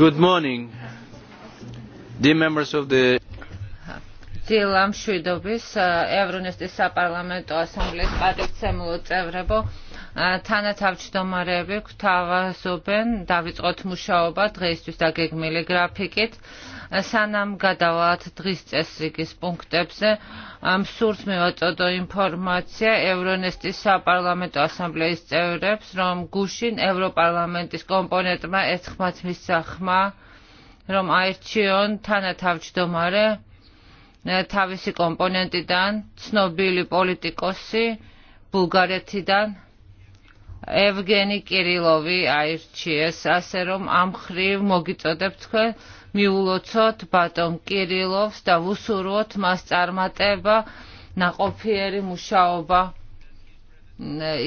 Good morning, dear members of the დილ ამ შვიდობის ევრონესტის საპარლამენტო ასამბლეის პატივცემულო წევრებო თანათავმჯდომარეები გვთავაზობენ დავიწყოთ მუშაობა დღეისთვის დაგეგმილი გრაფიკით სანამ გადავალთ დღის წესრიგის პუნქტებზე, მსურს მივაწოდო ინფორმაცია ევრონესტის საპარლამენტო ასამბლეის წევრებს, რომ გუშინ ევროპარლამენტის კომპონენტმა ერთხმაც მისახმა, რომ აირჩიონ თანათავმჯდომარე თავისი კომპონენტიდან ცნობილი პოლიტიკოსი ბულგარეთიდან ევგენი კირილოვი აირჩიეს, ასე რომ ამ ხრივ მოგიწოდებთ თქვენ მიულოცოთ ბატონ კირილოვს და ვუსურვოთ მას წარმატება ნაყოფიერი მუშაობა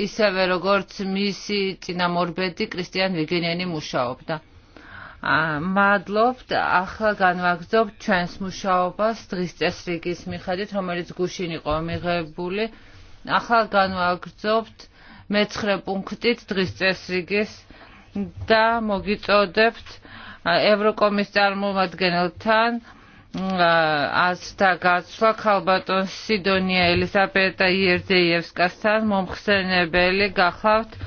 ისევე როგორც მისი წინამორბედი კრისტიან ვიგენიანი მუშაობდა. მადლობთ, ახლა განვაგრძობთ ჩვენს მუშაობას დღის წესრიგის მიხედვით, რომელიც გუშინ იყო მიღებული. ახლა განვაგრძობთ მეცხრე პუნქტით დღის წესრიგის და მოგიწოდებთ ევროკომისარ მომადგენელთან ასთა გაცვლა ქალბატონ სიდონია ელისაბეტა იერდეიევსკასთან მომხსენებელი გახლავთ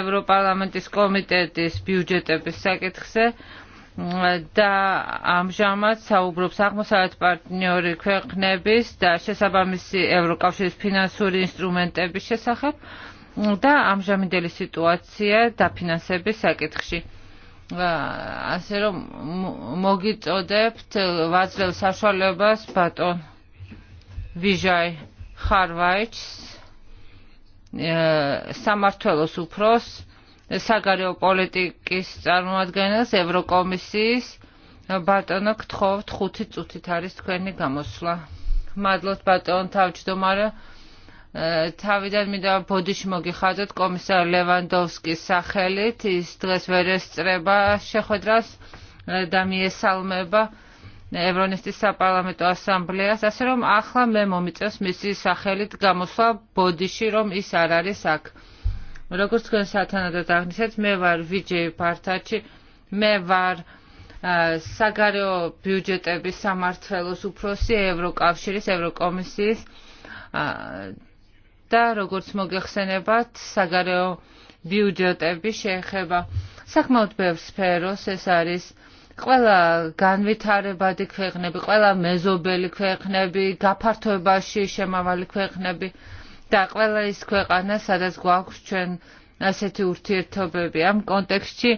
ევროპარლამენტის კომიტეტის ბიუჯეტების საკითხზე და ამჟამად საუბრობს აღმოსავლეთ პარტნიორი ქვეყნების და შესაბამისი ევროკავშირის ფინანსური ინსტრუმენტების შესახებ და ამჟამინდელი სიტუაცია დაფინანსების საკითხში ასე რომ მოგიწოდებთ ვაძლევ საშუალებას ბატონ ვიჟაი ხარვაიჩს სამართლოს უფროს საგარეო პოლიტიკის წარმომადგენელს ევროკომისიის ბატონო გთხოვთ 5 წუთით არის თქვენი გამოსვლა მადლობთ ბატონ თავმჯდომარე თავიდან მინდა ბოდიში მოგიხადოთ კომისარ ლევანდოვსკის სახელით ის დღეს ვერ ესწრება შეხვედრას და მიესალმება ევრონესტის საპარლამენტო ასამბლეას ასე რომ ახლა მე მომიწევს მისი სახელით გამოსვლა ბოდიში რომ ის არ არის აქ როგორც თქვენ სათანადოდ აღნიშნეთ მე ვარ ვიჯეი ფართაჩი მე ვარ საგარეო ბიუჯეტების სამართლოს უფროსი ევროკავშირის ევროკომისიის და როგორც მოგეხსენებათ, საგარეო ბიუჯეტები შეეხება საკმაოდ ბევრ სფეროს, ეს არის ყველა განვითარებადი ქვეყნები, ყველა მეზობელი ქვეყნები, გაფართოებაში შემავალი ქვეყნები და ყველა ის ქვეყანა, სადაც გვაქვს ჩვენ ასეთი ურთიერთობები. ამ კონტექსტში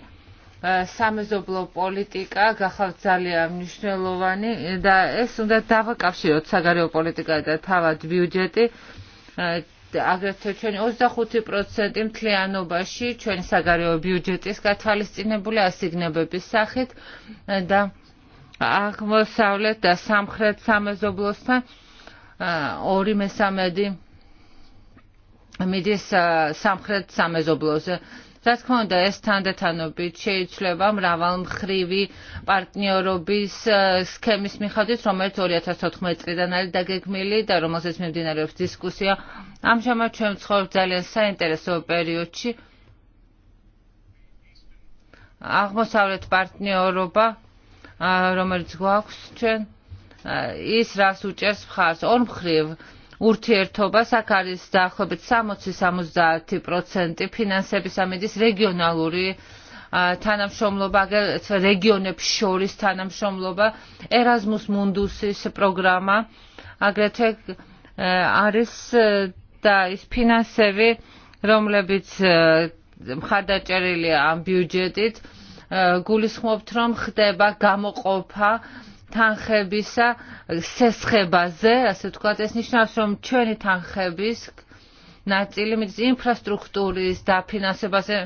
სამეზობლო პოლიტიკა გახავთ ძალიან მნიშვნელოვანი და ეს უნდა დავაკავშიროთ საგარეო პოლიტიკა და თავად ბიუჯეტი აგრეთვე ჩვენი 25% მთლიანობაში ჩვენი საგარეო ბიუჯეტის გათვალისწინებული ასიგნებების სახით და აღმოსავლეთ და სამხრეთ სამეზობლოსთან 2/3 მიდის სამხრეთ სამეზობლოზე რა თქმა უნდა, ეს თანდათანობით შეიცვლება მრავალმხრივი პარტნიორობის სქემის მიხედვით, რომელიც 2014 წლიდან არის დაგეგმილი და რომელზეც მიმდინარეობს დისკუსია. ამჟამად ჩვენ ვცხოვრობთ ძალიან საინტერესო პერიოდში. აღმოსავლეთ პარტნიორობა, რომელიც გვაქვს ჩვენ ის რას უჭერს მხარს ორმხრივ ურთიერთობა არის დაახლოებით 60-70% ფინანსების ამედის რეგიონალური თანამშრომლობა რეგიონებს შორის თანამშრომლობა ერაზმუს მუნდუსის პროგრამა აგრეთვე არის და ის ფინანსები რომლებიც მხარდაჭერილია ამ ბიუჯეტით გულისხმობთ რომ ხდება გამოყოფა თანხებისა სესხებაზე, ასე ვთქვათ, ეს ნიშნავს, რომ ჩვენი თანხების ნაწილი მიდის ინფრასტრუქტურის დაფინანსებაზე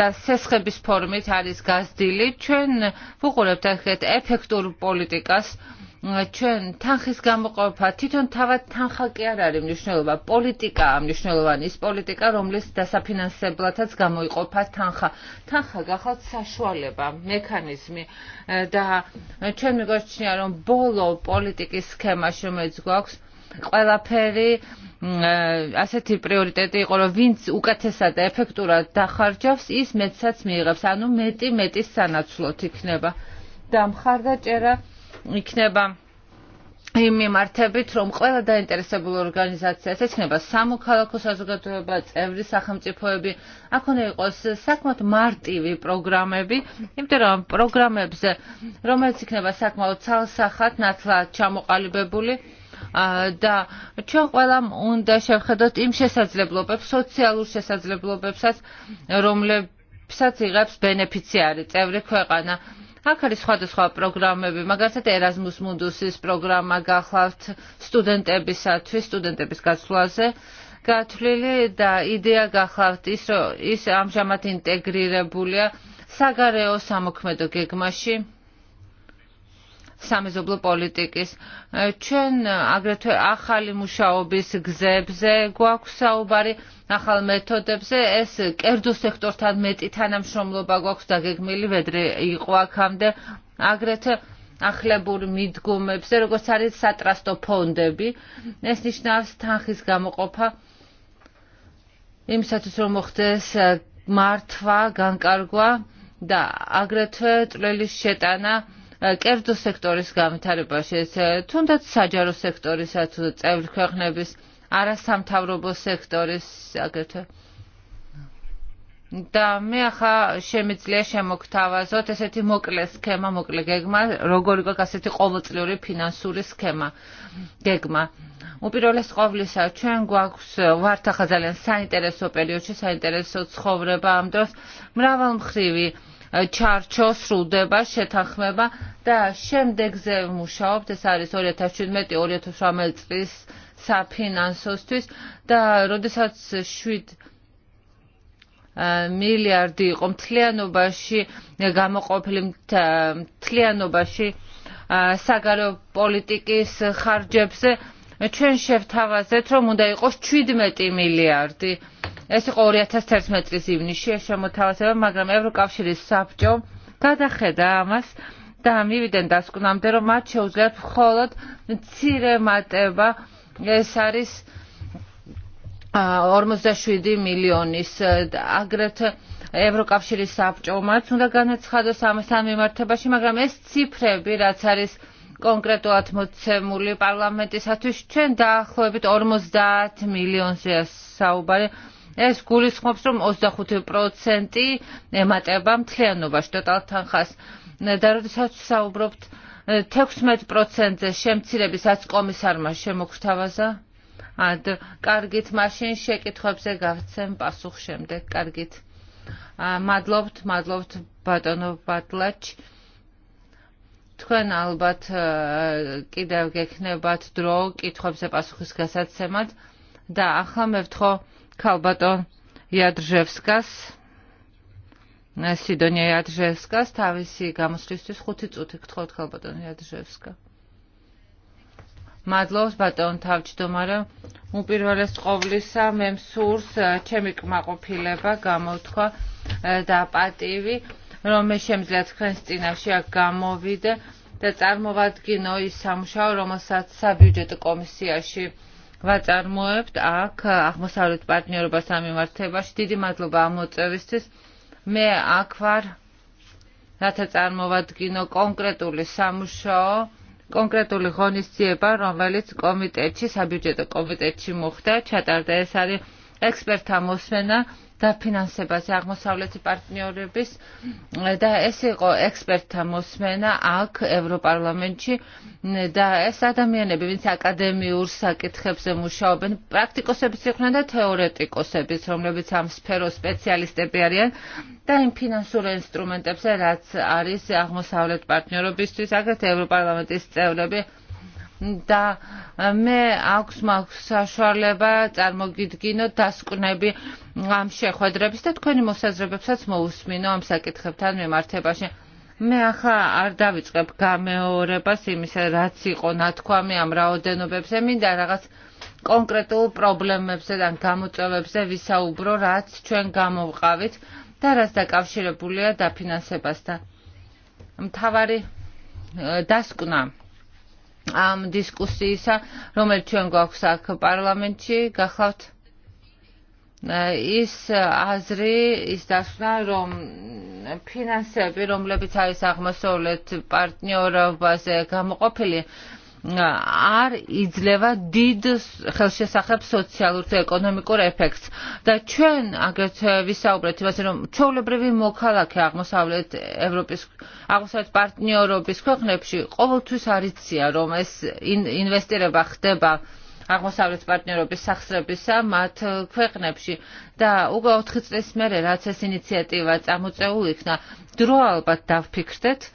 და სესხების ფორმით არის გაზრდილი. ჩვენ ვუყურებთ ასეთ ეფექტურ პოლიტიკას, აა ჩვენ თანხის გამოყოფა თვითონ თავად თანხა კი არ არის მნიშვნელობა პოლიტიკაა მნიშვნელოვანი ის პოლიტიკა რომლის დასაფინანსებლათაც გამოიყოფა თანხა თანხა გახლავთ საშუალება მექანიზმი და ჩვენ მეგოჩნია რომ ბოლო პოლიტიკის სქემაში რომელიც გვაქვს ყველაფერი ასეთი პრიორიტეტი იყო რომ ვინც უკეთესად და ეფექტურად დახარჯავს ის მეტსაც მიიღებს ანუ მეტი მეტის სანაცვლოდ იქნება და მხარდაჭერა იქნება იმ მიმართებით, რომ ყველა დაინტერესებული ორგანიზაცია, ეს იქნება სამოქალაქო საზოგადოება, წევრი სახელმწიფოები, აქ უნდა იყოს საკმაოდ მარტივი პროგრამები, იმიტომ რომ პროგრამებზე, რომელიც იქნება საკმაოდ ცალსახად, ნათლად ჩამოყალიბებული, და ჩვენ ყველა უნდა შევხედოთ იმ შესაძლებლობებს, სოციალურ შესაძლებლობებსაც, რომლებსაც იღებს ბენეფიციარი, წევრი ქვეყანა აქ არის სხვადასხვა პროგრამები, მაგალითად Erasmus Mundus-ის პროგრამა გახლავთ სტუდენტებისათვის, სტუდენტების გაცვლაზე გათვლილი და იდეა გახლავთ ის, რომ ის ამჟამად ინტეგრირებულია საგარეო სამოქმედო გეგმაში სამეზობლო პოლიტიკის. ჩვენ აგრეთვე ახალი მუშაობის გზებზე გვაქვს საუბარი, ახალ მეთოდებზე. ეს კერძო სექტორთან მეტი თანამშრომლობა გვაქვს დაგეგმილი, ვედრე იყო აქამდე. აგრეთვე ახლებურ მიდგომებზე, როგორც არის სატრასტო ფონდები. ეს ნიშნავს თანხის გამოყოფა იმისათვის, რომ მოხდეს მართვა, განკარგვა და აგრეთვე წვლილის შეტანა კერძო სექტორის განვითარებაში, ეს თუნდაც საჯარო სექტორისაც წევრ ქვეყნების არასამთავრობო სექტორის აგრეთვე და მე ახლა შემიძლია შემოგთავაზოთ ესეთი მოკლე სქემა, მოკლე გეგმა, როგორი გვაქვს ასეთი ყოველწლიური ფინანსური სქემა, გეგმა. უპირველეს ყოვლისა, ჩვენ გვაქვს ვართ ახლა ძალიან საინტერესო პერიოდში, საინტერესო ცხოვრება ამ დროს მრავალმხრივი ჩარჩო სრულდება, შეთანხმება და შემდეგზე ვმუშაობთ, ეს არის 2017-2018 წლის საფინანსოსთვის და როდესაც 7 მილიარდი იყო მთლიანობაში გამოყოფილი მთლიანობაში საგარეო პოლიტიკის ხარჯებზე ჩვენ შევთავაზეთ რომ უნდა იყოს 17 მილიარდი ეს იყო 2011 წლის ივნისში ეს შემოთავაზება, მაგრამ ევროკავშირის საბჭო გადახედა ამას და მივიდნენ დასკვნამდე, რომ მათ შეუძლიათ მხოლოდ მცირე მატება ეს არის 47 მილიონის აგრეთვე ევროკავშირის საბჭომაც უნდა განაცხადოს ამასთან მიმართებაში, მაგრამ ეს ციფრები, რაც არის კონკრეტულად მოცემული პარლამენტისათვის, ჩვენ დაახლოებით 50 მილიონზეა საუბარი ეს გულისხმობს, რომ 25% ემატება მთლიანობას ტოტალ თანხას. და როდესაც საუბრობთ 16%-ზე შემცირების შემცირებისაც კომისარმა შემოგთავაზა ად კარგით, მაშინ შეკითხვებზე გავცემ პასუხ შემდეგ. კარგით. მადლობთ, მადლობთ ბატონო ბატლაჩ. თქვენ ალბათ კიდევ გექნებათ დრო კითხვებზე პასუხის გასაცემად და ახლა მე ვთხოვ kalba do Jadrzewskas. Sidonia Jadrzewska, stały się gamostrzyst, jest chutyc utyk, trot kalba do Jadrzewska. Madlos, baton tawć do mara. Upierwale skowlisa, mem surs, czemik mało pileba, gamotko, da pativi. Rome się mzlet chęstina, się jak gamo widzę. Te zarmowatki, no i sam szał, romosat, sa budżet komisja się ვაწარმოებთ აქ აღმოსავლეთ პარტნიორობას ამ მიმართებაში. დიდი მადლობა ამ მოწვევისთვის. მე აქ ვარ რათა წარმოვადგინო კონკრეტული სამუშაო კონკრეტული ღონისძიება, რომელიც კომიტეტში, საბიუჯეტო კომიტეტში მოხდა, ჩატარდა ეს არის ექსპერტთა მოსმენა დაფინანსებაზე აღმოსავლეთი პარტნიორების და ეს იყო ექსპერტთა მოსმენა აქ ევროპარლამენტში და ეს ადამიანები, ვინც აკადემიურ საკითხებზე მუშაობენ, პრაქტიკოსებიც იყვნენ და თეორეტიკოსებიც, რომლებიც ამ სფეროს სპეციალისტები არიან და იმ ფინანსურ ინსტრუმენტებზე, რაც არის აღმოსავლეთ პარტნიორობისთვის, აგრეთვე ევროპარლამენტის წევრები და მე აქვს მაქვს საშუალება წარმოგიდგინოთ დასკვნები ამ შეხვედრებს და თქვენი მოსაზრებებსაც მოусმინო ამ საკითხებთან მიმართებაში. მე ახლა არ დავიწყებ გამეორებას იმისა, რაც იყო ნათქვამი ამ რაოდენობებზე, მინდა რაღაც კონკრეტულ პრობლემებზე და გამოწვევებზე ვისაუბრო, რაც ჩვენ გამოვყავით და რაც დაკავშირებულია დაფინანსებასთან. მთავარი დასკვნა ამ დისკუსიისა, რომელიც ჩვენ გვაქვს აქ პარლამენტში, გახლავთ ის აზრი, ის დასვნა, რომ ფინანსები, რომლებიც არის აღმოსავლეთ პარტნიორობაზე გამოყოფილი, არ იძლევა დიდ ხელშესახებ სოციალურ და ეკონომიკურ ეფექტს და ჩვენ აგრეთვე ვისაუბრეთ იმაზე რომ ჩვეულებრივი მოქალაქე აღმოსავლეთ ევროპის აღმოსავლეთ პარტნიორობის ქვეყნებში ყოველთვის არიცია რომ ეს ინვესტირება ხდება აღმოსავლეთ პარტნიორობის სახსრებისა მათ ქვეყნებში და უკვე 4 წლის მერე რაც ეს ინიციატივა წამოწეულ იქნა დრო ალბათ დავფიქრდეთ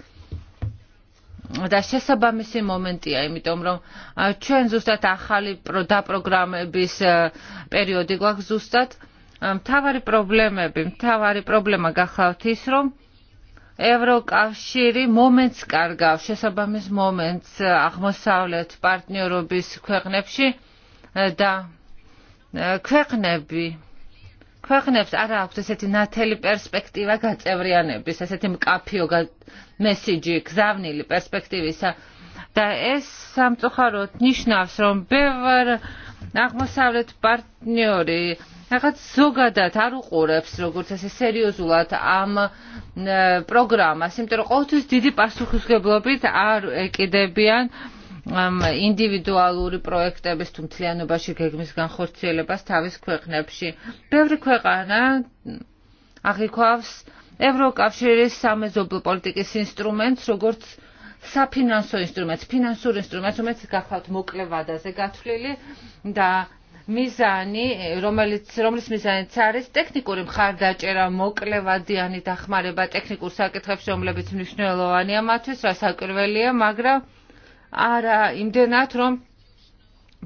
და შესაბამისი მომენტია, იმიტომ რომ ჩვენ ზუსტად ახალი დაპროგრამების პერიოდი გვაქვს ზუსტად. მთავარი პრობლემები, მთავარი პრობლემა გახლავთ ის, რომ ევროკავშირი მომენტს კარგავს, შესაბამის მომენტს აღმოსავლეთ პარტნიორობის ქვეყნებში და ქვეყნები ქვეყნებს არ აქვს ესეთი ნათელი პერსპექტივა გაწევრიანების, ესეთი მკაფიო მესიჯი, გზავნილი პერსპექტივისა და ეს სამწუხაროდ ნიშნავს, რომ ბევრ აღმოსავლეთ პარტნიორი რაღაც ზოგადად არ უყურებს როგორც ესე სერიოზულად ამ პროგრამას, იმიტომ რომ ყოველთვის დიდი პასუხისგებლობით არ ეკიდებიან ამ ინდივიდუალური პროექტების თუ მთლიანობაში გეგმის განხორციელებას თავის ქვეყნებში. ბევრი ქვეყანა აღიქვავს ევროკავშირის სამეზობლო პოლიტიკის ინსტრუმენტს, როგორც საფინანსო ინსტრუმენტს, ფინანსურ ინსტრუმენტს, რომელიც გახავთ მოკლე ვადაზე გათვლილი და მიზანი, რომელიც რომლის მიზანიც არის ტექნიკური მხარდაჭერა, მოკლევადიანი დახმარება ტექნიკურ საკითხებში, რომლებიც მნიშვნელოვანია მათთვის, რა საკურველია, მაგრამ არა იმდენად, რომ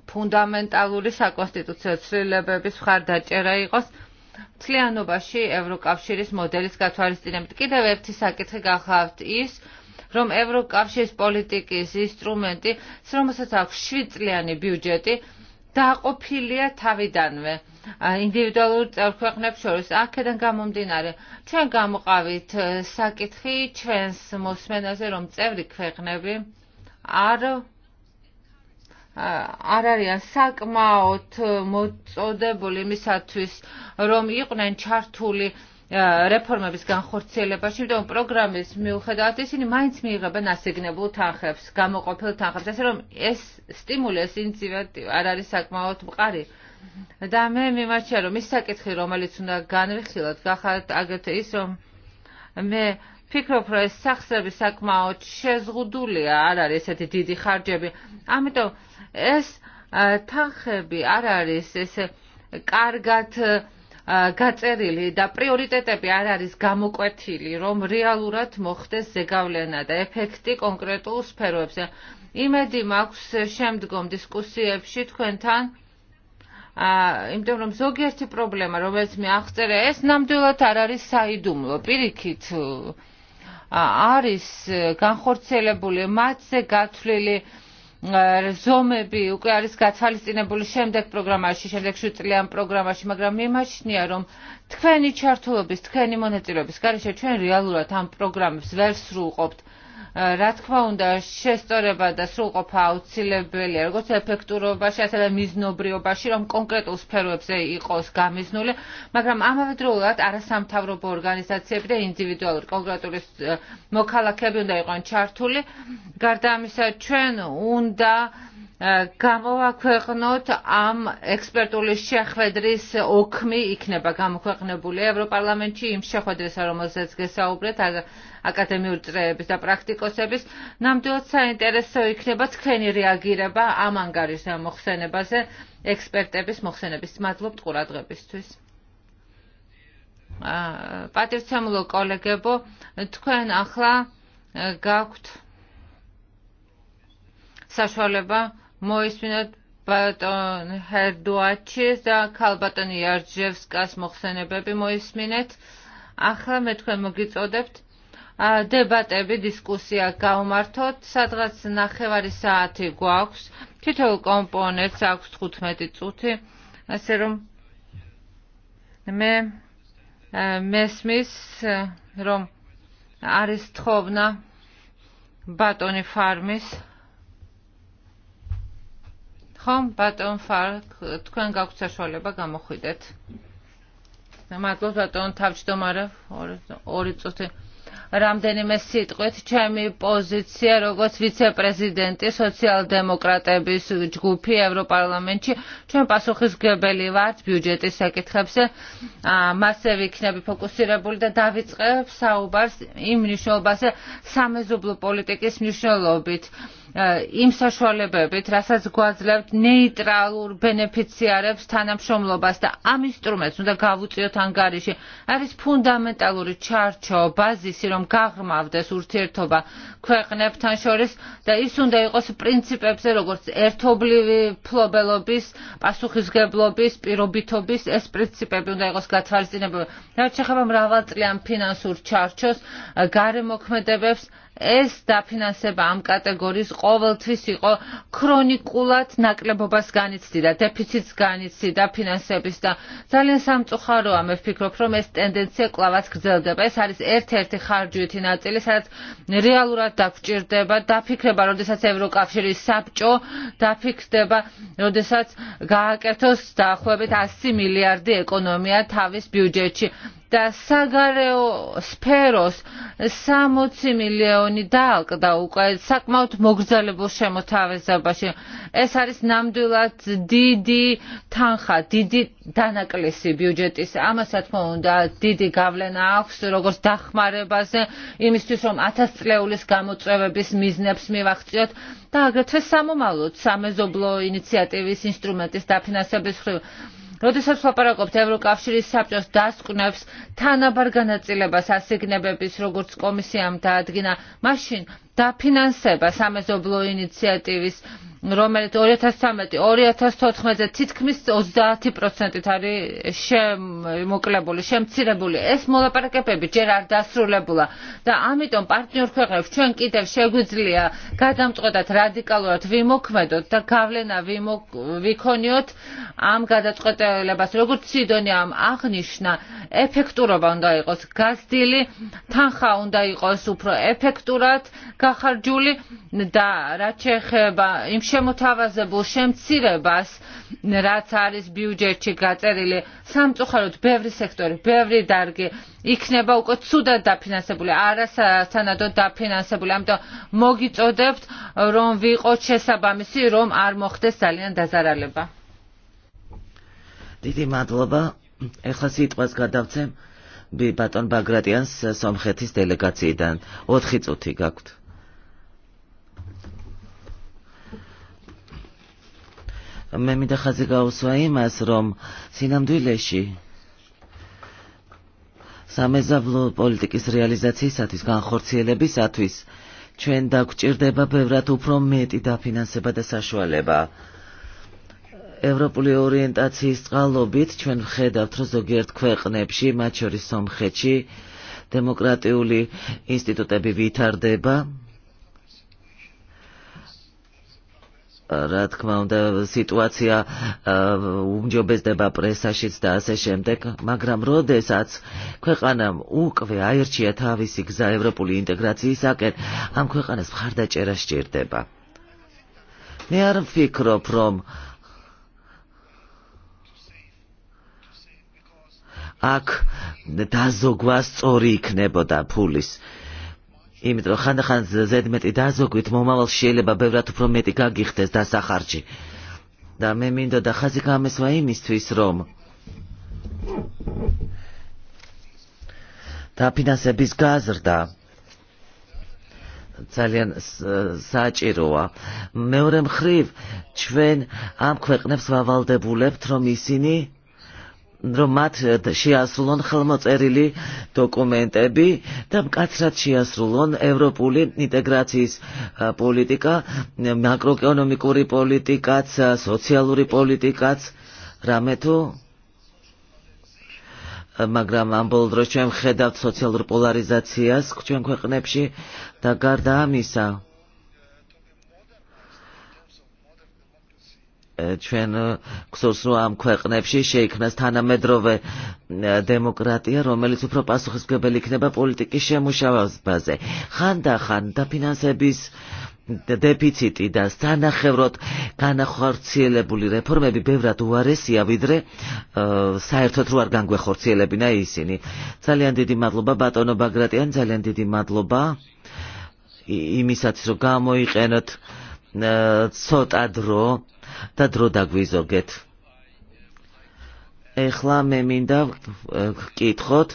ფუნდამენტალური საკონსტიტუციო ცვლილებების მხარდაჭერა იყოს მთლიანობაში ევროკავშირის მოდელის გათვალისწინებით. კიდევ ერთი საკითხი გახავთ ის, რომ ევროკავშირის პოლიტიკის ინსტრუმენტი, რომელსაც აქვს 7 წლიანი ბიუჯეტი, დაყოფილია თავიდანვე ინდივიდუალურ წევრ ქვეყნებს შორის. აქედან გამომდინარე, ჩვენ გამოყავით საკითხი ჩვენს მოსმენაზე, რომ წევრი ქვეყნები არ არ არიან საკმაოდ მოწოდებული იმისათვის, რომ იყვნენ ჩართული რეფორმების განხორციელებაში, იმიტომ პროგრამის მიუხედავად ისინი მაინც მიიღებენ ასიგნებულ თანხებს, გამოყოფილ თანხებს, ასე რომ ეს სტიმული, ეს ინიციატივა არ არის საკმაოდ მყარი. და მე მიმარჩია, რომ ის საკითხი, რომელიც უნდა განვიხილოთ, გახართ აგრეთვე ის, რომ მე ფიქრობ, რომ ეს სახსრები საკმაოდ შეზღუდულია, არ არის ესეთი დიდი ხარჯები. ამიტომ ეს თანხები არ არის ესე კარგად გაწერილი და პრიორიტეტები არ არის გამოკვეთილი, რომ რეალურად მოხდეს ზეგავლენა და ეფექტი კონკრეტულ სფეროებზე. იმედი მაქვს შემდგომ დისკუსიებში თქვენთან აა, იმიტომ რომ ზოგიერთი პრობლემა, რომელიც მე აღწერე, ეს ნამდვილად არ არის საიდუმლო, პირიქით. აა, არის განხორციელებული მათზე გათვლილი ზომები უკვე არის გათვალისწინებული შემდეგ პროგრამაში, შემდეგ შვიდწლიან პროგრამაში, მაგრამ მიმაჩნია, რომ თქვენი ჩართულობის, თქვენი მონაწილეობის გარეშე ჩვენ რეალურად ამ პროგრამებს ვერ სრულყოფთ რა თქმა უნდა შესწორება და სრულყოფა აუცილებელია როგორც ეფექტურობაში ასევე მიზნობრიობაში რომ კონკრეტულ სფეროებზე იყოს გამიზნული მაგრამ ამავდროულად არასამთავრობო ორგანიზაციები და ინდივიდუალური კონკრეტული მოქალაქეები უნდა იყვნენ ჩართული გარდა ამისა ჩვენ უნდა აა გამოვაქვეყნოთ ამ ექსპერტული შეხვედრის ოქმი იქნება გამოქვეყნებული ევროპარლამენტში იმ შეხვედრისა, რომელზეც გესაუბრეთ, აკადემიური წრეების და პრაქტიკოსების, ნამდვილად საინტერესო იქნება თქვენი რეაგირება ამ ანგარის მოხსენებაზე ექსპერტების მოხსენების. მადლობთ ყურადღებისთვის. პატივცემულო კოლეგებო, თქვენ ახლა გაქვთ საშუალება მოისმინოთ ბატონ ჰერდუაჩის და ქალბატონ იარჯევსკას მოხსენებები მოისმინეთ. ახლა მე თქვენ მოგიწოდებთ დებატები, დისკუსია გავმართოთ, სადღაც ნახევარი საათი გვაქვს. თითოეულ კომპონენტს აქვს 15 წუთი, ასე რომ მე მესმის, რომ არის თხოვნა ბატონი ფარმის ხომ ბატონ ფარკ თქვენ გაქვთ საშუალება გამოხვიდეთ მადლობთ ბატონ თავმჯდომარე ორი წუთი რამდენიმე სიტყვით ჩემი პოზიცია როგორც ვიცე-პრეზიდენტი სოციალ-დემოკრატების ჯგუფი ევროპარლამენტში ჩვენ პასუხისმგებელი ვართ ბიუჯეტის საკითხებზე მასზე ვიქნები ფოკუსირებული და დავიწყებ საუბარს იმ მნიშვნელობაზე სამეზობლო პოლიტიკის მნიშვნელობით იმ საშუალებებით, რასაც გვაძლევთ ნეიტრალურ ბენეფიციარებს თანამშრომლობას და ამ ინსტრუმენტს უნდა გავუწიოთ ანგარიში. არის ფუნდამენტალური ჩარჩო, ბაზისი, რომ გაღრმავდეს ურთიერთობა ქვეყნებთან შორის და ის უნდა იყოს პრინციპებზე, როგორც ერთობლივი ფლობელობის, პასუხისგებლობის, პირობითობის, ეს პრინციპები უნდა იყოს გათვალისწინებული. რაც შეეხება მრავალწლიან ფინანსურ ჩარჩოს, გარემოქმედებებს ეს დაფინანსება ამ კატეგორიის ყოველთვის იყო ქრონიკულად ნაკლებობას განიცდიდა, დეფიციტს განიცდიდა ფინანსების და ძალიან სამწუხაროა მე ვფიქრობ, რომ ეს ტენდენცია კლავაც გრძელდება. ეს არის ერთ-ერთი ხარჯვითი ნაწილი, სადაც რეალურად დაგჭირდება, დაფიქრება, როდესაც ევროკავშირის საბჭო დაფიქრდება, როდესაც გააკეთოს დაახლოებით 100 მილიარდი ეკონომია თავის ბიუჯეტში და საგარეო სფეროს 60 მილიონი დაალკდა უკვე საკმაოდ მოგრძალებულ შემოთავაზებაში. ეს არის ნამდვილად დიდი თანხა, დიდი დანაკლისი ბიუჯეტის. ამას რა თქმა უნდა დიდი გავლენა აქვს როგორც დახმარებაზე, იმისთვის რომ 1000 წლეულის გამოწვევების მიზნებს მივახციოთ და აგრეთვე სამომავლოდ სამეზობლო ინიციატივის ინსტრუმენტის დაფინანსების ხრივ როდესაც ვაპარაკობთ ევროკავშირის საბჭოს დასკვნებს თანაბარ განაწილებას ასიგნებების, როგორც კომისიამ დაადგინა, მაშინ დაფინანსება სამეზობლო ინიციატივის რომელიც 2013-2014-ზე თითქმის 30%-ით არის შემოკლებული, შემცირებული. ეს მოლაპარაკებები ჯერ არ დასრულებულა და ამიტომ პარტნიორ ქვეყნებს ჩვენ კიდევ შეგვიძლია გადამწყვეტად რადიკალურად ვიმოქმედოთ და გავლენა ვიქონიოთ ამ გადაწყვეტილებას. როგორც სიდონიამ აღნიშნა, ეფექტურობა უნდა იყოს გაზდილი, თანხა უნდა იყოს უფრო ეფექტურად, გახარჯული და რაც შეეხება იმ შემოთავაზებულ შემცირებას რაც არის ბიუჯეტში გაწერილი სამწუხაროდ ბევრი სექტორი ბევრი დარგი იქნება უკვე ცუდად დაფინანსებული არასანადოდ დაფინანსებული ამიტომ მოგიწოდებთ რომ ვიყოთ შესაბამისი რომ არ მოხდეს ძალიან დაზარალება დიდი მადლობა ეხლა სიტყვას გადავცემ ბატონ ბაგრატიანს სომხეთის დელეგაციიდან 4 წუთი გაქვთ με mitħaziga u svajim esrom sinam dujleċi. Same zavlu politikis realizacijsatis gan ხორციელებისათვის ჩვენ დაგვჭირდება ბევრად უფრო მეტი დაფინანსება და საშუალება. ევროპული ორიენტაციის წყალობით ჩვენ ვხედავთ, რომ ზოგიერთ ქვეყნებში, მათ შორის სომხეთში, დემოკრატიული ინსტიტუტები ვითარდება, რა თქმა უნდა სიტუაცია უმჯობესდება პრესაშიც და ასე შემდეგ, მაგრამ როდესაც ქვეყანამ უკვე აირჩია თავისი გზა ევროპული ინტეგრაციისაკენ, ამ ქვეყანას მხარდაჭერა სჭირდება. მე არ ვფიქრობ, რომ აქ დაზოგვა სწორი იქნებოდა ფულის იმიტომ რომ ხანდახან ზედმეტი დაზოგვით მომავალ შეიძლება ბევრად უფრო მეტი გაგიხდეს დასახარჯი და მე მინდოდა ხაზი გამესვა იმისთვის რომ დაფინანსების გაზრდა ძალიან საჭიროა. მეორე მხრივ ჩვენ ამ ქვეყნებს ვავალდებულებთ, რომ ისინი რომ მათ შეასრულონ ხელმოწერილი დოკუმენტები და მკაცრად შეასრულონ ევროპული ინტეგრაციის პოლიტიკა, მაკროეკონომიკური პოლიტიკაც, სოციალური პოლიტიკაც, რამე თუ მაგრამ ამ ბოლო დროს ჩვენ ხედავთ სოციალურ პოლარიზაციას ჩვენ ქვეყნებში და გარდა ამისა ჩვენ გსურს რომ ამ ქვეყნებში შეიქმნას თანამედროვე დემოკრატია, რომელიც უფრო პასუხისმგებელი იქნება პოლიტიკის შემუშავებაზე. ხანდახან დაფინანსების დეფიციტი და სანახევროდ განახორციელებული რეფორმები ბევრად უარესია ვიდრე საერთოდ რო არ განგვეხორციელებინა ისინი. ძალიან დიდი მადლობა ბატონო ბაგრატიან, ძალიან დიდი მადლობა იმისაც რომ გამოიყენოთ ცოტა დრო და დრო დაგვიზოგეთ. ეხლა მე მინდა გკითხოთ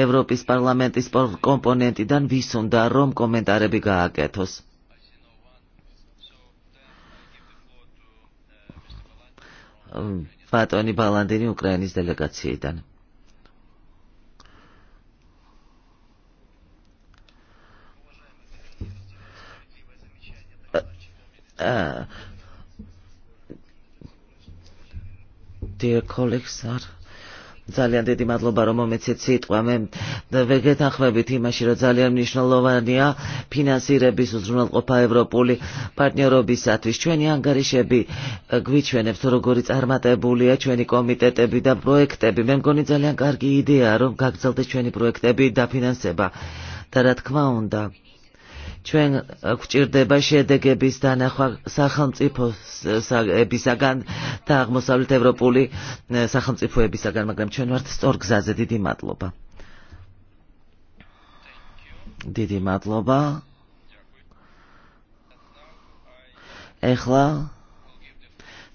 ევროპის პარლამენტის კომპონენტიდან ვის უნდა რომ კომენტარები გააკეთოს. ბატონი ბალანდინი უკრაინის დელეგაციიდან. აა dear colleagues are ძალიან დიდი მადლობა რომ მომეცეთ სიტყვა მე ვეგეთანხმებით იმაში რომ ძალიან მნიშვნელოვანია ფინანსირების უზრუნველყოფა ევროპული პარტნიორობისათვის ჩვენი ანგარიშები გვიჩვენებს როგორი წარმატებულია ჩვენი კომიტეტები და პროექტები მე მგონი ძალიან კარგი იდეაა რომ გაგრძელდეს ჩვენი პროექტები დაფინანსება და რა თქმა უნდა ჩვენ გვჭირდება შედეგების დანახვა სახელმწიფო საგებისაგან და აღმოსავლეთ ევროპული სახელმწიფოებისაგან, მაგრამ ჩვენ ვართ სწორგზაზე. დიდი მადლობა. დიდი მადლობა. ეხლა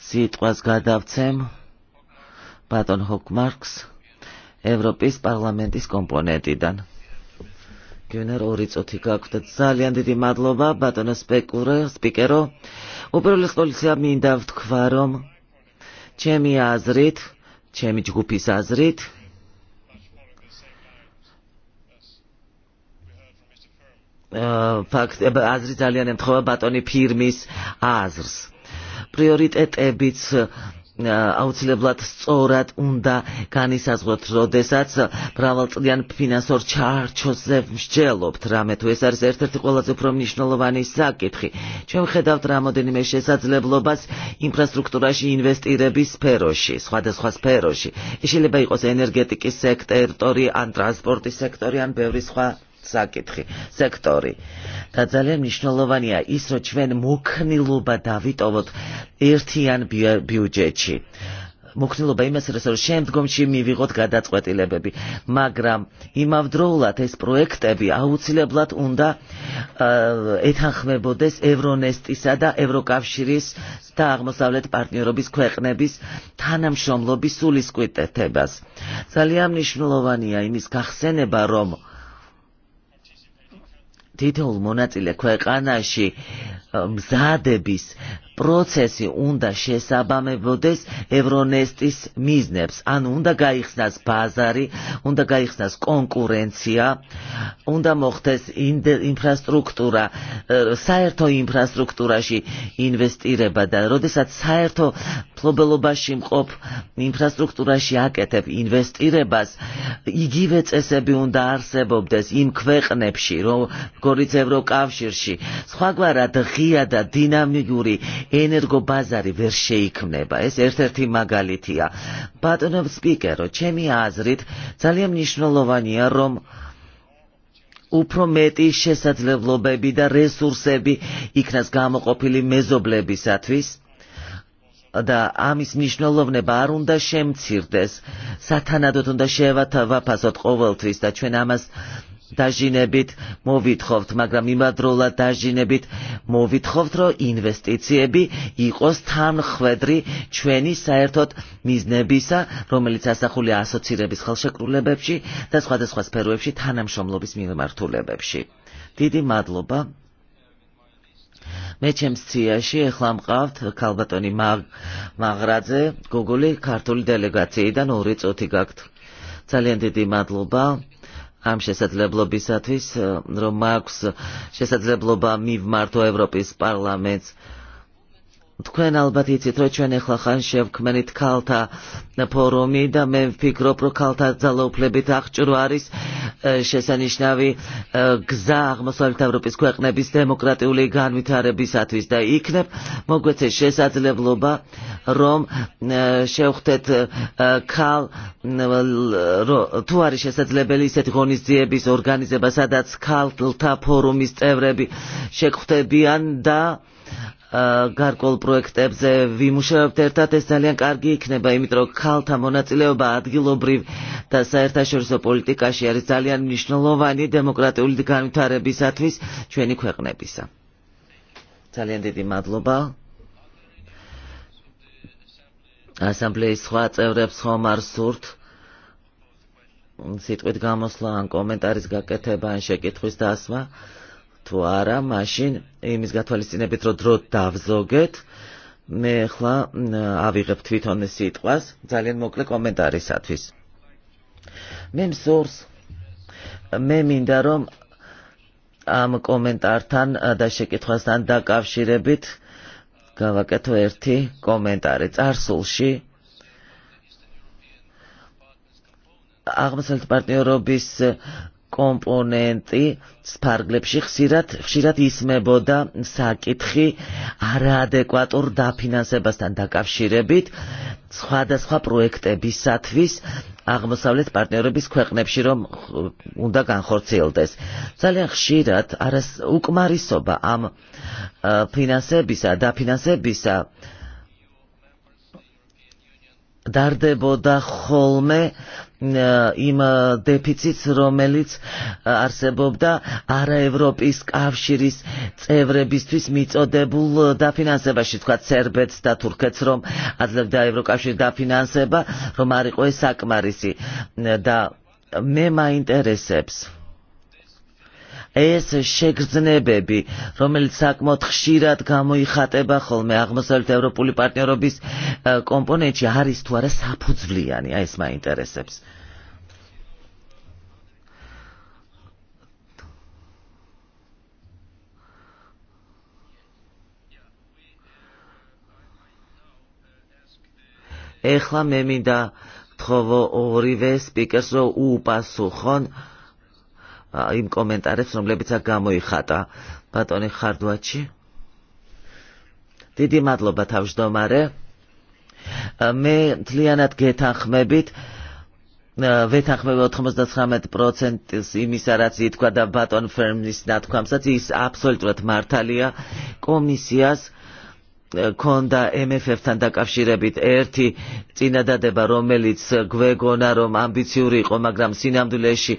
სიტყვას გადავცემ ბატონ ჰოკმარკს ევროპის პარლამენტის კომპონენტიდან გენერ 2.20 გაქვთ ძალიან დიდი მადლობა ბატონო სპეკურე სპიკერო უპირველეს ყოვლისა მინდა ვთქვა რომ ჩემი აზრით ჩემი ჯგუფის აზრით ფაქტ აზრი ძალიან ემთხვევა ბატონი ფირმის აზრს პრიორიტეტებიც აუცილებლად სწორად უნდა განისაზღვროთ, როდესაც მრავალწლიან ფინანსურ ჩარჩოზე მსჯელობთ რამე თუ ეს არის ერთ-ერთი ყველაზე უფრო მნიშვნელოვანი საკითხი. ჩვენ ხედავთ რამოდენიმე შესაძლებლობას ინფრასტრუქტურაში ინვესტირების სფეროში, სხვადასხვა სფეროში. შეიძლება იყოს ენერგეტიკის სექტორი, ან ტრანსპორტის სექტორი, ან ბევრი სხვა საკითხი სექტორი და ძალიან მნიშვნელოვანია ის რომ ჩვენ მოქნილობა დავიტოვოთ ერთიან ბიუჯეტში მოქნილობა იმას რომ შემდგომში მივიღოთ გადაწყვეტილებები მაგრამ იმავდროულად ეს პროექტები აუცილებლად უნდა ეთანხმებოდეს ევრონესტისა და ევროკავშირის და აღმოსავლეთ პარტნიორობის ქვეყნების თანამშრომლობის სულისკვეთებას ძალიან მნიშვნელოვანია იმის გახსენება რომ თითოეულ მონაწილე ქვეყანაში მზადების პროცესი უნდა შესაბამებოდეს ევრონესტის მიზნებს, ანუ უნდა გაიხსნას ბაზარი, უნდა გაიხსნას კონკურენცია, უნდა მოხდეს ინფრასტრუქტურა, საერთო ინფრასტრუქტურაში ინვესტირება და როდესაც საერთო ფლობელობაში მყოფ ინფრასტრუქტურაში აკეთებ ინვესტირებას, იგივე წესები უნდა არსებობდეს იმ ქვეყნებში, როგორც ევროკავშირში. სხვაგვარად ღია და დინამიკური ენერგობაზარი ვერ შეიქმნება. ეს ერთ-ერთი მაგალითია. ბატონო სპიკერო, ჩემი აზრით ძალიან მნიშვნელოვანია, რომ უფრო მეტი შესაძლებლობები და რესურსები იქნას გამოყოფილი მეზობლებისათვის და ამის მნიშვნელოვნება არ უნდა შემცირდეს. სათანადოდ უნდა შევათავაფასოთ ყოველთვის და ჩვენ ამას დაჟინებით მოვითხოვთ, მაგრამ იმადროულად დაჟინებით მოვითხოვთ, რომ ინვესტიციები იყოს თანხვედრი ჩვენი საერთოდ მიზნებისა, რომელიც ასახულია ასოცირების ხელშეკრულებებში და სხვადასხვა სფეროებში თანამშრომლობის მიმართულებებში. დიდი მადლობა. მე ჩემს ციაში ახლა მყავთ ქალბატონი მაღრაძე, გოგოლი ქართული დელეგაციიდან ორი წუთი გაქვთ. ძალიან დიდი მადლობა am 600 ლებლობისათვის, რომ მაქვს 600 ლებლობა მივმართო ევროპის პარლამენტს თქვენ ალბათ იცით რომ ჩვენ ახლა ხან შევქმნით ქალთა ფორუმი და მე ვფიქრობ რომ ქალთა ძალაუფლებით აღჭურვა არის შესანიშნავი გზა აღმოსავლეთ ევროპის ქვეყნების დემოკრატიული განვითარებისათვის და იქნებ მოგვეცე შესაძლებლობა რომ შევხვდეთ ქალ თუ არის შესაძლებელი ისეთი ღონისძიების ორგანიზება სადაც ქალთა ფორუმის წევრები შეგხვდებიან და გარკვეულ პროექტებზე ვიმუშავებთ ერთად ეს ძალიან კარგი იქნება იმიტომ რომ ქალთა მონაწილეობა ადგილობრივ და საერთაშორისო პოლიტიკაში არის ძალიან მნიშვნელოვანი დემოკრატიული განვითარებისათვის ჩვენი ქვეყნებისა ძალიან დიდი მადლობა ასამბლეის სხვა წევრებს ხომ არ სურთ სიტყვით გამოსვლა ან კომენტარის გაკეთება ან შეკითხვის დასმა თუ არა, მაშინ იმის გათვალისწინებით, რომ დრო დავზოგეთ, მე ხლა ავიღებ თვითონ ეს სიტყვას ძალიან მოკლე კომენტარისათვის. მე მსურს მე მინდა რომ ამ კომენტართან და შეკითხვასთან დაკავშირებით გავაკეთო ერთი კომენტარი. წარსულში აღმოსავლეთ პარტნიორობის კომპონენტი სპარგლებში ხშირად ხშირად ისმებოდა საკითხი არაადეკვატურ დაფინანსებასთან დაკავშირებით სხვადასხვა პროექტებისათვის აღმოსავლეთ პარტნიორების ქვეყნებში რომ უნდა განხორციელდეს. ძალიან ხშირად არის უკმარისობა ამ ფინანსებისა და ფინანსებისა დარდებოდა ხოლმე იმ დეფიციტს, რომელიც არსებობდა არაევროპის კავშირის წევრებისთვის მიწოდებულ დაფინანსებაში, თქვა სერბეთს და თურქეთს, რომ აძლევდა ევროკავშირი დაფინანსება, რომ არ იყო ეს საკმარისი და მე მაინტერესებს ეს შეგრძნებები, რომელიც საკმაოდ ხშირად გამოიხატება ხოლმე აღმოსავლეთ ევროპული პარტნიორობის კომპონენტში, არის თუ არა საფუძვლიანი, აი ეს მაინტერესებს. ეხლა მე მინდა თხოვო ორივე სპიკერს რომ უპასუხონ იმ კომენტარებს, რომლებიც აქ გამოიხატა ბატონი ხარდვაჩი. დიდი მადლობა თავმჯდომარე. მე ძალიანად გეთანხმებით ვეთანხმები 99%-ს იმისა, რაც ითქვა და ბატონ ფერმის ნათქვამსაც, ის აბსოლუტურად მართალია. კომისიას ქონდა MFF-თან დაკავშირებით ერთი წინადადება, რომელიც გვეგონა, რომ ამბიციური იყო, მაგრამ სინამდვილეში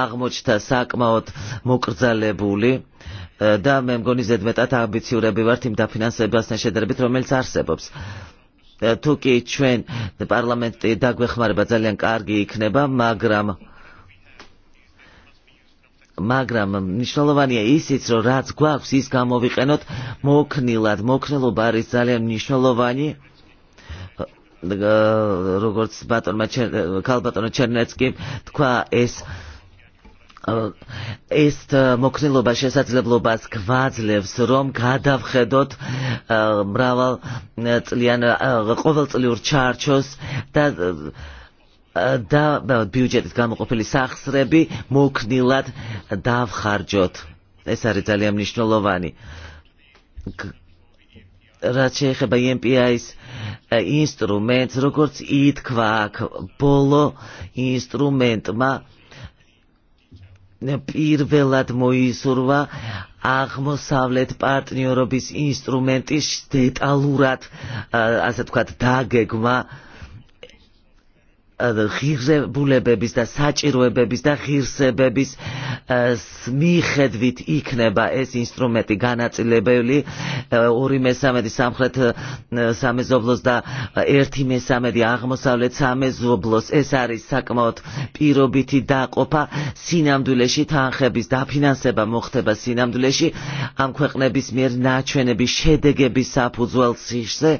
აღმოჩნდა საკმაოდ მოკრძალებული და მე მგონი ზედმეტად ამბიციურები ვართ იმ დაფინანსებასთან შედარებით, რომელიც არსებობს. თუ კი ჩვენ პარლამენტი დაგვეხმარება ძალიან კარგი იქნება, მაგრამ მაგრამ მნიშვნელოვანია ისიც, რომ რაც გვაქვს, ის გამოვიყენოთ მოქნილად. მოქნილობა არის ძალიან მნიშვნელოვანი. როგორც ბატონმა ქალბატონო ჩერნეცკი თქვა, ეს ეს მოქნილობა შესაძლებლობას გვაძლევს რომ გადავხედოთ მრავალ წლიან ყოველწლიურ ჩარჩოს და და ბიუჯეტის გამოყოფილი სახსრები მოქნილად დავხარჯოთ. ეს არის ძალიან მნიშვნელოვანი. რაც შეეხება MPI-ს ინსტრუმენტს, როგორც ითქვა აქ, ბოლო ინსტრუმენტმა პირველად მოისურვა აღმოსავლეთ პარტნიორობის ინსტრუმენტის დეტალურად, ასე ვთქვათ, დაგეგმა, აა ღირებულებების და საჭიროებების და ღირსებების მიხედვით იქნება ეს ინსტრუმენტი განაწილებელი 2/3 სამხრეთ სამეზობლოს და 1/3 აღმოსავლეთ სამეზობლოს ეს არის საკმაოდ პირობითი დაყოფა სინამდვილეში თანხების დაფინანსება მოხდება სინამდვილეში ამ ქვეყნების მიერ ნაჩვენების შედეგების საფუძველზე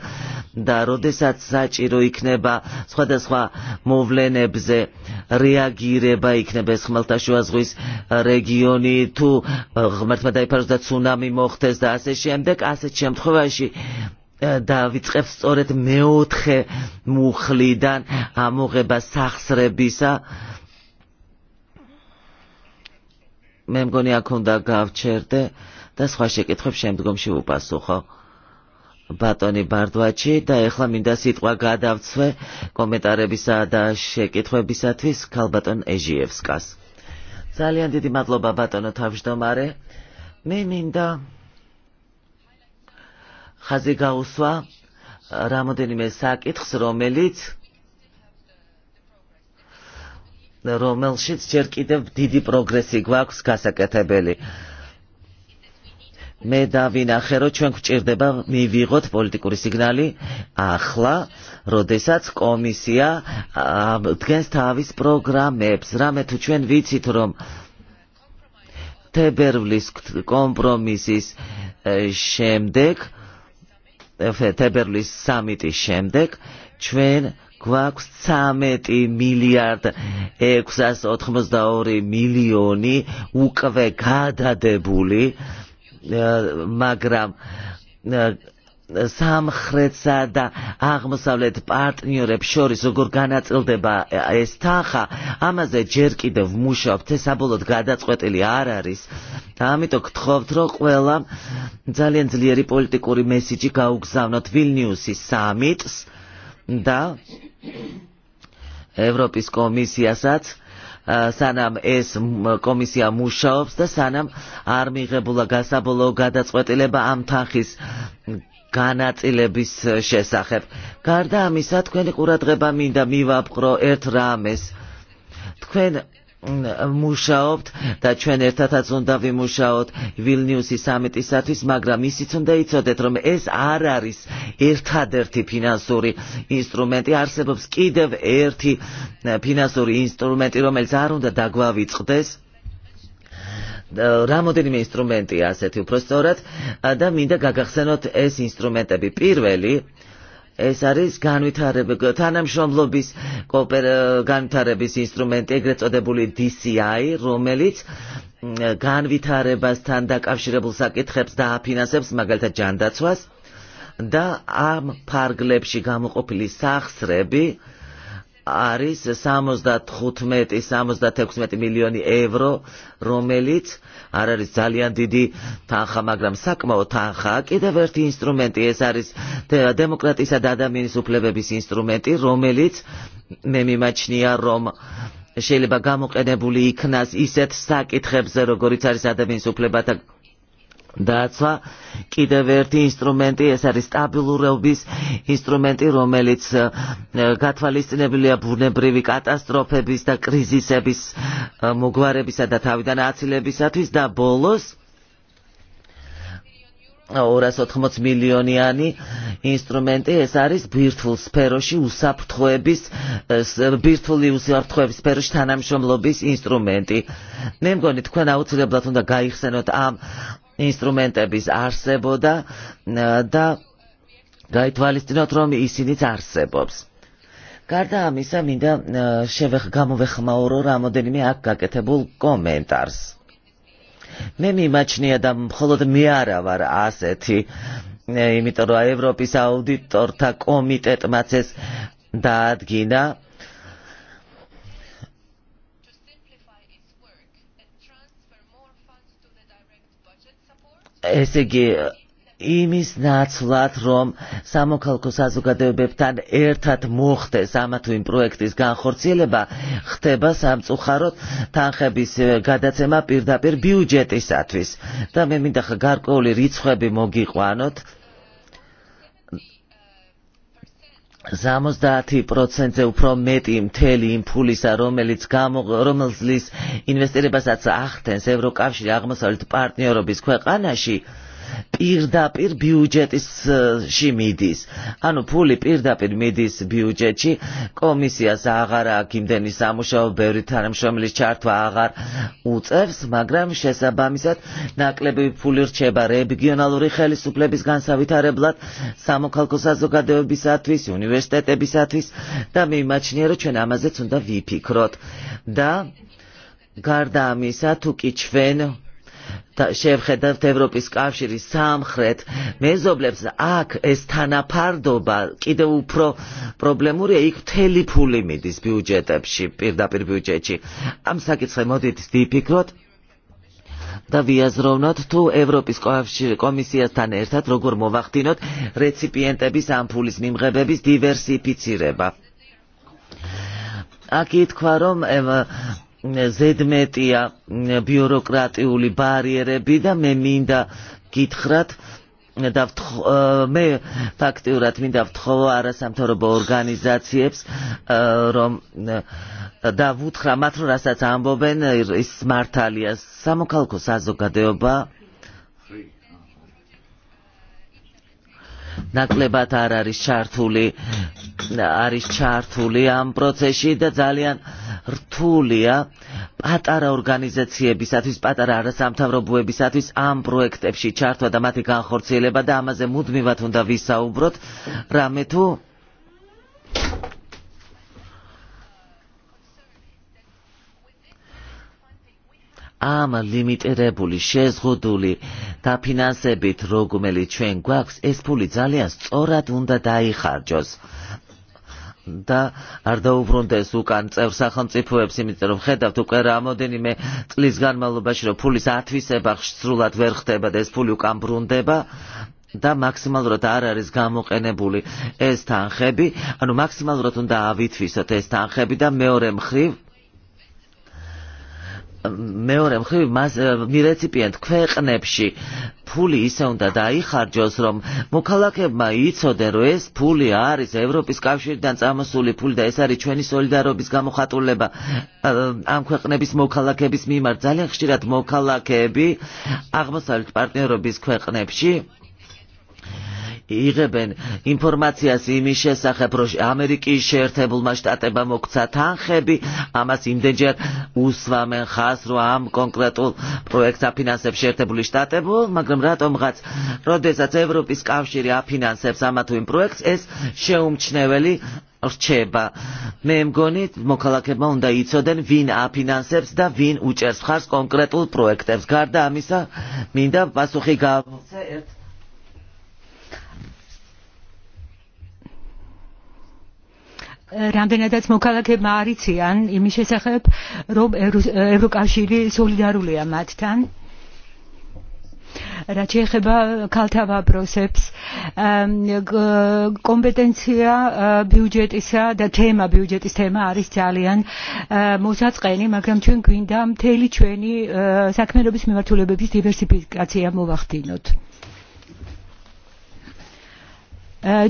და როდესაც საჭირო იქნება სხვადასხვა მოვლენებზე რეაგირება იქნება ეს ხმელთაშუა ზღვის რეგიონი თუ ღმერთმა დაიფაროს და ცუნამი მოხდეს და ასე შემდეგ ასეთ შემთხვევაში და დავიწყებ სწორედ მეოთხე მუხლიდან ამოღება სახსრებისა მე მგონი აქ უნდა გავჩერდე და სხვა შეკითხვებს შემდგომში ვუპასუხო ბატონი ბარდვაჩი და ეხლა მინდა სიტყვა გადავცვე კომენტარებისა და შეკითხვებისათვის ქალბატონ ეჟიევსკას. ძალიან დიდი მადლობა ბატონო თავმჯდომარე. მე მინდა ხაზი გაუსვა რამოდენიმე საკითხს, რომელიც რომელშიც ჯერ კიდევ დიდი პროგრესი გვაქვს გასაკეთებელი მე დავინახე რომ ჩვენ გვჭირდება მივიღოთ პოლიტიკური სიგნალი ახლა, როდესაც კომისია დგას თავის პროგრამებს, რამე თუ ჩვენ ვიცით რომ თებერვლის კომპრომისის შემდეგ თებერვლის სამიტის შემდეგ ჩვენ გვაქვს 13 მილიარდ 682 მილიონი უკვე გადადებული მაგრამ სამხრეთსა და აღმოსავლეთ პარტნიორებს შორის როგორ განაწილდება ეს თანხა, ამაზე ჯერ კიდევ ვმუშაობთ, ეს საბოლოოდ გადაწყვეტილი არ არის. და ამიტომ გთხოვთ, რომ ყველა ძალიან ძლიერი პოლიტიკური მესიჯი გაუგზავნოთ ვილნიუსის სამიტს და ევროპის კომისიასაც სანამ ეს კომისია მუშაობს და სანამ არ მიღებულა გასაბოლოო გადაწყვეტილება ამ თანხის განაწილების შესახებ. გარდა ამისა, თქვენი ყურადღება მინდა მივაპყრო ერთ რამეს. თქვენ მუშაობთ და ჩვენ ერთადაც უნდა ვიმუშაოთ ვილნიუსის სამიტისათვის, მაგრამ ისიც უნდა იცოდეთ, რომ ეს არ არის ერთადერთი ფინანსური ინსტრუმენტი, არსებობს კიდევ ერთი ფინანსური ინსტრუმენტი, რომელიც არ უნდა დაგვავიწყდეს რამოდენიმე ინსტრუმენტია ასეთი უბრალოდ და მინდა გაგახსენოთ ეს ინსტრუმენტები. პირველი ეს არის განვითარების თანამშრომლობის განვითარების ინსტრუმენტი, ეგრეთ წოდებული DCI, რომელიც განვითარებასთან დაკავშირებულ საკითხებს დააფინანსებს, მაგალითად ჯანდაცვას და ამ ფარგლებში გამოყოფილი სახსრები არის 75-76 მილიონი ევრო, რომელიც არ არის ძალიან დიდი თანხა, მაგრამ საკმაო თანხაა. კიდევ ერთი ინსტრუმენტი ეს არის დემოკრატისა და ადამიანის უფლებების ინსტრუმენტი, რომელიც მე მიმაჩნია რომ შეიძლება გამოყენებული იქნას ისეთ საკითხებზე, როგორიც არის ადამიანის უფლებათა დააცვა კიდევ ერთი ინსტრუმენტი ეს არის სტაბილურობის ინსტრუმენტი რომელიც გათვალისწინებულია ბუნებრივი კატასტროფების და კრიზისების მოგვარებისა და თავიდან აცილებისათვის და ბოლოს 280 მილიონიანი ინსტრუმენტი ეს არის ბირთვულ სფეროში უსაფრთხოების ბირთვული უსაფრთხოების სფეროში თანამშრომლობის ინსტრუმენტი. მე მგონი თქვენ აუცილებლად უნდა გაიხსენოთ ამ ინსტრუმენტების არსებოდა და გაითვალისწინოთ, რომ ისინიც არსებობს. გარდა ამისა, მინდა გამოვეხმაურო რამოდენიმე აქ გაკეთებულ კომენტარს. მე მიმაჩნია და მხოლოდ მე არა ვარ ასეთი, იმიტომ რომ ევროპის აუდიტორთა კომიტეტმაც ეს დაადგინა ესე იგი იმის ნაცვლად, რომ სამოქალაქო საზოგადოებებთან ერთად მოხდეს ამა თუ იმ პროექტის განხორციელება, ხდება სამწუხაროდ თანხების გადაცემა პირდაპირ ბიუჯეტისათვის. და მე მინდა ხა გარკვეული რიცხვები მოგიყვანოთ 70%-ზე უფრო მეტი მთელი იმ ფულისა, რომელიც რომელის ინვესტირებასაც ახდენს ევროკავშირი აღმოსავლეთ პარტნიორობის ქვეყანაში, პირდაპირ ბიუჯეტის ში მიდის. ანუ ფული პირდაპირ მიდის ბიუჯეტში, კომისიას აღარ აქვს იმდენი სამუშაო, ბევრი თანამშრომლის ჩართვა აღარ უწევს, მაგრამ შესაბამისად ნაკლები ფული რჩება რეგიონალური ხელისუფლების განსავითარებლად, სამოქალაქო საზოგადოებისათვის, უნივერსიტეტებისათვის და მიმაჩნია, რომ ჩვენ ამაზეც უნდა ვიფიქროთ და გარდა ამისა, თუ კი ჩვენ შევხედავთ ევროპის კავშირის სამხრეთ მეზობლებს აქ ეს თანაფარდობა კიდევ უფრო პრობლემურია იქ მთელი ფული მიდის ბიუჯეტებში პირდაპირ ბიუჯეტში ამ საკითხზე მოდით ვიფიქროთ და ვიაზროვნოთ თუ ევროპის კომისიასთან ერთად როგორ მოვახდინოთ რეციპიენტების ამ ფულის მიმღებების დივერსიფიცირება. აქ ითქვა რომ ზედმეტია ბიუროკრატიული ბარიერები და მე მინდა გითხრათ და მე ფაქტიურად მინდა ვთხოვო არასამთავრობო ორგანიზაციებს რომ და ვუთხრა მათ რომ რასაც ამბობენ ის მართალია სამოქალაქო საზოგადოება ნაკლებად არ არის ჩართული არის ჩართული ამ პროცესში და ძალიან რთულია პატარა ორგანიზაციებისათვის, პატარა არასამთავრობოებისათვის ამ პროექტებში ჩართვა და მათი განხორციელება და ამაზე მუდმივად უნდა ვისაუბროთ, რამე თუ ამ ლიმიტირებული შეზღუდული დაფინანსებით რომელიც ჩვენ გვაქვს ეს ფული ძალიან სწორად უნდა დაიხარჯოს და არ დაუბრუნდეს უკან წევრ სახელმწიფოებს, იმიტომ რომ ხედავთ უკვე რამოდენიმე წლის განმავლობაში რომ ფულის ათვისება სრულად ვერ ხდება და ეს ფული უკან ბრუნდება და მაქსიმალურად არ არის გამოყენებული ეს თანხები, ანუ მაქსიმალურად უნდა ავითვისოთ ეს თანხები და მეორე მხრივ მეორე მხრივ მას მირეციპიენტ ქვეყნებში ფული ისე უნდა დაიხარჯოს რომ მოქალაქეებმა იცოდნენ რომ ეს ფული არის ევროპის კავშირიდან წამოსული ფული და ეს არის ჩვენი სოლიდარობის გამოხატულება ამ ქვეყნების მოქალაქეების მიმართ ძალიან ხშირად მოქალაქეები აღმოსავლეთ პარტნიორობის ქვეყნებში იღებენ ინფორმაციას იმის შესახებ, რომ ამერიკის შეერთებულმა შტატებმა მოგცა თანხები, ამას იმდენჯერ უსვამენ ხას, რომ ამ კონკრეტულ პროექტს აფინანსებს შეერთებული შტატები, მაგრამ რატომღაც, როდესაც ევროპის კავშირი აფინანსებს ამა თუ იმ პროექტს, ეს შეუმჩნეველი რჩება. მე მგონი მოქალაქეებმა უნდა იცოდნენ ვინ აფინანსებს და ვინ უჭერს ხარს კონკრეტულ პროექტებს. გარდა ამისა, მინდა პასუხი გავცე ერთ რამდენადაც მოქალაქეებმა არ იმის შესახებ, რომ ევროკავშირი სოლიდარულია მათთან რაც ეხება ქალთა ვაბროსებს კომპეტენცია ბიუჯეტისა და თემა ბიუჯეტის თემა არის ძალიან მოსაწყენი მაგრამ ჩვენ გვინდა მთელი ჩვენი საქმიანობის მიმართულებების დივერსიფიკაცია მოვახდინოთ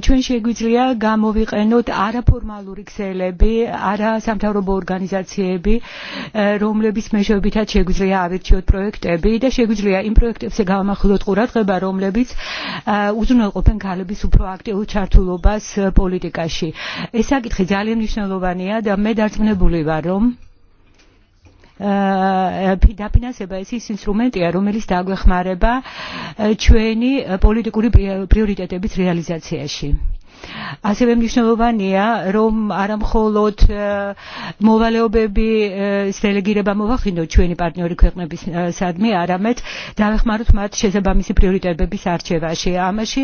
ჩვენ შეგვიძლია გამოვიყენოთ არაფორმალური ქსელები, არასამთავრობო ორგანიზაციები, რომლების მეშვეობითაც შეგვიძლია ავირჩიოთ პროექტები და შეგვიძლია იმ პროექტებზე გავამახვილოთ ყურადღება, რომლებიც უზრუნველყოფენ ქალების უფრო აქტიურ ჩართულობას პოლიტიკაში. ეს საკითხი ძალიან მნიშვნელოვანია და მე დარწმუნებული ვარ, რომ დაფინანსება ეს ის ინსტრუმენტია, რომელიც დაგვეხმარება ჩვენი პოლიტიკური პრიორიტეტების რეალიზაციაში ასევე მნიშვნელოვანია, რომ არა მხოლოდ მოვალეობების დელეგირება მოვახინოთ ჩვენი პარტნიორი ქვეყნების სადმე, არამედ დავეხმაროთ მათ შესაბამისი პრიორიტეტების არჩევაში. ამაში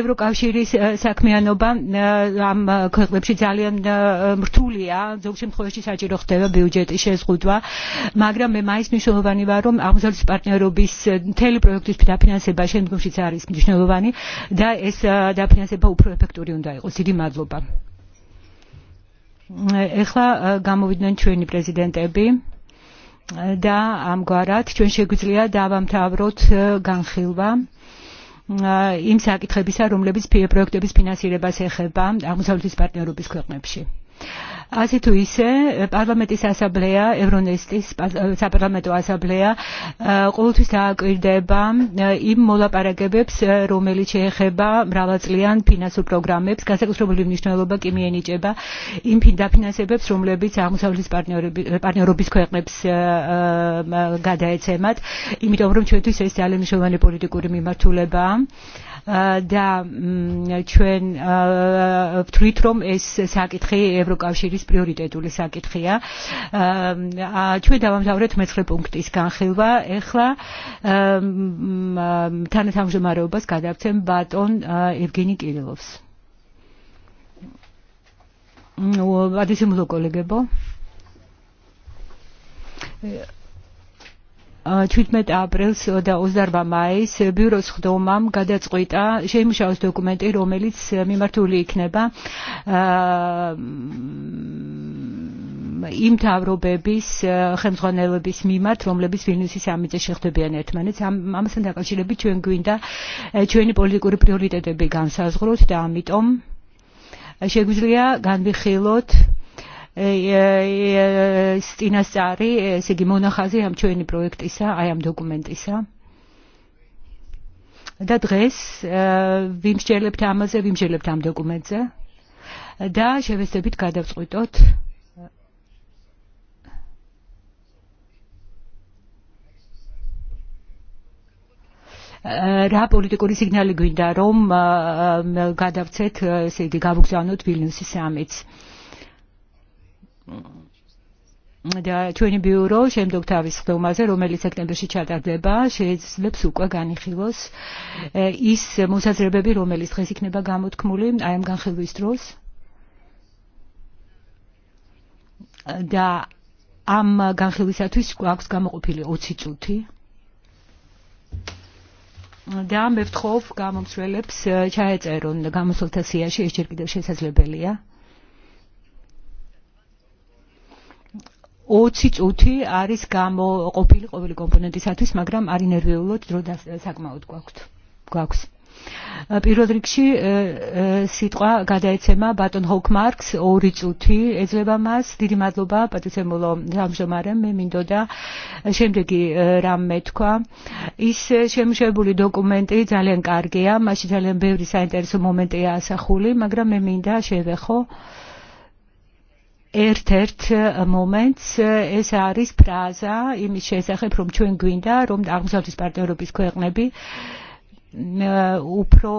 ევროკავშირის საქმიანობა ამ ქვეყნებში ძალიან რთულია, ზოგ შემთხვევაში საჭირო ხდება ბიუჯეტის შეზღუდვა, მაგრამ მე მაინც მნიშვნელოვანი ვარ, რომ აღმოსავლეთის პარტნიორობის მთელი პროექტის დაფინანსება შემდგომშიც არის მნიშვნელოვანი და ეს დაფინანსება უფრო ეფექტური უნდა იყოს. დიდი მადლობა. ეხლა გამოვიდნენ ჩვენი პრეზიდენტები და ამგვარად ჩვენ შეგვიძლია დავამთავროთ განხილვა იმ საკითხებისა, რომლებიც პროექტების ფინანსირებას ეხება აღმოსავლეთის პარტნიორობის ქვეყნებში ასე თუ ისე პარლამენტის ასამბლეა, ევრონესტის საპარლამენტო ასამბლეა ყოველთვის დააკვირდება იმ მოლაპარაკებებს, რომელიც შეეხება მრავალწლიან ფინანსურ პროგრამებს, განსაკუთრებული მნიშვნელობა კი მიენიჭება იმ დაფინანსებებს, რომლებიც აღმოსავლეთის პარტნიორები პარტნიორობის ქვეყნებს გადაეცემათ, იმიტომ რომ ჩვენთვის ეს ძალიან მნიშვნელოვანი პოლიტიკური მიმართულებაა და ჩვენ ვთვლით რომ ეს საკითხი ევროკავშირის პრიორიტეტული საკითხია. ჩვენ დავამთავრეთ მე-9 პუნქტის განხილვა. ეხლა თანათამშრომლობას გადავცემ ბატონ ევგენი კირილოვს. ну, а здесь ему коллега был. 17 აპრილს 28 მაის ბიუროს ხდომამ გადაწყვიტა შეიმუშაოს დოკუმენტი, რომელიც მიმართული იქნება იმ თავრობების ხელმძღვანელების მიმართ, რომლებიც ვილნიუსის სამიტზე შეხვდებიან ერთმანეთს. ამ ამასთან დაკავშირებით ჩვენ გვინდა ჩვენი პოლიტიკური პრიორიტეტები განსაზღვროთ და ამიტომ შეგვიძლია განვიხილოთ სტინასარი, ესე იგი მონახაზი ამ ჩვენი პროექტისა, აი ამ დოკუმენტისა. და დღეს ვიმსჯელებთ ამაზე, ვიმსჯელებთ ამ დოკუმენტზე და შევეცდებით გადავწყვიტოთ რა პოლიტიკური სიგნალი გვინდა რომ გადავცეთ ესე იგი გავგზავნოთ ვილნიუსის სამიტს და ჩვენი ბიურო შემდგომ თავის ხდომაზე, რომელიც სექტემბერში ჩატარდება, შეძლებს უკვე განიხილოს ის მოსაზრებები, რომელიც დღეს იქნება გამოთქმული აი ამ განხილვის დროს. და ამ განხილვისათვის გვაქვს გამოყოფილი 20 წუთი. და მე ვთხოვ გამომცველებს ჩაეწერონ გამოსვლთა სიაში, ეს ჯერ კიდევ შესაძლებელია. 20 წუთი არის გამოყოფილი ყოველი კომპონენტისათვის, მაგრამ არინერვიულად დრო საკმაოდ გვაქვს. გვაქვს. პირველ რიგში სიტყვა გადაეცემა ბატონ ჰოკმარკს ორი წუთი ეძლევა მას დიდი მადლობა პატიცემულო სამშომარემ მე მინდოდა შემდეგი რამე თქვა ის შემშებული დოკუმენტი ძალიან კარგია მასში ძალიან ბევრი საინტერესო მომენტია ასახული მაგრამ მე მინდა შევეხო აა ერთ-ერთ მომენტს ეს არის ფრაზა იმის შესახებ, რომ ჩვენ გვინდა, რომ აღმოსავლეთის პარტნიორობის ქვეყნები უფრო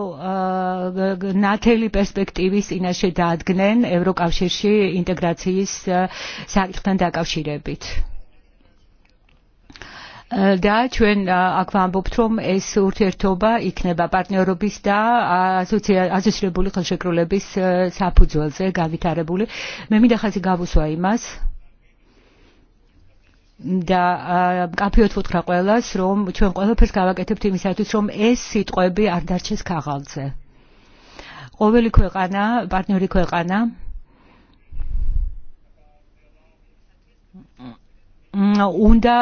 ნათელი პერსპექტივის წინაშე დაადგნენ ევროკავშირში ინტეგრაციის საკითხთან დაკავშირებით და ჩვენ აქ ვამბობთ, რომ ეს ურთიერთობა იქნება პარტნიორობის და ასოცირებული ხელშეკრულების საფუძველზე განვითარებული. მე მინდა ხაზი გავუსვა იმას, და კაფეოთ ვუთხრა ყველას, რომ ჩვენ ყველაფერს გავაკეთებთ იმისათვის, რომ ეს სიტყვები არ დარჩეს ქაღალდზე. ყოველი ქვეყანა, პარტნიორი ქვეყანა უნდა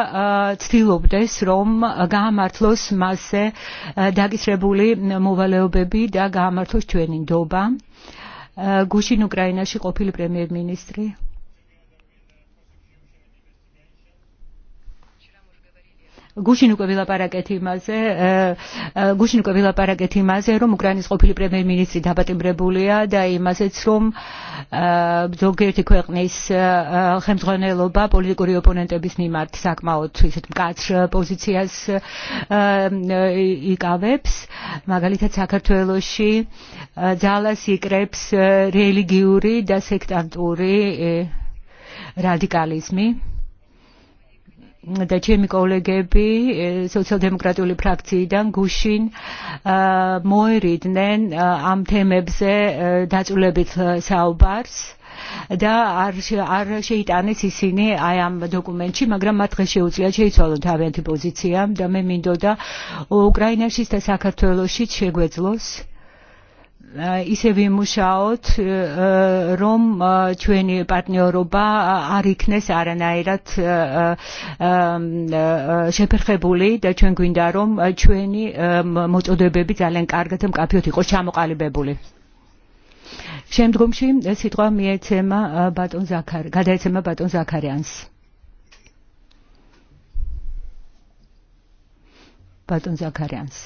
ცდილობდეს რომ გაამართლოს მასზე დაკისრებული მოვალეობები და გაამართლოს ჩვენი ნდობა გუშინ უკრაინაში ყოფილი პრემიერ-მინისტრი გუშინ უკვე ვილაპარაკეთ იმაზე, გუშინ უკვე ვილაპარაკეთ იმაზე, რომ უკრაინის ყოფილი პრემიერ-მინისტრი დაბატიმრებულია და იმასეც რომ ზოგიერთი ქვეყნის ხელმძღვანელობა პოლიტიკური ოპონენტების მიმართ საკმაოდ ისეთ მკაცრ პოზიციას იკავებს, მაგალითად საქართველოში ძალას იკრებს რელიგიური და სექტანტური რადიკალიზმი და ჩემი კოლეგები სოციალ-დემოკრატიული ფრაქციიდან გუშინ მოერიდნენ ამ თემებზე დაწვრილებით საუბარს და არ არ შეიტანეს ისინი აი ამ დოკუმენტში, მაგრამ მათ დღეს შეუძლიათ შეიცვალონ თავიანთი პოზიცია და მე მინდოდა უკრაინაშიც და საქართველოსშიც შეგვეძლოს ისე ვიმუშაოთ, რომ ჩვენი პარტნიორობა არ იქნეს არანაირად შეფერხებული და ჩვენ გვინდა რომ ჩვენი მოწოდებები ძალიან კარგად მკაფიოდ იყოს ჩამოყალიბებული. შემდგომში სიტყვა მიეცემა ბატონ ზაქარ, გადაეცემა ბატონ ზაქარიანს. ბატონ ზაქარიანს.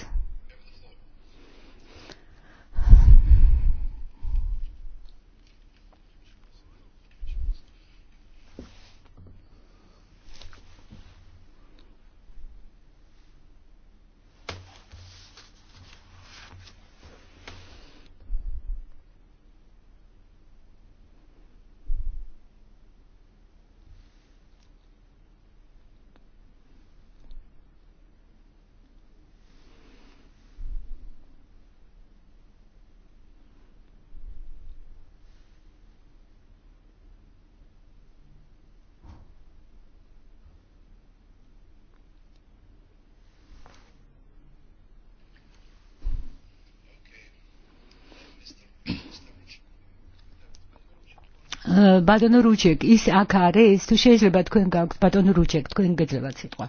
ბატონო რუჩეკ ის აქ არის თუ შეიძლება თქვენ გაქვთ ბატონო რუჩეკ თქვენ გეძლევათ სიტყვა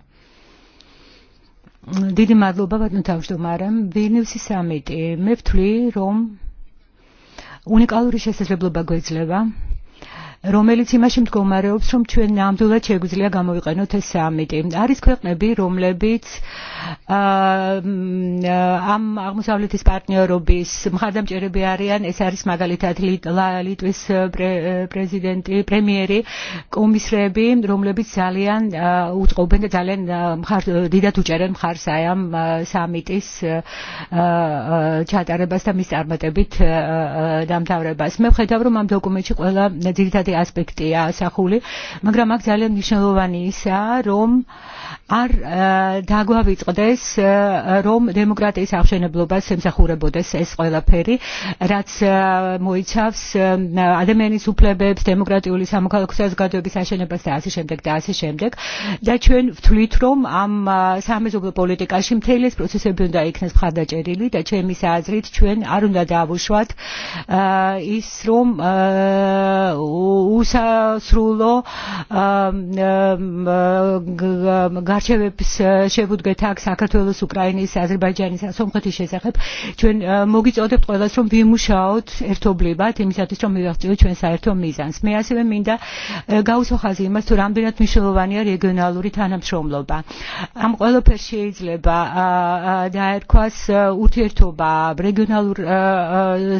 დიდი მადლობა ბატონო თავმჯდომარემ ვილნიუსი სამიტი მე ვთვლი რომ უნიკალური შესაძლებლობა გვეძლევა რომელიც იმაში მდგომარეობს, რომ ჩვენ ნამდვილად შეგვიძლია გამოვიყენოთ ეს სამიტი. არის ქვეყნები, რომლებიც ამ აღმოსავლეთის პარტნიორობის მხარდამჭერები არიან. ეს არის მაგალითად ლიტვის პრეზიდენტი, პრემიერი, კომისრები, რომლებიც ძალიან უწყობენ და ძალიან მხარ დიდად უჭერენ მხარს აი ამ სამიტის ჩატარებას და მის წარმატებით დამთავრებას. მე ვხედავ, რომ ამ დოკუმენტში ყველა ძირითადი ასპექტია ასახული, მაგრამ აქ ძალიან მნიშვნელოვანი ისაა, რომ არ დაგვავიწყდეს რომ დემოკრატიის აღშენებლობას ემსახურებოდეს ეს ყველაფერი რაც მოიცავს ადამიანის უფლებებს დემოკრატიული სამოქალაქო საზოგადოების აშენებას და ასე შემდეგ და ასე შემდეგ და ჩვენ ვთვლით რომ ამ სამეზობლო პოლიტიკაში მთელი ეს პროცესები უნდა იქნეს მხარდაჭერილი და ჩემის აზრით ჩვენ არ უნდა დავუშვათ ის რომ უსასრულო გარჩევებს შევუდგეთ აქ საქართველოს, უკრაინის, აზერბაიჯანის, სომხეთის შესახებ. ჩვენ მოგიწოდებთ ყველას რომ ვიმუშაოთ ერთობლივად იმისათვის რომ მივაღწიოთ ჩვენ საერთო მიზანს. მე ასევე მინდა გავუსვა იმას თუ რამდენად მნიშვნელოვანია რეგიონალური თანამშრომლობა. ამ ყველაფერს შეიძლება დაერქვას ურთიერთობა რეგიონალურ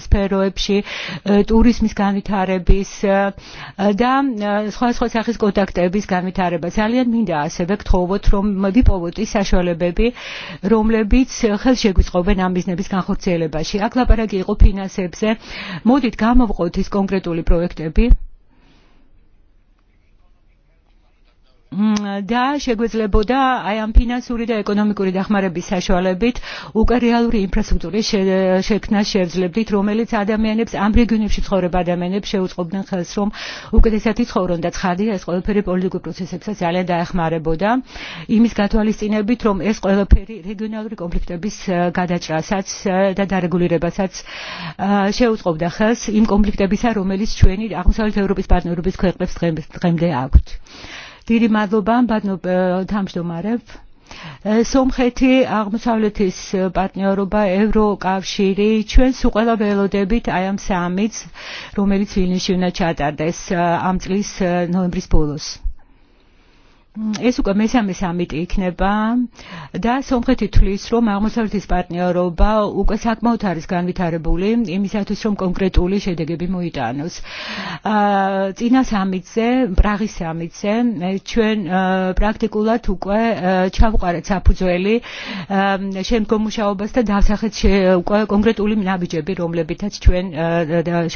სფეროებში, ტურიზმის განვითარების და სხვა სხვა სახის კონტაქტების განვითარება. ძალიან მინდა ასევე გთხოვოთ მივაღწევთ რომ ვიპოვოთ ის საშუალებები რომლებიც ხელს შეგვიწყობენ ამ ბიზნესის განხორციელებაში აქ ლაპარაკი იყო ფინანსებზე მოდით გამოვყოთ ის კონკრეტული პროექტები და შეგვეძლებოდა აი ამ ფინანსური და ეკონომიკური დახმარების საშუალებით უკვე რეალური ინფრასტრუქტურის შექმნა შევძლებდით, რომელიც ადამიანებს ამ რეგიონებში ცხოვრებ ადამიანებს შეუწყობდნენ ხელს, რომ უკეთესად იცხოვრონ და ცხადია, ეს ყველაფერი პოლიტიკურ პროცესებსაც ძალიან დაეხმარებოდა, იმის გათვალისწინებით, რომ ეს ყველაფერი რეგიონალური კონფლიქტების გადაჭრასაც და დარეგულირებასაც შეუწყობდა ხელს იმ კონფლიქტებისა, რომელიც ჩვენი აღმოსავლეთ ევროპის პარტნიორობის ქვეყნებს დღემდე აქვთ დიდი მადლობა ბატონო თამშდომარებ სომხეთი აღმოსავლეთის პარტნიორობა ევროკავშირი ჩვენს უყველა ველოდებით აი ამ სამიც რომელიც ვილნიუსში უნდა ჩატარდეს ამ წლის ნოემბრის ბოლოს ეს უკვე მესამე სამიტი იქნება და სომხეთი თulis რომ აღმოსავლეთის პარტნიორობა უკვე საკმაოდ არის განვითარებული იმისათვის რომ კონკრეტული შედეგები მოიტანოს. აა წინა სამიტზე, პრაღის სამიტზე ჩვენ პრაქტიკულად უკვე ჩავყარეთ საფუძველი შემდგომ მუშაობას და დასახეთ უკვე კონკრეტული ნაბიჯები რომლებითაც ჩვენ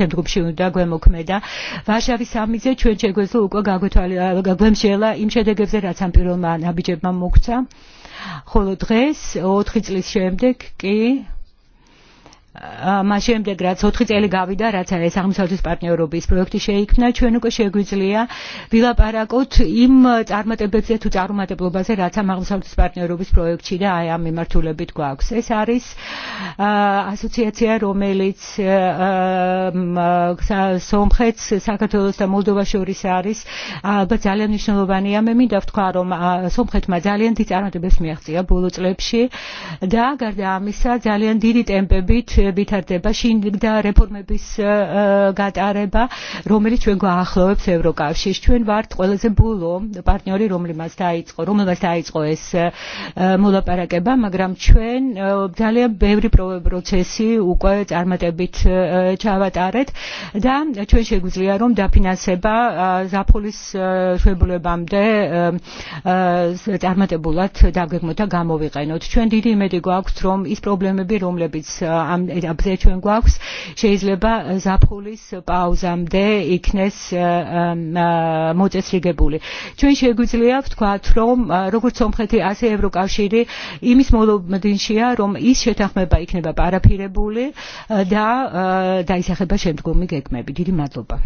შემდგომში უნდა გვემოქმედა. ვარშავის სამიტზე ჩვენ შეგვეძლო უკვე გაგვეთვალა გვემშელა იმ შედეგებს ფონდებზე რაც ამ პირველმა ნაბიჯებმა მოგცა ხოლო დღეს 4 წლის შემდეგ კი მას შემდეგ რაც 4 წელი გავიდა რაც არის აღმოსავლეთის პარტნიორობის პროექტი შეიქმნა ჩვენ უკვე შეგვიძლია ვილაპარაკოთ იმ წარმატებებზე თუ წარუმატებლობაზე რაც ამ აღმოსავლეთის პარტნიორობის პროექტში და აი ამ მიმართულებით გვაქვს ეს არის ასოციაცია რომელიც სომხეთს საქართველოს და მოლდოვას შორის არის ალბათ ძალიან მნიშვნელოვანია მე მინდა ვთქვა რომ სომხეთმა ძალიან დიდი წარმატებებს მიაღწია ბოლო წლებში და გარდა ამისა ძალიან დიდი ტემპებით ვითარდება შინგდა რეფორმების გატარება, რომელიც ჩვენ გვაახლოვებს ევროკავშირს. ჩვენ ვართ ყველაზე ბოლო პარტნიორი, რომელმაც დაიწყო, რომელმაც დაიწყო ეს მოლაპარაკება, მაგრამ ჩვენ ძალიან ბევრი პროცესი უკვე წარმატებით ჩავატარეთ და ჩვენ შეგვიძლია რომ დაფინანსება ზაფხულის შეგულებამდე წარმატებულად დაგეგმოთ და გამოვიყენოთ. ჩვენ დიდი იმედი გვაქვს რომ ის პრობლემები რომლებიც ამ ჩვენ გვაქვს შეიძლება ზაფხულის პაუზამდე იქნეს მოწესრიგებული ჩვენ შეგვიძლია ვთქვათ რომ როგორც სომხეთი ასე ევროკავშირი იმის მოლოდინშია რომ ის შეთანხმება იქნება პარაფირებული და დაისახება შემდგომი გეგმები დიდი მადლობა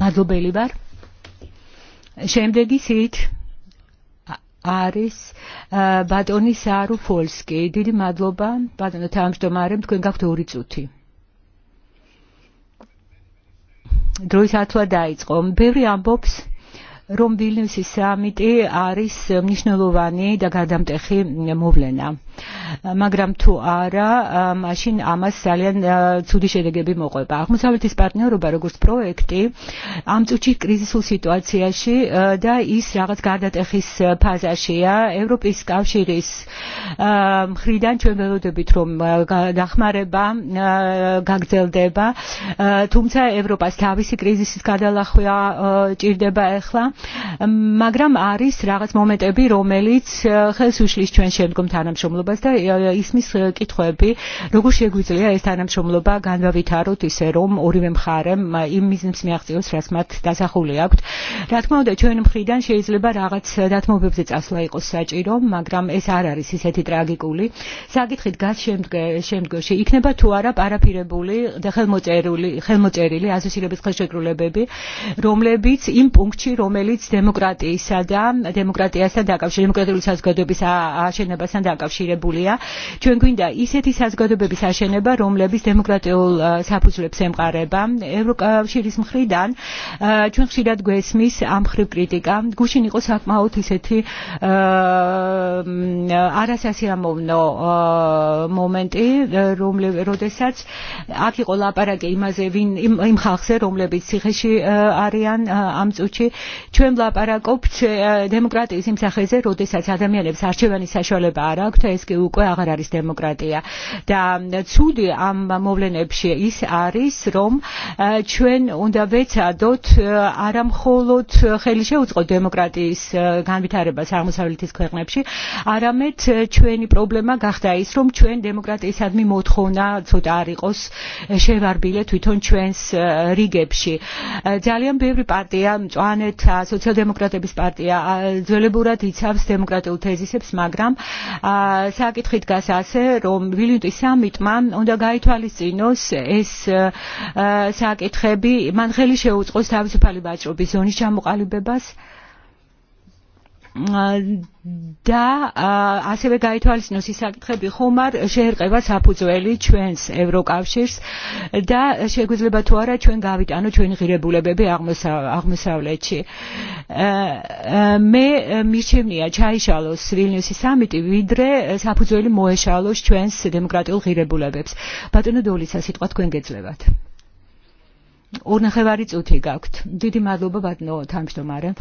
მადლობელი ვარ შემდეგი სიით არის ბატონი ფოლსკი. დიდი მადლობა, ბატონო თამშდომარემ, თქვენ გაქვთ ორი წუთი. დროის ათვა დაიწყო. ბევრი ამბობს რომ ვილნიუსის სამიტი არის მნიშვნელოვანი და გადამტეხი მოვლენა. მაგრამ თუ არა, მაშინ ამას ძალიან ცუდი შედეგები მოყვება. აღმოსავლეთის პარტნიორობა როგორც პროექტი ამ წუთში კრიზისულ სიტუაციაში და ის რაღაც გადატეხის ფაზაშია. ევროპის კავშირის მხრიდან ჩვენ ველოდებით რომ დახმარება გაგრძელდება, თუმცა ევროპას თავისი კრიზისის გადალახვა ჭირდება ახლა მაგრამ არის რაღაც მომენტები, რომელიც ხელს უშლის ჩვენ შემდგომ თანამშრომლობას და ისმის კითხვები, როგორ შეგვიძლია ეს თანამშრომლობა განვავითაროთ ისე, რომ ორივე მხარემ იმ მიზნებს მიაღწიოს, რაც მათ დასახული აქვთ. რა თქმა უნდა, ჩვენ მხრიდან შეიძლება რაღაც დათმობებზე წასვლა იყოს საჭირო, მაგრამ ეს არ არის ისეთი ტრაგიკული. საკითხით გას შემდგომში იქნება თუ არა პარაფირებული და ხელმოწერული, ხელმოწერილი ასოცირების ხელშეკრულებები, რომლებიც იმ პუნქტში, რომელიც რომელიც დემოკრატიისა და დემოკრატიასთან დაკავშირებული, დემოკრატიული საზოგადოების აშენებასთან დაკავშირებულია. ჩვენ გვინდა ისეთი საზოგადოების აშენება, რომლების დემოკრატიულ საფუძვლებს ემყარება. ევროკავშირის მხრიდან ჩვენ ხშირად გვესმის ამ ხრივ კრიტიკა. გუშინ იყო საკმაოდ ისეთი არასასიამოვნო მომენტი, რომლე როდესაც აქ იყო ლაპარაკი იმაზე, ვინ იმ ხალხზე, რომლებიც ციხეში არიან ამ წუთში ჩვენ ვლაპარაკობთ დემოკრატიის იმ სახეზე, როდესაც ადამიანებს არჩევანის საშუალება არ აქვთ, ეს კი უკვე აღარ არის დემოკრატია. და ცუდი ამ მოვლენებში ის არის, რომ ჩვენ უნდა ვეცადოთ არამხოლოდ ხელი შეუწყოთ დემოკრატიის განვითარებას აღმოსავლეთის ქვეყნებში, არამედ ჩვენი პრობლემა გახდა ის, რომ ჩვენ დემოკრატიისადმი მოთხოვნა ცოტა არ იყოს შევარბილე თვითონ ჩვენს რიგებში. ძალიან ბევრი პარტია მწვანეთა სოციალ-დემოკრატების პარტია ძველებურად იცავს დემოკრატიულ თეზისებს, მაგრამ საკითხი დგას ასე, რომ ვილნიტის სამიტმა უნდა გაითვალისწინოს ეს საკითხები, მან ხელი შეუწყოს თავისუფალი ვაჭრობის ზონის ჩამოყალიბებას და ასევე გაითვალისწინოს ის საკითხები ხომ არ შეერყება საფუძველი ჩვენს ევროკავშირს და შეგვიძლია თუ არა ჩვენ გავიტანო ჩვენი ღირებულებები აღმოსავლეთში მე მირჩევნია ჩაიშალოს ვილნიუსის სამიტი ვიდრე საფუძველი მოეშალოს ჩვენს დემოკრატიულ ღირებულებებს ბატონო დოლიცა სიტყვა თქვენ გეძლევათ ორნახევარი წუთი გაქვთ დიდი მადლობა ბატონო თავმჯდომარე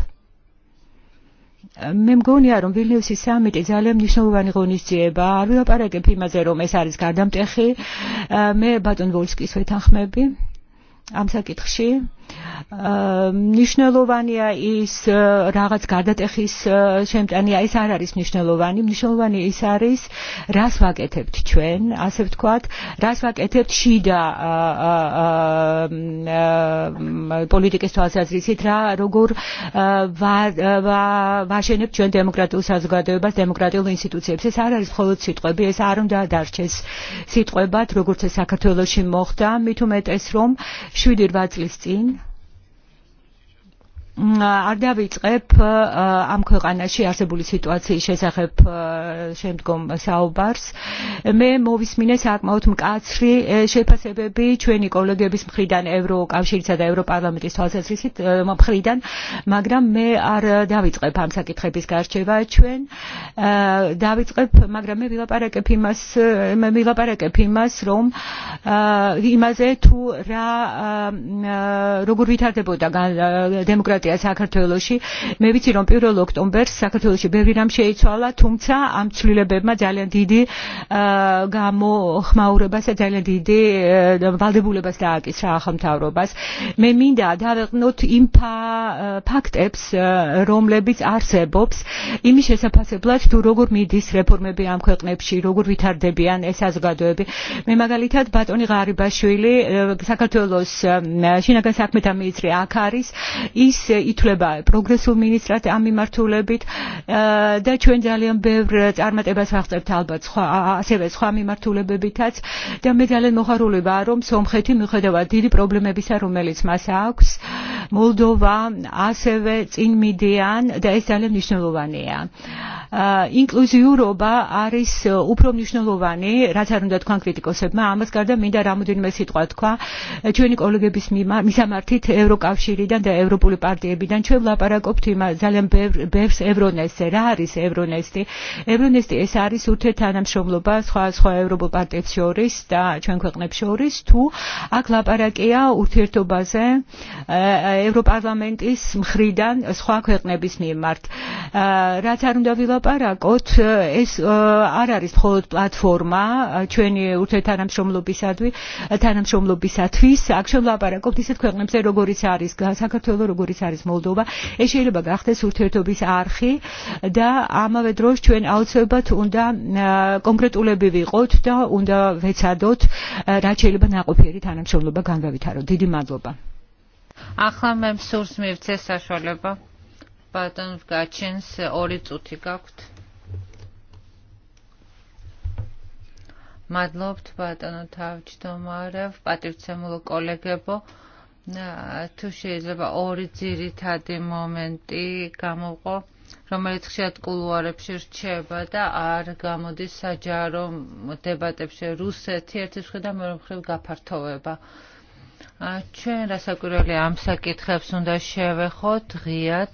მე მგონი რომ ვილნიუსის სამიტი ძალიან მნიშვნელოვანი ღონისძიება. არ ვლაპარაკებ იმაზე რომ ეს არის გადამტეხი. მე ბატონ ვოლსკის ვეთანხმები ამ საკითხში მნიშვნელოვანია ის რაღაც გადატეხის შემტანია ეს არ არის მნიშვნელოვანი მნიშვნელოვანი ის არის რას ვაკეთებთ ჩვენ ასე ვთქვათ რას ვაკეთებთ შიდა პოლიტიკის თვალსაზრისით რა როგორ ვაშენებთ ჩვენ დემოკრატიულ საზოგადოებას დემოკრატიულ ინსტიტუციებს ეს არ არის მხოლოდ სიტყვები ეს არ უნდა დარჩეს სიტყვებად როგორც ეს საქართველოში მოხდა მით უმეტეს რომ 7-8 წლის წინ არ დავიწყებ ამ ქვეყანაში არსებული სიტუაციის შესახებ შემდგომ საუბარს. მე მოვისმინე საკმაოდ მკაცრი შეფასებები ჩვენი კოლეგების მხრიდან ევროკავშირისა და ევროპარლამენტის თვალსაზრისით მხრიდან, მაგრამ მე არ დავიწყებ ამ საკითხების გარჩევა ჩვენ დავიწყებ, მაგრამ მე ვილაპარაკებ იმას, მე ვილაპარაკებ იმას, რომ იმაზე თუ რა როგორ ვითარდებოდა დემოკრატია ინფორმაცია საქართველოში. მე ვიცი რომ 1 ოქტომბერს საქართველოში ბევრი რამ შეიცვალა, თუმცა ამ ცვლილებებმა ძალიან დიდი გამოხმაურებას და ძალიან დიდი ვალდებულებას დააკისრა ახალმთავრობას. მე მინდა დავეყნოთ იმ ფაქტებს, რომლებიც არსებობს იმის შესაძლებლად თუ როგორ მიდის რეფორმები ამ ქვეყნებში, როგორ ვითარდებიან ეს საზოგადოები. მე მაგალითად ბატონი ღარიბაშვილი საქართველოს შინაგან საქმეთა მინისტრი აქ არის, ის ითვლება პროგრესულ მინისტრად ამ მიმართულებით და ჩვენ ძალიან ბევრ წარმატებას აღწევთ ალბათ სხვა ასევე სხვა მიმართულებებითაც და მე ძალიან მოხარულებაა რომ სომხეთი მიუხედავად დიდი პრობლემებისა რომელიც მას აქვს მოლდოვა ასევე წინ მიდიან და ეს ძალიან მნიშვნელოვანია ა ინკლუზიურობა არის უფრო მნიშვნელოვანი რაც არ უნდა თქვან კრიტიკოსებმა ამას გარდა მინდა რამოდენიმე სიტყვა თქვა ჩვენი კოლეგების მისამართით ევროკავშირიდან და ევროპული პარ პარტიებიდან ჩვენ ვლაპარაკობთ იმ ძალიან ბევრს ევრონესზე რა არის ევრონესტი ევრონესტი ეს არის ურთიერთთანამშრომლობა სხვა სხვა ევროპულ პარტიებს შორის და ჩვენ ქვეყნებს შორის თუ აქ ლაპარაკია ურთიერთობაზე ევროპარლამენტის მხრიდან სხვა ქვეყნების მიმართ რაც არ უნდა ვილაპარაკოთ ეს არ არის მხოლოდ პლატფორმა ჩვენი ურთიერთთანამშრომლობისადმი თანამშრომლობისათვის აქ შევლაპარაკობთ ისეთ ქვეყნებზე როგორიც არის საქართველოს როგორიც არის არის მოლდოვა, ეს შეიძლება გახდეს ურთიერთობის არხი და ამავე დროს ჩვენ აუცილებლად უნდა კონკრეტულები ვიყოთ და უნდა ვეცადოთ რაც შეიძლება ნაყოფიერი თანამშრომლობა განვავითაროთ. დიდი მადლობა. ახლა მე მსურს მივცე საშუალება ბატონ გაჩენს ორი წუთი გაქვთ მადლობთ ბატონო თავჯდომარე პატივცემულო კოლეგებო თუ შეიძლება ორი ძირითადი მომენტი გამოვყო, რომელიც ხშირად კულუარებში რჩება და არ გამოდის საჯარო დებატებში. რუსეთი ერთის მხრიდან მეორე მხრივ გაფართოვება. ჩვენ რასაკვირველია ამ საკითხებს უნდა შევეხოთ ღიად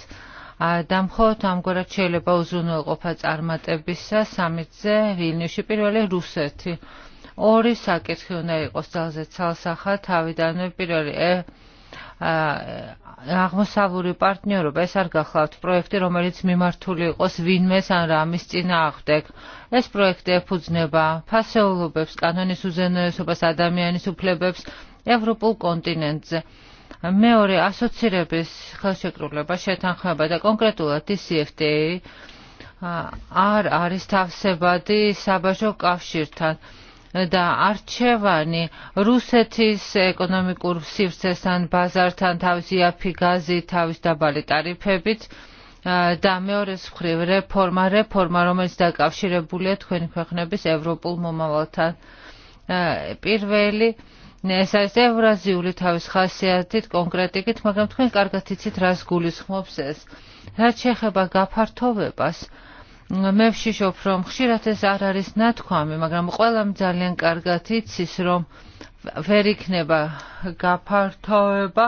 და მხოლოდ ამგვარად შეიძლება უზრუნველყოფა წარმატებისა სამიტზე ვილნიუსში პირველი რუსეთი. აა ორი საკითხი უნდა იყოს ძალზე ცალსახა თავიდანვე პირველი ე აღმოსავლური პარტნიორობა ეს არ გახლავთ პროექტი რომელიც მიმართული იყოს ვინმეს ან რამის წინააღმდეგ ეს პროექტი ეფუძნება ფასეულობებს კანონის უზენაესობას ადამიანის უფლებებს ევროპულ კონტინენტზე მეორე ასოცირების ხელშეკრულება შეთანხმება და კონკრეტულად DCFTA არ არის თავსებადი საბაჟო კავშირთან და არჩევანი რუსეთის ეკონომიკურ სივრცესთან ბაზართან თავისი აფი გაზი თავის დაბალი ტარიფებით და მეორე მხრივ რეფორმა რეფორმა რომელიც დაკავშირებულია თქვენი ქვეყნების ევროპულ მომავალთან პირველი ეს არის ევრაზიული თავის ხასიათით კონკრეტიკით მაგრამ თქვენ კარგად იცით რას გულისხმობს ეს რაც შეეხება გაფართოვებას მე ვშიშობ, რომ ხშირად ეს არ არის ნათქვამი, მაგრამ ყველამ ძალიან კარგად იცის, რომ ვერ იქნება გაფართოება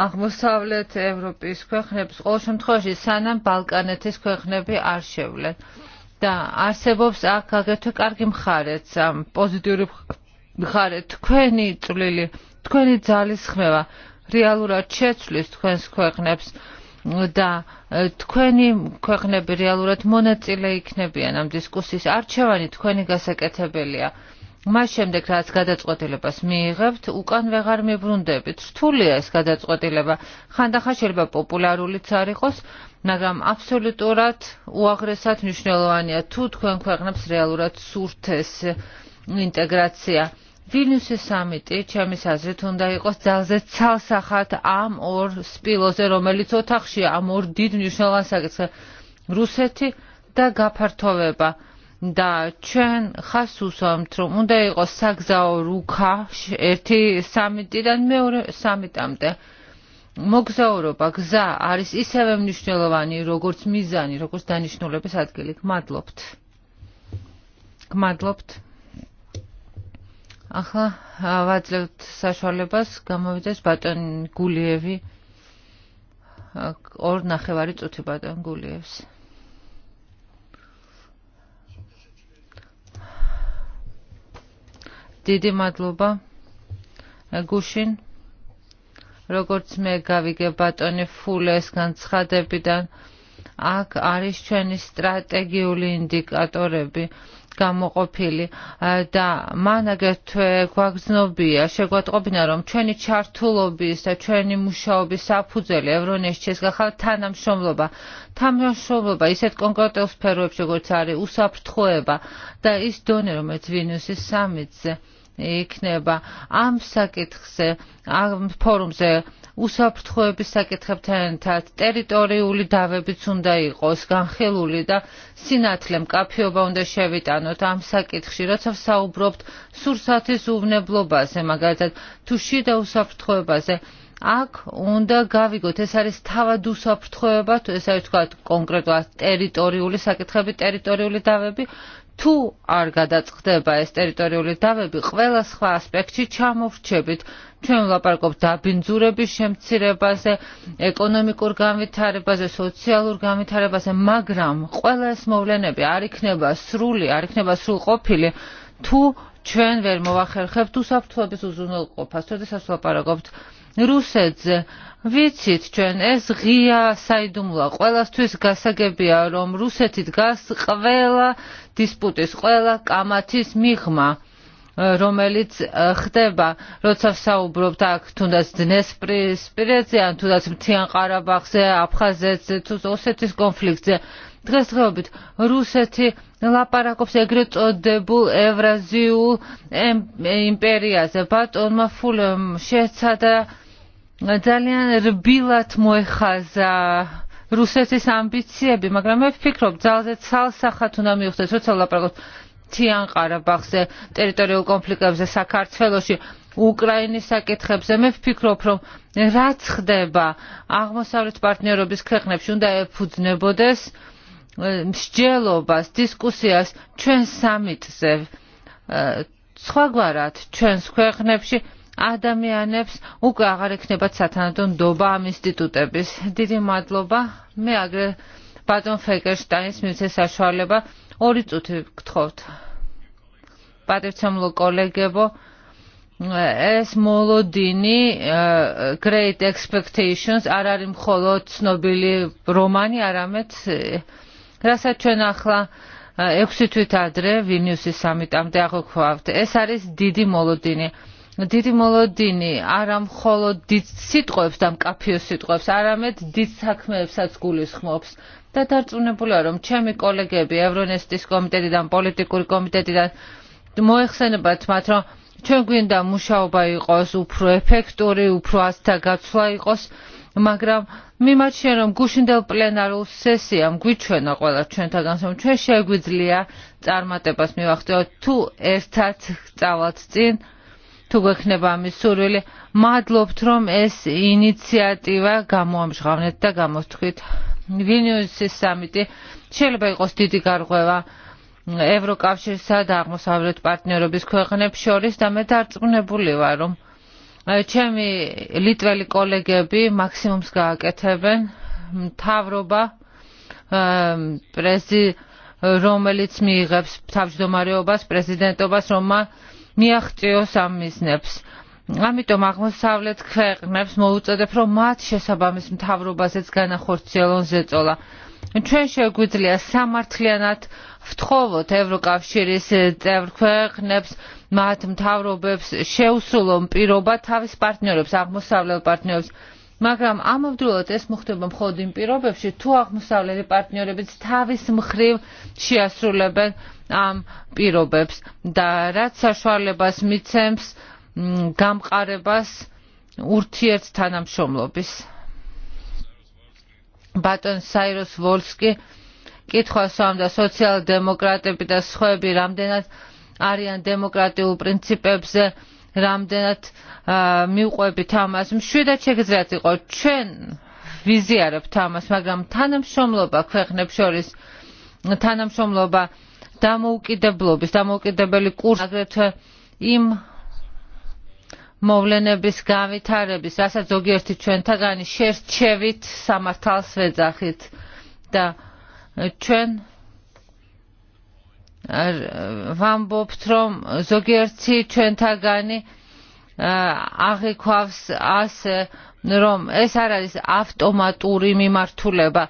აღმოსავლეთ ევროპის ქვეყნებს ყოველ შემთხვევაში სანამ ბალკანეთის ქვეყნები არ შევლენ და არსებობს აქ აგრეთვე კარგი მხარეც ამ პოზიტიური მხარე თქვენი წვლილი თქვენი ძალის ხმევა რეალურად შეცვლის თქვენს ქვეყნებს და თქვენი ქვეყნები რეალურად მონაწილე იქნებიან ამ დისკუსიის არჩევანი თქვენი გასაკეთებელია მას შემდეგ რაც გადაწყვეტილებას მიიღებთ, უკან ვეღარ მიბრუნდებით. რთულია ეს გადაწყვეტილება. ხანდახან შეიძლება პოპულარულიც არ იყოს, მაგრამ აბსოლუტურად უაღრესად მნიშვნელოვანია თუ თქვენ ქვეყნებს რეალურად სურთ ეს ინტეგრაცია ვილნიუსის სამიტი ჩემი საზრით უნდა იყოს ძალზედ ცალსახად ამ ორ სპილოზე, რომელიც ოთახშია, ამ ორ დიდ მნიშვნელოვან საკითხზე რუსეთი და გაფართოვება და ჩვენ ხას უსვამთ, რომ უნდა იყოს საგზაო რუქა ერთი სამიტიდან მეორე სამიტამდე. მოგზაურობა, გზა არის ისევე მნიშვნელოვანი, როგორც მიზანი, როგორც დანიშნულების ადგილი. გმადლობთ. გმადლობთ ახლა ვაძლევთ საშუალებას გამოვიდეს ბატონ გულიევი ორ ნახევარი წუთი ბატონ გულიევს დიდი მადლობა გუშინ როგორც მე გავიგე ბატონი ფულესგან ცხადებიდან აქ არის ჩვენი სტრატეგიული ინდიკატორები გამოყოფილი და მან აგერთვე გვაგზნობია შეგვატყობინა რომ ჩვენი ჩართულობის და ჩვენი მუშაობის საფუძველი ევრონესჩის გახალ თანამშრომლობა თანამშრომლობა ისეთ კონკრეტულ სფეროებში როგორც არის უსაფრთხოება და ის დონე რომელიც ვინუსის სამიტზე იქნება ამ საკითხზე ამ ფორუმზე უსაფრთხოების საკითხებთან ტერიტორიული დავებიც უნდა იყოს განხილული და სინათლე მკაფიობა უნდა შევიტანოთ ამ საკითხში, როცა ვსაუბრობთ სურსათის უვნებლობაზე, მაგალითად თუ შიდა უსაფრთხოებაზე აქ უნდა გავიგოთ ეს არის თავად უსაფრთხოება თუ ეს არის თქვა კონკრეტულად ტერიტორიული საკითხები ტერიტორიული დავები თუ არ გადაწყდება ეს ტერიტორიული დავები ყველა სხვა ასპექტში ჩამოვრჩებით ჩვენ ვაპარკობთ დაბინძურების შემცირებაზე, ეკონომიკურ განვითარებაზე, სოციალურ განვითარებაზე, მაგრამ ყველა ეს მოვლენები არ იქნება სრული, არ იქნება სრულყოფილი თუ ჩვენ ვერ მოახერხებთ უსაფრთხოების უზრუნველყოფას, როდესაც ვაპარკობთ რუსეთზე. ვიცით ჩვენ ეს ღია საიდუმლოა ყველასთვის გასაგებია რომ რუსეთი დგას ყველა დისპუტის ყველა კამათის მიღმა რომელიც ხდება, როცა ვსაუბრობთ აქ თუნდაც დნესპრის დნესპირზე ან თუნდაც მთიან ყარაბაღზე, აფხაზეთზე, თუ ოსეთის კონფლიქტზე. დღესდღეობით რუსეთი ლაპარაკობს ეგრეთ წოდებულ ევრაზიულ იმპერიაზე. ბატონმა ფულემ შეცადა ძალიან რბილად მოეხაზა რუსეთის ამბიციები, მაგრამ მე ვფიქრობ, ძალზე ცალსახად უნდა მიხვდეთ, როცა ლაპარაკობთ მთიან ყარაბაღზე, ტერიტორიულ კონფლიქტებზე, საქართველოში, უკრაინის საკითხებზე. მე ვფიქრობ, რომ რაც ხდება აღმოსავლეთ პარტნიორობის ქვეყნებში, უნდა ეფუძნებოდეს მსჯელობას, დისკუსიას ჩვენ სამიტზე. სხვაგვარად, ჩვენს ქვეყნებში ადამიანებს უკვე აღარ ექნებათ სათანადო ნდობა ამ ინსტიტუტების. დიდი მადლობა. მე აგრე ბატონ ფეკერშტაინს მივცე საშუალება ორი წუთი გთხოვთ. პატივცემლო კოლეგებო, ეს მოლოდინი Great Expectations არ არის მხოლოდ ცნობილი რომანი, არამედ რასაც ჩვენ ახლა 6 თვით ადრე ვინიუსის სამიტამდე აღვქვავთ. ეს არის დიდი მოლოდინი. დიდი მოლოდინი არა მხოლოდ დიდ სიტყვებს და მკაფიო სიტყვებს, არამედ დიდ საქმეებსაც გულისხმობს დადარწმუნებულია, რომ ჩემი კოლეგები ევრონესტის კომიტეტიდან, პოლიტიკური კომიტეტიდან მოეხსენებათ მათ, რომ ჩვენ გვინდა მუშაობა იყოს უფრო ეფექტური, უფრო ასთა გაცვლა იყოს, მაგრამ მიმაჩნია, რომ გუშინდელ პლენარულ სესიამ გვიჩვენა ყველა ჩვენთაგან, რომ ჩვენ შეგვიძლია წარმატებას მივახციოთ თუ ერთად წავალთ წინ თუ გვექნება ამის სურვილი, მადლობთ, რომ ეს ინიციატივა გამოამჟღავნეთ და გამოვთქვით ვილნიუსის სამიტი შეიძლება იყოს დიდი გარღვევა ევროკავშირსა და აღმოსავლეთ პარტნიორობის ქვეყნებს შორის და მე დარწმუნებული ვარ რომ ჩემი ლიტველი კოლეგები მაქსიმუმს გააკეთებენ მთავრობა პრეზი რომელიც მიიღებს თავმჯდომარეობას პრეზიდენტობას რომა მიაღწიოს ამ მიზნებს ამიტომ აღმოსავლეთ ქვეყნებს მოუწოდებ რომ მათ შესაბამის მთავრობასაც განახორციელონ ზეწოლა ჩვენ შეგვიძლია სამართლიანად ვთხოვოთ ევროკავშირის წევრ ქვეყნებს მათ მთავრობებს შეუსულონ პირობა თავის პარტნიორებს აღმოსავლელ პარტნიორებს მაგრამ ამავდროულად ეს მოხდება მხოლოდ იმ პირობებში თუ აღმოსავლელი პარტნიორებიც თავის მხრივ შეასრულებენ ამ პირობებს და რაც საშუალებას მიცემს გამყარებას ურთიერთ თანამშრომლობის. ბატონ საიროს ვოლსკი კითხავს ამ და სოციალ-დემოკრატები და სხვები რამდენად არიან დემოკრატიულ პრინციპებზე რამდენად მიყვებით ამას მშვიდად შეგძლიათ იყო ჩვენ ვიზიარებთ ამას მაგრამ თანამშრომლობა ქვეყნებს შორის თანამშრომლობა დამოუკიდებლობის დამოუკიდებელი კურსი აგრეთვე იმ მოვლენების განვითარების, რასაც ზოგიერთი ჩვენთაგანი შერჩევით სამართალს ვეძახით და ჩვენ ვამბობთ, რომ ზოგიერთი ჩვენთაგანი აღიქვავს ასე, რომ ეს არ არის ავტომატური მიმართულება.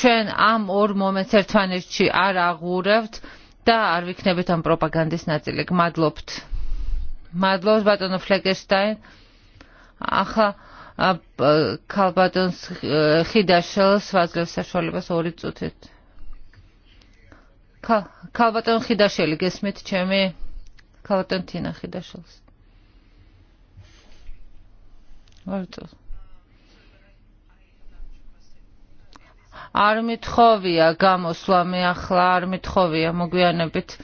ჩვენ ამ ორ მომენტს ერთმანეთში არ აღურევთ და არ ვიქნებით ამ პროპაგანდის ნაწილი. გმადლობთ მადლობს ბატონო ფლეკესტაინ. ახლა ქალბატონს ხიდაშელს ვაძლევს საშუალებას ორი წუთით. ქალბატონ ხიდაშელი გესმით ჩემი ქალბატონ თინა ხიდაშელს. ორი წუთი. არ მithოვია გამოსვლა მე ახლა არ მithოვია მოგვიანებით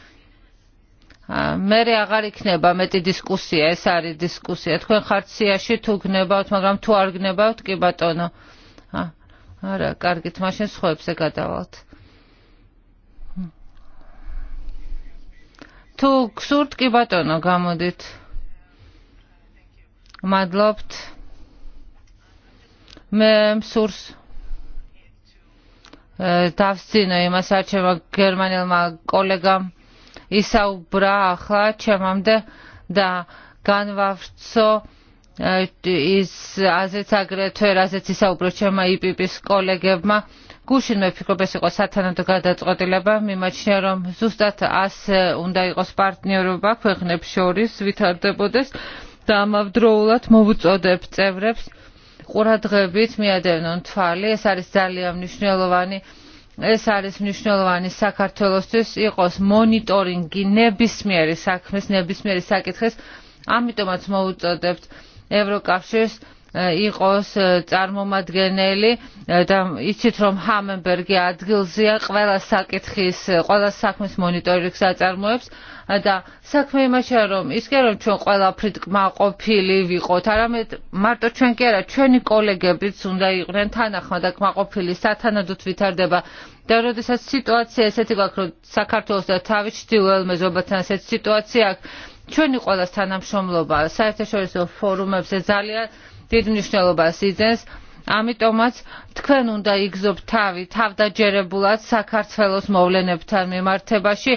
მერე აღარ იქნება მეტი დისკუსია, ეს არის დისკუსია. თქვენ ხართ სიაში თუ გნებავთ, მაგრამ თუ არ გნებავთ, კი ბატონო. არა, კარგით, მაშინ სხვებზე გადავალთ. თუ გსურთ, კი ბატონო, გამოდით. მადლობთ. მე მსურს დავსწინო იმას, არჩევა გერმანელმა კოლეგამ ისაუბრა ახლა ჩემამდე და განვავრცო ის აზეც აგრეთვე რაზეც ისაუბროთ ჩემმა იპიპის კოლეგებმა გუშინ მე ვფიქრობ ეს იყო სათანადო გადაწყვეტილება მიმაჩნია რომ ზუსტად ასე უნდა იყოს პარტნიორობა ქვეყნებს შორის ვითარდებოდეს და ამავდროულად მოვუწოდებ წევრებს ყურადღებით მიადევნონ თვალი ეს არის ძალიან მნიშვნელოვანი ეს არის მნიშვნელოვანი საქართველოსთვის იყოს მონიტორინგი ნებისმიერი საქმის, ნებისმიერი საკითხის, ამიტომაც მოუწოდებთ ევროკავშირს იყოს წარმომადგენელი და იცით რომ ჰამენბერგი ადგილზეა ყველა საკითხის ყველა საქმის მონიტორინგს აწარმოებს და საქმე იმაშია რომ ისე რომ ჩვენ ყველაფრით კმაყოფილი ვიყოთ არამედ მარტო ჩვენ კი არა ჩვენი კოლეგებიც უნდა იყვნენ თანახმა და კმაყოფილი სათანადოდ ვითარდება და როდესაც სიტუაცია ესეთი გვაქვს რომ საქართველოს და თავი ჩრდილოელ მეზობელთან ესეთ სიტუაცია აქვს ჩვენი ყველას თანამშრომლობა საერთაშორისო ფორუმებზე ძალიან დიდ მნიშვნელობას იძენს ამიტომაც თქვენ უნდა იგზობთ თავი თავდაჯერებულად საქართველოს მოვლენებთან მიმართებაში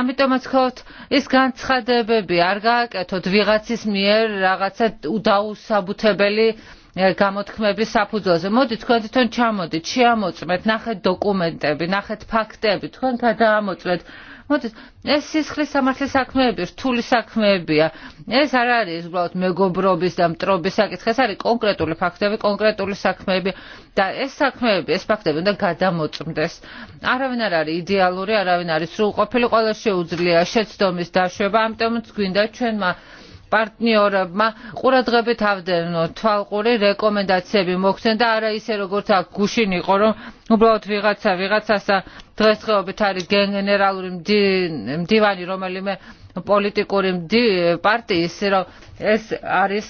ამიტომაც ხოთ ეს განცხადებები არ გააკეთოთ ვიღაცის მიერ რაღაცა დაუსაბუთებელი გამოთქმების საფუძველზე. მოდი თქვენ თვითონ ჩამოდით, შეამოწმეთ, ნახეთ დოკუმენტები, ნახეთ ფაქტები, თქვენ გადაამოწმეთ მოდი ეს სისხლის სამართლის საქმეები რთული საქმეებია ეს არ არის უბრალოდ მეგობრობის და მტრობის საკითხი ეს არის კონკრეტული ფაქტები კონკრეტული საქმეები და ეს საქმეები ეს ფაქტები უნდა გადამოწმდეს არავინ არ არის იდეალური არავინ არის სრულყოფილი ყველა შეუძლია შეცდომის დაშვება ამიტომ გვინდა ჩვენმა პარტნიორებმა ყურადღებით ავდენონ თვალყური რეკომენდაციები მოგცენ და არა ისე როგორც აქ გუშინ იყო რომ უბრალოდ ვიღაცა ვიღაცასა დღესდღეობით არის გენერალური მდივანი რომელიმე პოლიტიკური პარტიის რომ ეს არის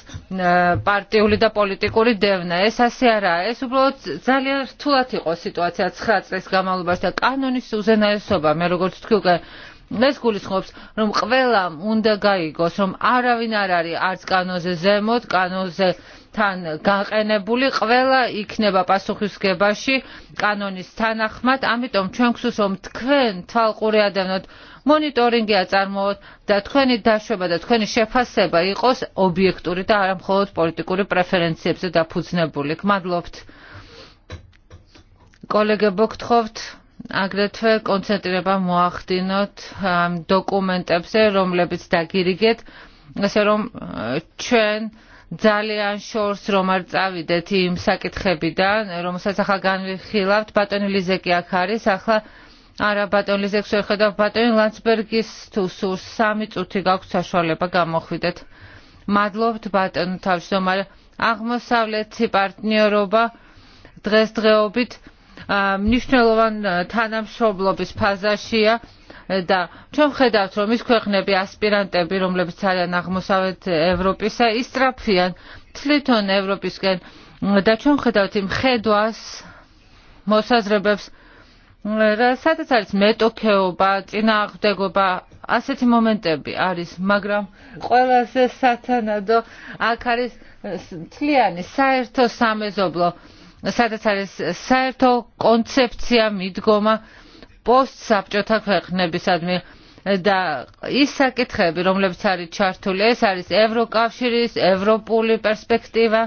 პარტიული და პოლიტიკური დევნა ეს ასე არაა ეს უბრალოდ ძალიან რთულად იყო სიტუაცია 9 წლის განმავლობაში და კანონის უზენაესობა მე როგორც თქვი უკვე ეს გულისხმობს, რომ ყველამ უნდა გაიგოს, რომ არავინ არ არის არც კანონზე ზემოთ, კანონზე თან გაყენებული, ყველა იქნება პასუხისგებაში კანონის თანახმად, ამიტომ ჩვენ გსურს, რომ თქვენ თვალყურე ადამიანთ მონიტორინგი აწარმოოთ და თქვენი დაშვება და თქვენი შეფასება იყოს ობიექტური და არა მხოლოდ პოლიტიკური პრეფერენციებზე დაფუძნებული. გმადლობთ. კოლეგებო გთხოვთ აგრეთვე კონცენტრირება მოახდინოთ ამ დოკუმენტებზე, რომლებიც დაგირიგეთ, ასე რომ ჩვენ ძალიან შორს რომ არ წავიდეთ იმ საკითხებიდან, რომელსაც ახლა განვიხილავთ, ბატონი ლიზე კი აქ არის, ახლა არა ბატონ ლიზექს ვერ ხედავ, ბატონი ლანცბერგის თუ სურს სამი წუთი გაქვთ საშუალება გამოხვიდეთ. მადლობთ ბატონო თავმჯდომარე. აღმოსავლეთი პარტნიორობა დღესდღეობით დღეობით მნიშვნელოვან თანამშრომლობის ფაზაშია და ჩვენ ხედავთ რომ ის ქვეყნები ასპირანტები რომლებიც არიან აღმოსავლეთ ევროპისა ისტრაფიან თვითონ ევროპისკენ და ჩვენ ხედავთ იმ ხედვას მოსაზრებებს სადაც არის მეტოქეობა, წინააღმდეგობა, ასეთი მომენტები არის, მაგრამ ყველაზე სათანადო აქ არის მთლიანი საერთო სამეზობლო სადაც არის საერთო კონცეფცია მიდგომა პოსტსაბჭოთა ქვეყნებისადმი და ის საკითხები, რომლებიც არის ჩართული, ეს არის ევროკავშირის ევროპული პერსპექტივა,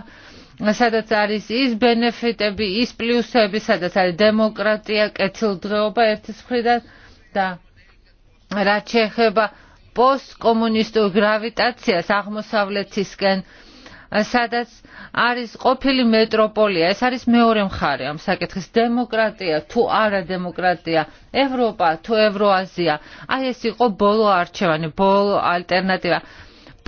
სადაც არის ის ბენეფიტები, ის პლუსები, სადაც არის დემოკრატია, კეთილდღეობა ერთის მხრიდან და რაც შეეხება პოსტკომუნისტურ გრავიტაციას აღმოსავლეთისკენ, სადაც არის ყოფილი მეტროპოლია. ეს არის მეორე მხარე ამ საკითხის დემოკრატია თუ არა დემოკრატია, ევროპა თუ ევროაზია. აი ეს იყო ბოლო არჩევანი, ბოლო ალტერნატივა.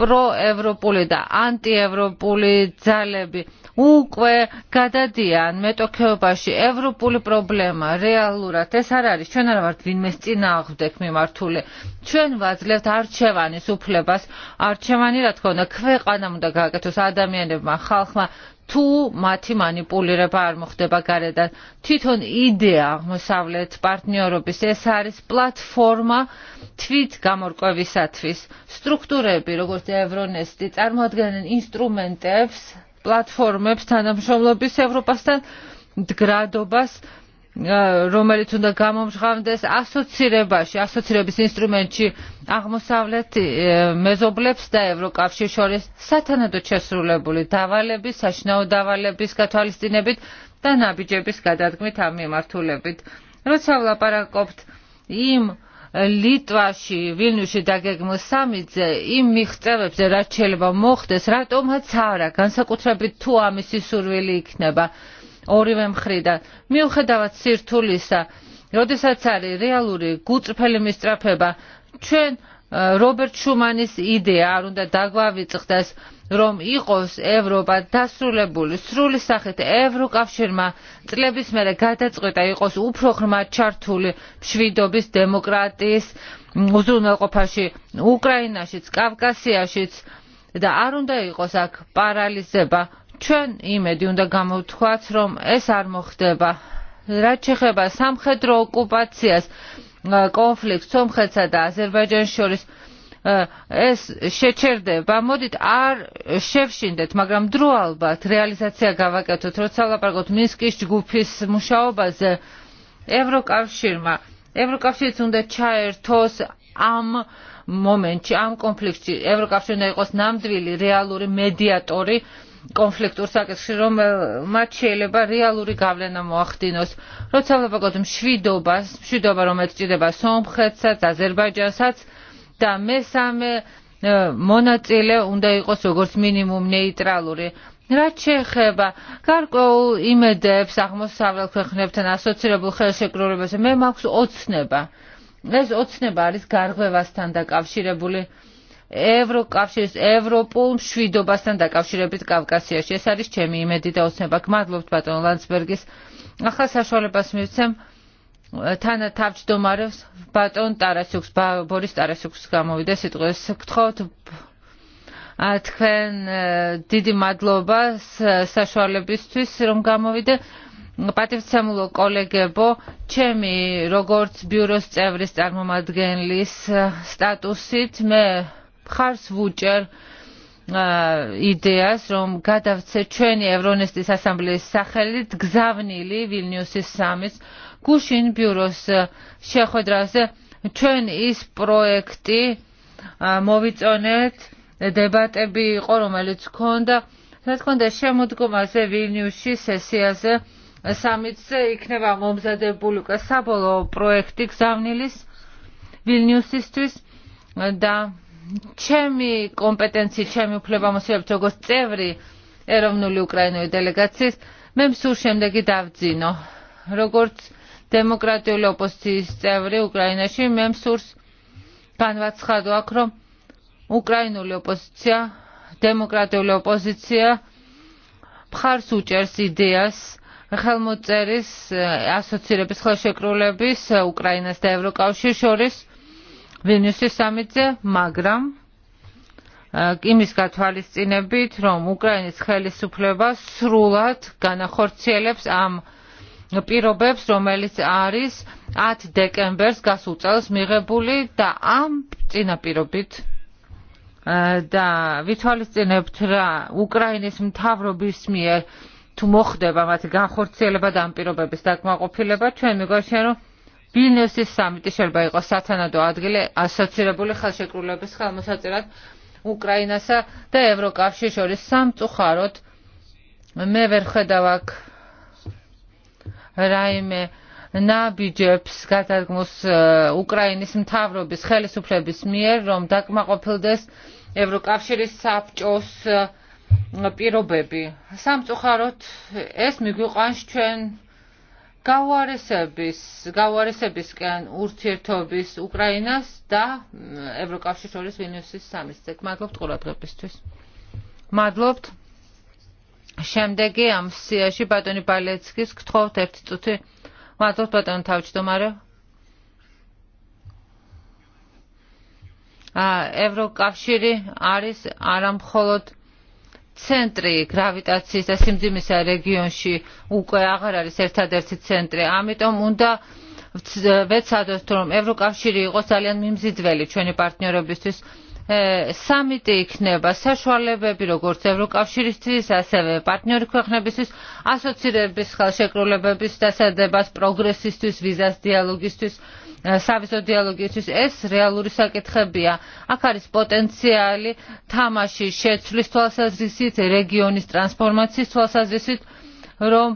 პროევროპული და ანტიევროპული ძალები უკვე გადადიან მეტოქეობაში ევროპული პრობლემა რეალურად ეს არ არის ჩვენ არ ვართ ვინმეს წინააღმდეგ მიმართული ჩვენ ვაძლევთ არჩევანის უფლებას არჩევანი რა თქმა უნდა ქვეყანამ უნდა გააკეთოს ადამიანებმა ხალხმა თუ მათი манипуლირება არ მოხდება გარედან თვითონ იდეა აღმოსავლეთ პარტნიორობის ეს არის პლატფორმა თვით გამორკვევისათვის სტრუქტურები როგორც ევრონესტი წარმოადგენენ ინსტრუმენტებს პლატფორმებს თანამშრომლობის ევროპასთან დგრადობას რომელიც უნდა გამომჟღავნდეს ასოცირებაში, ასოცირების ინსტრუმენტში აღმოსავლეთ მეზობლებს და ევროკავშირ შორის სათანადო შესრულებული დავალების, საშინაო დავალების გათვალისწინებით და ნაბიჯების გადადგმით ამ მიმართულებით. როცა ვლაპარაკობთ იმ ლიტვაში ვილნიუსში დაგეგმო სამიტზე იმ მიღწევებზე რაც შეიძლება მოხდეს რატომაც არა განსაკუთრებით თუ ამის ისურვილი იქნება ორივე მხრიდან მიუხედავად სირთულისა როდესაც არის რეალური გუწფელი მისწრაფება ჩვენ რობერტ შუმანის იდეა არ უნდა დაგვავიწყდეს რომ იყოს ევროპა დასრულებული სრული სახით ევროკავშირმა წლების მერე გადაწყვიტა იყოს უფრო ღრმად ჩართული მშვიდობის დემოკრატიის უზრუნველყოფაში უკრაინაშიც კავკასიაშიც და არ უნდა იყოს აქ პარალიზება ჩვენ იმედი უნდა გამოვთქვათ რომ ეს არ მოხდება რაც შეხება სამხედრო ოკუპაციას კონფლიქტს სომხეთსა და აზერბაიჯანს შორის ეს შეჩერდება. მოდით არ შევშინდეთ, მაგრამ დრო ალბათ რეალიზაცია გავაკეთოთ, როცა ლაპარაკობთ მინსკის ჯგუფის მუშაობაზე ევროკავშირმა. ევროკავშირიც უნდა ჩაერთოს ამ მომენტში, ამ კონფლიქტში. ევროკავშირი უნდა იყოს ნამდვილი რეალური მედიატორი, კონფლიქტურ საკითხში, რომ მათ შეიძლება რეალური გავლენა მოახდინოს, როცა ვალბაგოთ მშვიდობას, მშვიდობა რომელიც ჭირდება სომხეთსაც, აზერბაიჯანსაც და მესამე მონაწილე უნდა იყოს როგორც მინიმუმ ნეიტრალური. რაც შეეხება გარკვეულ იმედებს აღმოსავლელ ქვეყნებთან ასოცირებულ ხელშეკრულებაზე, მე მაქვს ოცნება. ეს ოცნება არის გარღვევასთან დაკავშირებული ევროკავშირის ევროპულ მშვიდობასთან დაკავშირებით კავკასიაში. ეს არის ჩემი იმედი და ოცნება. გმადლობთ ბატონ ლანცბერგის. ახლა საშუალებას მივცემ თანა თავმჯდომარეობს ბატონ ტარასიუქს, ბორის ტარასიუქს გამოვიდა სიტყვის. გთხოვთ თქვენ დიდი მადლობა საშუალებისთვის რომ გამოვიდე პატივცემულო კოლეგებო ჩემი როგორც ბიუროს წევრის წარმომადგენლის სტატუსით მე მხარს ვუჭერ იდეას, რომ გადავცეთ ჩვენი ევრონესტის ასამბლეის სახელით გზავნილი ვილნიუსის სამის გუშინ ბიუროს შეხვედრაზე ჩვენ ის პროექტი მოვიწონეთ დებატები იყო რომელიც ჰქონდა რა თქმა უნდა შემოდგომაზე ვილნიუსში სესიაზე სამიტზე იქნება მომზადებული უკვე საბოლოო პროექტი გზავნილის ვილნიუსისთვის და ჩემი კომპეტენცი, ჩემი უფლებამოსილებით როგორც წევრი ეროვნული უკრაინული დელეგაციის, მე მსურ შემდეგი დავძინო. როგორც დემოკრატიული ოპოზიციის წევრი უკრაინაში, მე მსურს განვაცხადო აქ, რომ უკრაინული ოპოზიცია, დემოკრატიული ოპოზიცია მხარს უჭერს იდეას ხელმოწერის ასოცირების ხელშეკრულების უკრაინას და ევროკავშირის შორის ვილნიუსის სამიტზე, მაგრამ იმის გათვალისწინებით, რომ უკრაინის ხელისუფლება სრულად განახორციელებს ამ პირობებს, რომელიც არის 10 დეკემბერს გასულ წელს მიღებული და ამ წინაპირობით და ვითვალისწინებთ რა უკრაინის მთავრობის მიერ თუ მოხდება მათი განხორციელება და ამ პირობების დაკმაყოფილება, ჩვენ მიგვაჩნია რომ ბილნევსის სამიტი შეიძლება იყოს სათანადო ადგილი ასოცირებული ხელშეკრულების ხელმოსაწერად უკრაინასა და ევროკავშირის შორის სამწუხაროდ მე ვერ ხედავ აქ რაიმე ნაბიჯებს გადადგმოს უკრაინის მთავრობის ხელისუფლების მიერ რომ დაკმაყოფილდეს ევროკავშირის საბჭოს პირობები. სამწუხაროდ ეს მიგვიყვანს ჩვენ გაუარესების გაუარესებისკენ ურთიერთობის უკრაინას და ევროკავშირს შორის ვილნიუსის სამიტზე. მადლობთ ყურადღებისთვის. მადლობთ. შემდეგი ამ სიაში ბატონი ბალეცკის გთხოვთ ერთი წუთი. მადლობთ ბატონო თავმჯდომარე. ევროკავშირი არის არამხოლოდ ცენტრი გრავიტაციის და სიმძიმისა რეგიონში უკვე აღარ არის ერთადერთი ცენტრი. ამიტომ უნდა ვეცადოთ რომ ევროკავშირი იყოს ძალიან მიმზიდველი ჩვენი პარტნიორებისთვის. სამიტი იქნება საშუალებები როგორც ევროკავშირისთვის, ასევე პარტნიორი ქვეყნებისთვის ასოცირების ხელშეკრულებების დასადებას, პროგრესისთვის, ვიზას, დიალოგისთვის სავიზო დიალოგისთვის ეს რეალური საკითხებია. აქ არის პოტენციალი თამაში შეცვლის თვალსაზრისით, რეგიონის ტრანსფორმაციის თვალსაზრისით, რომ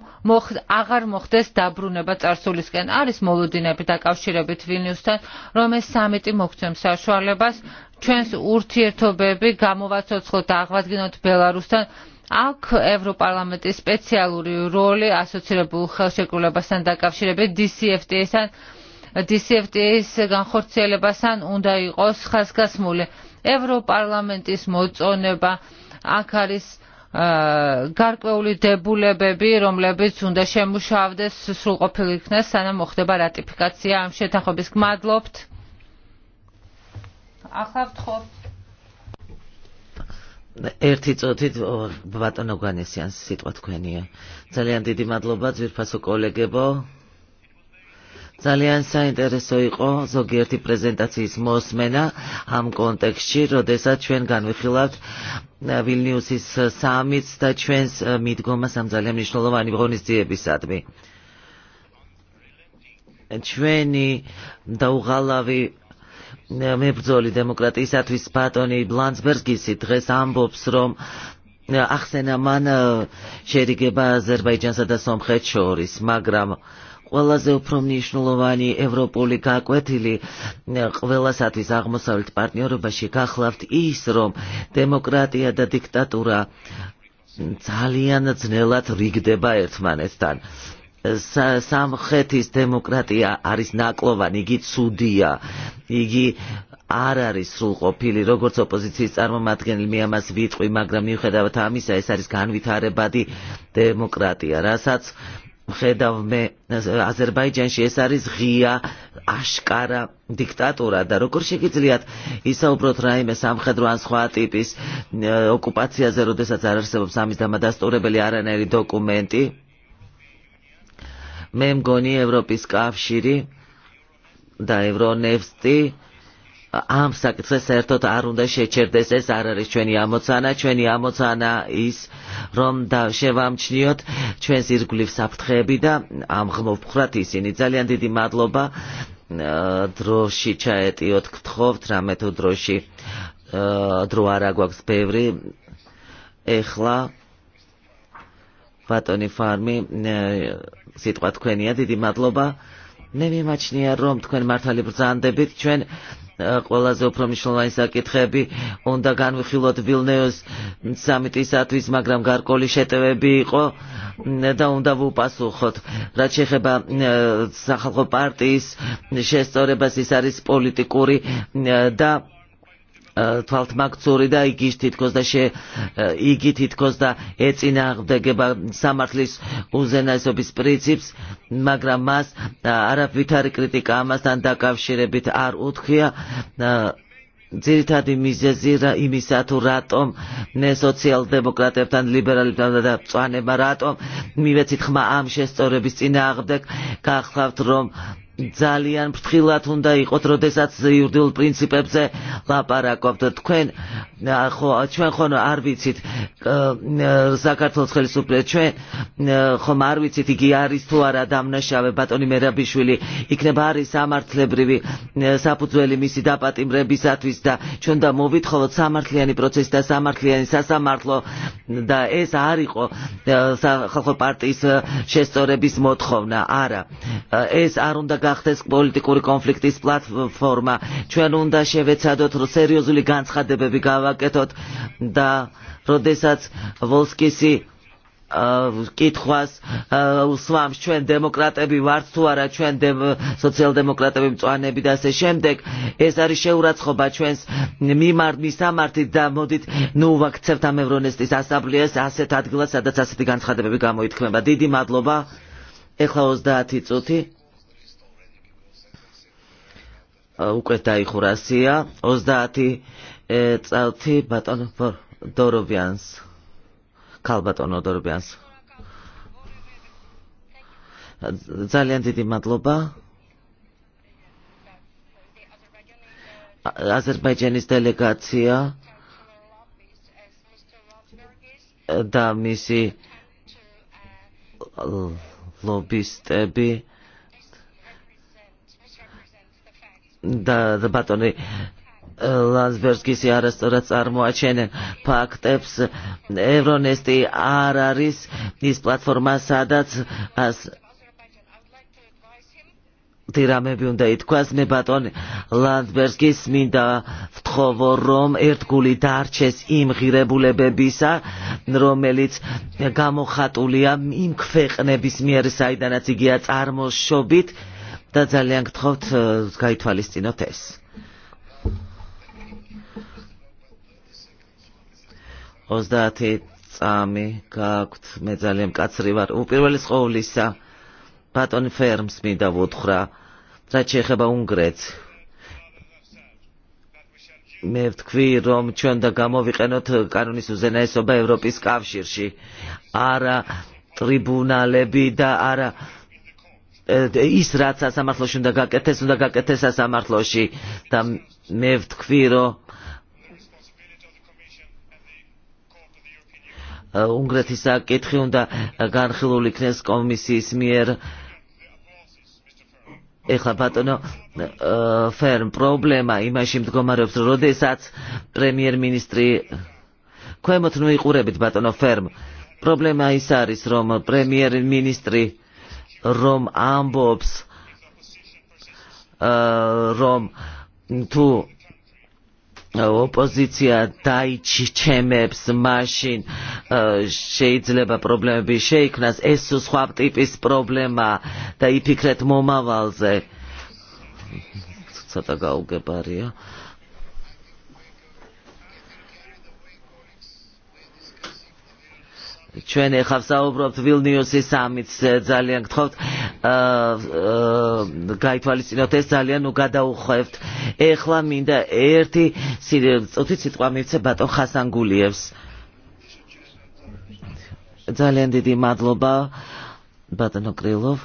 აღარ მოხდეს დაბრუნება წარსულისკენ. არის მოლოდინები დაკავშირებით ვილნიუსთან, რომ ეს სამიტი მოგცემ საშუალებას ჩვენს ურთიერთობები გამოვაცოცხლოთ და აღვადგინოთ ბელარუსთან. აქ ევროპარლამენტის სპეციალური როლი ასოცირებულ ხელშეკრულებასთან დაკავშირებით DCFTA-სთან dcfta ს განხორციელებასთან უნდა იყოს ხაზგასმული. ევროპარლამენტის მოწონება აქ არის გარკვეული დებულებები, რომლებიც უნდა შემუშავდეს სრულყოფილ იქნას, სანამ მოხდება რატიფიკაცია ამ შეთანხმების. გმადლობთ. ახლავთ ხო? ერთი წუთით ბატონო განესიანს სიტყვა თქვენია. ძალიან დიდი მადლობა ძვირფასო კოლეგებო ძალიან საინტერესო იყო ზოგიერთი პრეზენტაციის მოსმენა ამ კონტექსტში, როდესაც ჩვენ განვიხილავთ ვილნიუსის სამიტს და ჩვენს მიდგომას ამ ძალიან მნიშვნელოვანი ღონისძიებისადმი. ჩვენი დაუღალავი მებრძოლი დემოკრატიისათვის ბატონი ბლანცბერგისი დღეს ამბობს, რომ ახსენა მან შეერიგება აზერბაიჯანსა და სომხეთს შორის, მაგრამ ყველაზე უფრო მნიშვნელოვანი ევროპული გაკვეთილი ყველასათვის აღმოსავლეთ პარტნიორობაში გახლავთ ის, რომ დემოკრატია და დიქტატურა ძალიან ძნელად რიგდება ერთმანეთთან. სამხრეთის დემოკრატია არის ნაკლოვანი, იგი ცუდია. იგი არ არის სრულყოფილი როგორც ოპოზიციის წარმომადგენელი მე ამას ვიტყვი მაგრამ მიუხედავად ამისა ეს არის განვითარებადი დემოკრატია რასაც ხედავme აზერბაიჯანში ეს არის ღია აშკარა დიქტატურა და როგორ შეგიძლიათ ისაუბროთ რაიმე სამხედრო ან სხვა ტიპის ოკუპაციაზე, როდესაც არ არსებობს ამის დამადასტურებელი არანაირი დოკუმენტი? მე მგონი ევროპის კავშირი და ევრონეფსტი ამ საკითხზე საერთოდ არ უნდა შეჭერდეს ეს არ არის ჩვენი ამოცანა ჩვენი ამოცანა ის რომ და შევამჩნიოთ ჩვენს ირგვლივ საფრთხეები და ამღმოვფხვრათ ისინი ძალიან დიდი მადლობა დროში ჩაეტიოთ გთხოვთ რამე თუ დროში დრო არ აგვაქვს ბევრი ეხლა ბატონი ფარმი სიტყვა თქვენია დიდი მადლობა მე მიმაჩნია რომ თქვენ მართალი ბრძანდებით ჩვენ ყველაზე უფრო მნიშვნელოვანი საკითხები უნდა განვიხილოთ ვილნიუს სამიტისათვის, მაგრამ გარკვეული შეტევები იყო და უნდა ვუპასუხოთ. რაც შეეხება სახალხო პარტიის შესწორებას, ის არის პოლიტიკური და თვალთმაგწური და იგი თითქოს და შე იგი თითქოს და ეწინააღმდეგება სამართლის უზენაესობის პრინციპს, მაგრამ მას არაფერი კრიტიკა ამასთან დაკავშირებით არ უთქია ძირითადი მიზეზი იმისა თუ რატომ ნე სოციალ-დემოკრატებთან ლიბერალებთან და წვანება რატომ მივეცით ხმა ამ შესწორების წინააღმდეგ გახლავთ რომ ძალიან ფრთხილად უნდა იყოთ, როდესაც იურდილ პრინციპებზე ლაპარაკობთ. თქვენ ხო ჩვენ ხო არ ვიცით საქართველოს ხელისუფლება ჩვენ ხომ არ ვიცით იგი არის თუ არა დამნაშავე ბატონი მერაბიშვილი იქნება არის სამართლებრივი საფუძველი მისი დაპატიმრებისათვის და ჩვენ და მოვითხოვოთ სამართლიანი პროცესი და სამართლიანი სასამართლო და ეს არ იყო ხალხო პარტიის შესწორების მოთხოვნა არა ეს არ უნდა გახდეს პოლიტიკური კონფლიქტის პლატფორმა. ჩვენ უნდა შევეცადოთ, რომ სერიოზული განცხადებები გავაკეთოთ და როდესაც ვოლსკისი აა კითხვას უსვამს ჩვენ დემოკრატები ვართ თუ არა ჩვენ სოციალ-დემოკრატები მწვანეები და ასე შემდეგ ეს არის შეურაცხობა ჩვენს მიმართ მისამართით და მოდით ნუ ვაქცევთ ამ ევრონესტის ასამბლეას ასეთ ადგილას სადაც ასეთი განცხადებები გამოითქმება დიდი მადლობა ეხლა 30 წუთი უკვე დაიხურასია 30 წალთი ბატონო დორობიანს ქალბატონო დორობიანს ძალიან დიდი მადლობა აზერბაიჯანის დელეგაცია და მისი ლობისტები და ბატონი ლანსბერგის არასწორად სწორად წარმოაჩენენ ფაქტებს ევრონესტი არ არის ის პლატფორმა სადაც ას დირამები უნდა ითქვას მე ბატონ ლანდბერგის მინდა ვთხოვო რომ ერთგული დარჩეს იმ ღირებულებებისა რომელიც გამოხატულია იმ ქვეყნების მიერ საიდანაც იგია წარმოშობით Das erlernt trotz Skytwalistinotes. Osdati Sami kakt medzalem katsrivar. Upirvelis Kovlisa. Paton Ferms mi da vodhra. Začeheba Ungrec. მე ვთქვი რომ ჩვენ და გამოვიყენოთ კანონის უზენაესობა ევროპის კავშირში არა ტრიბუნალები და არა ის რაც სასამართლოში უნდა გაკეთდეს, უნდა გაკეთდეს სასამართლოში და მე ვთქვი, რომ უნგრეთის საკითხი უნდა განხილული იქნეს კომისიის მიერ ეხლა ბატონო ფერმ პრობლემა იმაში მდგომარეობს როდესაც პრემიერ-მინისტრი ქვემოთ ნუ იყურებით ბატონო ფერმ პრობლემა ის არის რომ პრემიერ-მინისტრი rom ambops რომ თუ ოპოზიცია დაიჩემებს მაშინ შეიძლება პრობლემები შეიქმნას ეს სხვა ტიპის პრობლემა და იფიქრეთ მომავალზე ცოტა გაუგებარია აა ჩვენ ახლა ვსაუბრობთ ვილნიუსის სამიტზე ძალიან გთხოვთ გაითვალისწინოთ ეს ძალიან უგადაუხვევთ ახლა მინდა ერთი წუთი სიტყვა მივცე ბატონ ხასანგულიევს ძალიან დიდი მადლობა ბატონო კრილოვ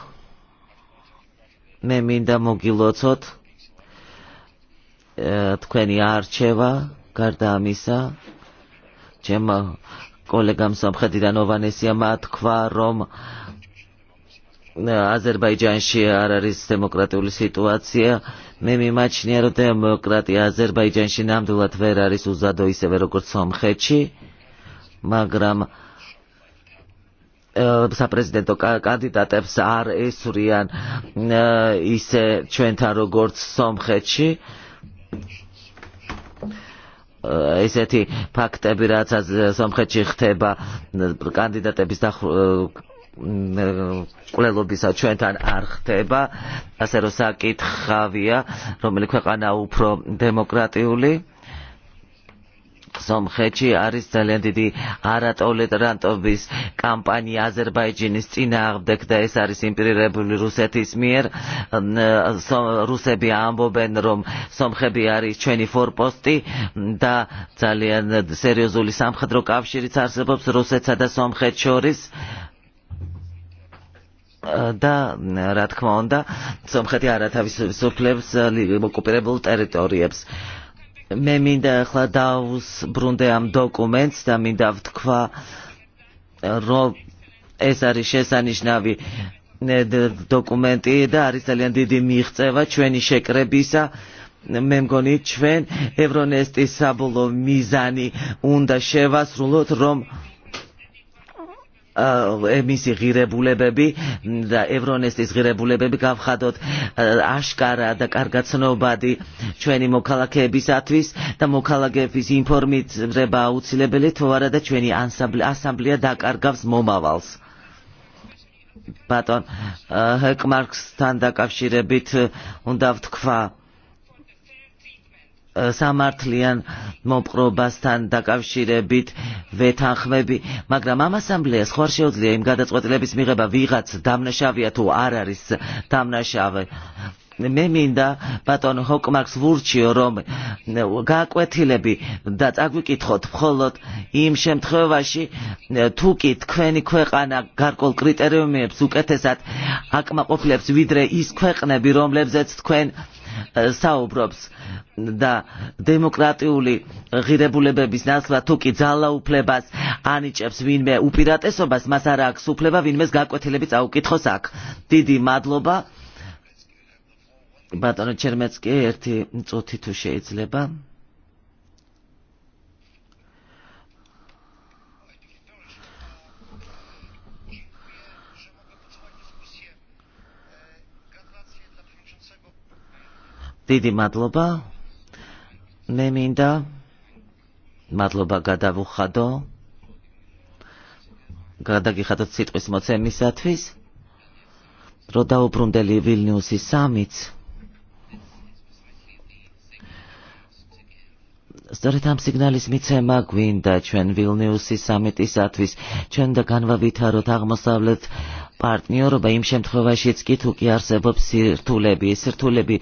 მე მინდა მოგილოცოთ თქვენი არჩევა გარდა ამისა ჩემო Kolegam სამხრეთიდან ოვანესიამ ათქვა, რომ აზერბაიჯანში არ არის დემოკრატიული სიტუაცია. მე მიმაჩნია, რომ დემოკრატია აზერბაიჯანში ნამდვილად ვერ არის უზადო ისევე როგორც სომხეთში, მაგრამ საპრეზიდენტო კანდიდატებს არ ესურიან ისე ჩვენთან როგორც სომხეთში ესეთი ფაქტები რაც სომხეთში ხდება კანდიდატების და კვლელობისა ჩვენთან არ ხდება ასე რომ საკითხავია რომელი ქვეყანა უფრო დემოკრატიული სომხეთში არის ძალიან დიდი არატოლერანტობის კამპანია აზერბაიჯანის წინააღმდეგ და ეს არის იმპერირებული რუსეთის მიერ რუსები ამბობენ რომ სომხები არის ჩვენი ფორპოსტი და ძალიან სერიოზული სამხედრო კავშირიც არსებობს რუსეთსა და სომხეთს შორის და რა თქმა უნდა სომხეთი არათავისუფლებს ოკუპირებულ ტერიტორიებს მე მინდა ახლა დავუსბრუნდე ამ დოკუმენტს და მინდა ვთქვა რომ ეს არის შესანიშნავი დოკუმენტი და არის ძალიან დიდი მიღწევა ჩვენი შეკრებისა მე მგონი ჩვენ ევრონესტის საბოლოო მიზანი უნდა შევასრულოთ რომ εμείς οι ღირებულებები და ევრონესტის ღირებულებები გავხადოთ აშკარა და კარგად ცნობადი ჩვენი მოქალაქეებისათვის და მოქალაქეების ინფორმირება აუცილებელი თუ არა და ჩვენი ასამბლეა დაკარგავს მომავალს ბატონ ჰეკმარკსთან დაკავშირებით უნდა ვთქვა სამართლიან მოპყრობასთან დაკავშირებით ვეთანხმები, მაგრამ ამ ასამბლეას ხარ შეუძლია იმ გადაწყვეტილების მიღება, ვიღაც დამნაშავია თუ არ არის დამნაშავე. მე მინდა ბატონ ჰოკმარკს ვურჩიო რომ გააკვეთილები და წაგვიკითხოთ მხოლოდ იმ შემთხვევაში თუ კი თქვენი ქვეყანა გარკვეულ კრიტერიუმებს უკეთესად აკმაყოფილებს ვიდრე ის ქვეყნები რომლებზეც თქვენ საუბრობს და დემოკრატიული ღირებულებების ნაცვლა თუ კი ძალაუფლებას ანიჭებს ვინმე უპირატესობას, მას არ აქვს უფლება ვინმეს გაკვეთილები წაუკითხოს აქ. დიდი მადლობა. ბატონო ჩერმეცკი, ერთი წუთი თუ შეიძლება. დიდი მადლობა. მე მინდა მადლობა გადავუხადო გადაგიხადოთ სიტყვის მოცემისათვის, რო დაუბრუნდელი ვილნიუსი სამიც სწორედ ამ სიგნალის მიცემა გვინდა ჩვენ ვილნიუსის სამიტისათვის, ჩვენ და განვავითაროთ აღმოსავლეთ პარტნიორობა იმ შემთხვევაშიც კი თუ კი არსებობს სირთულები სირთულები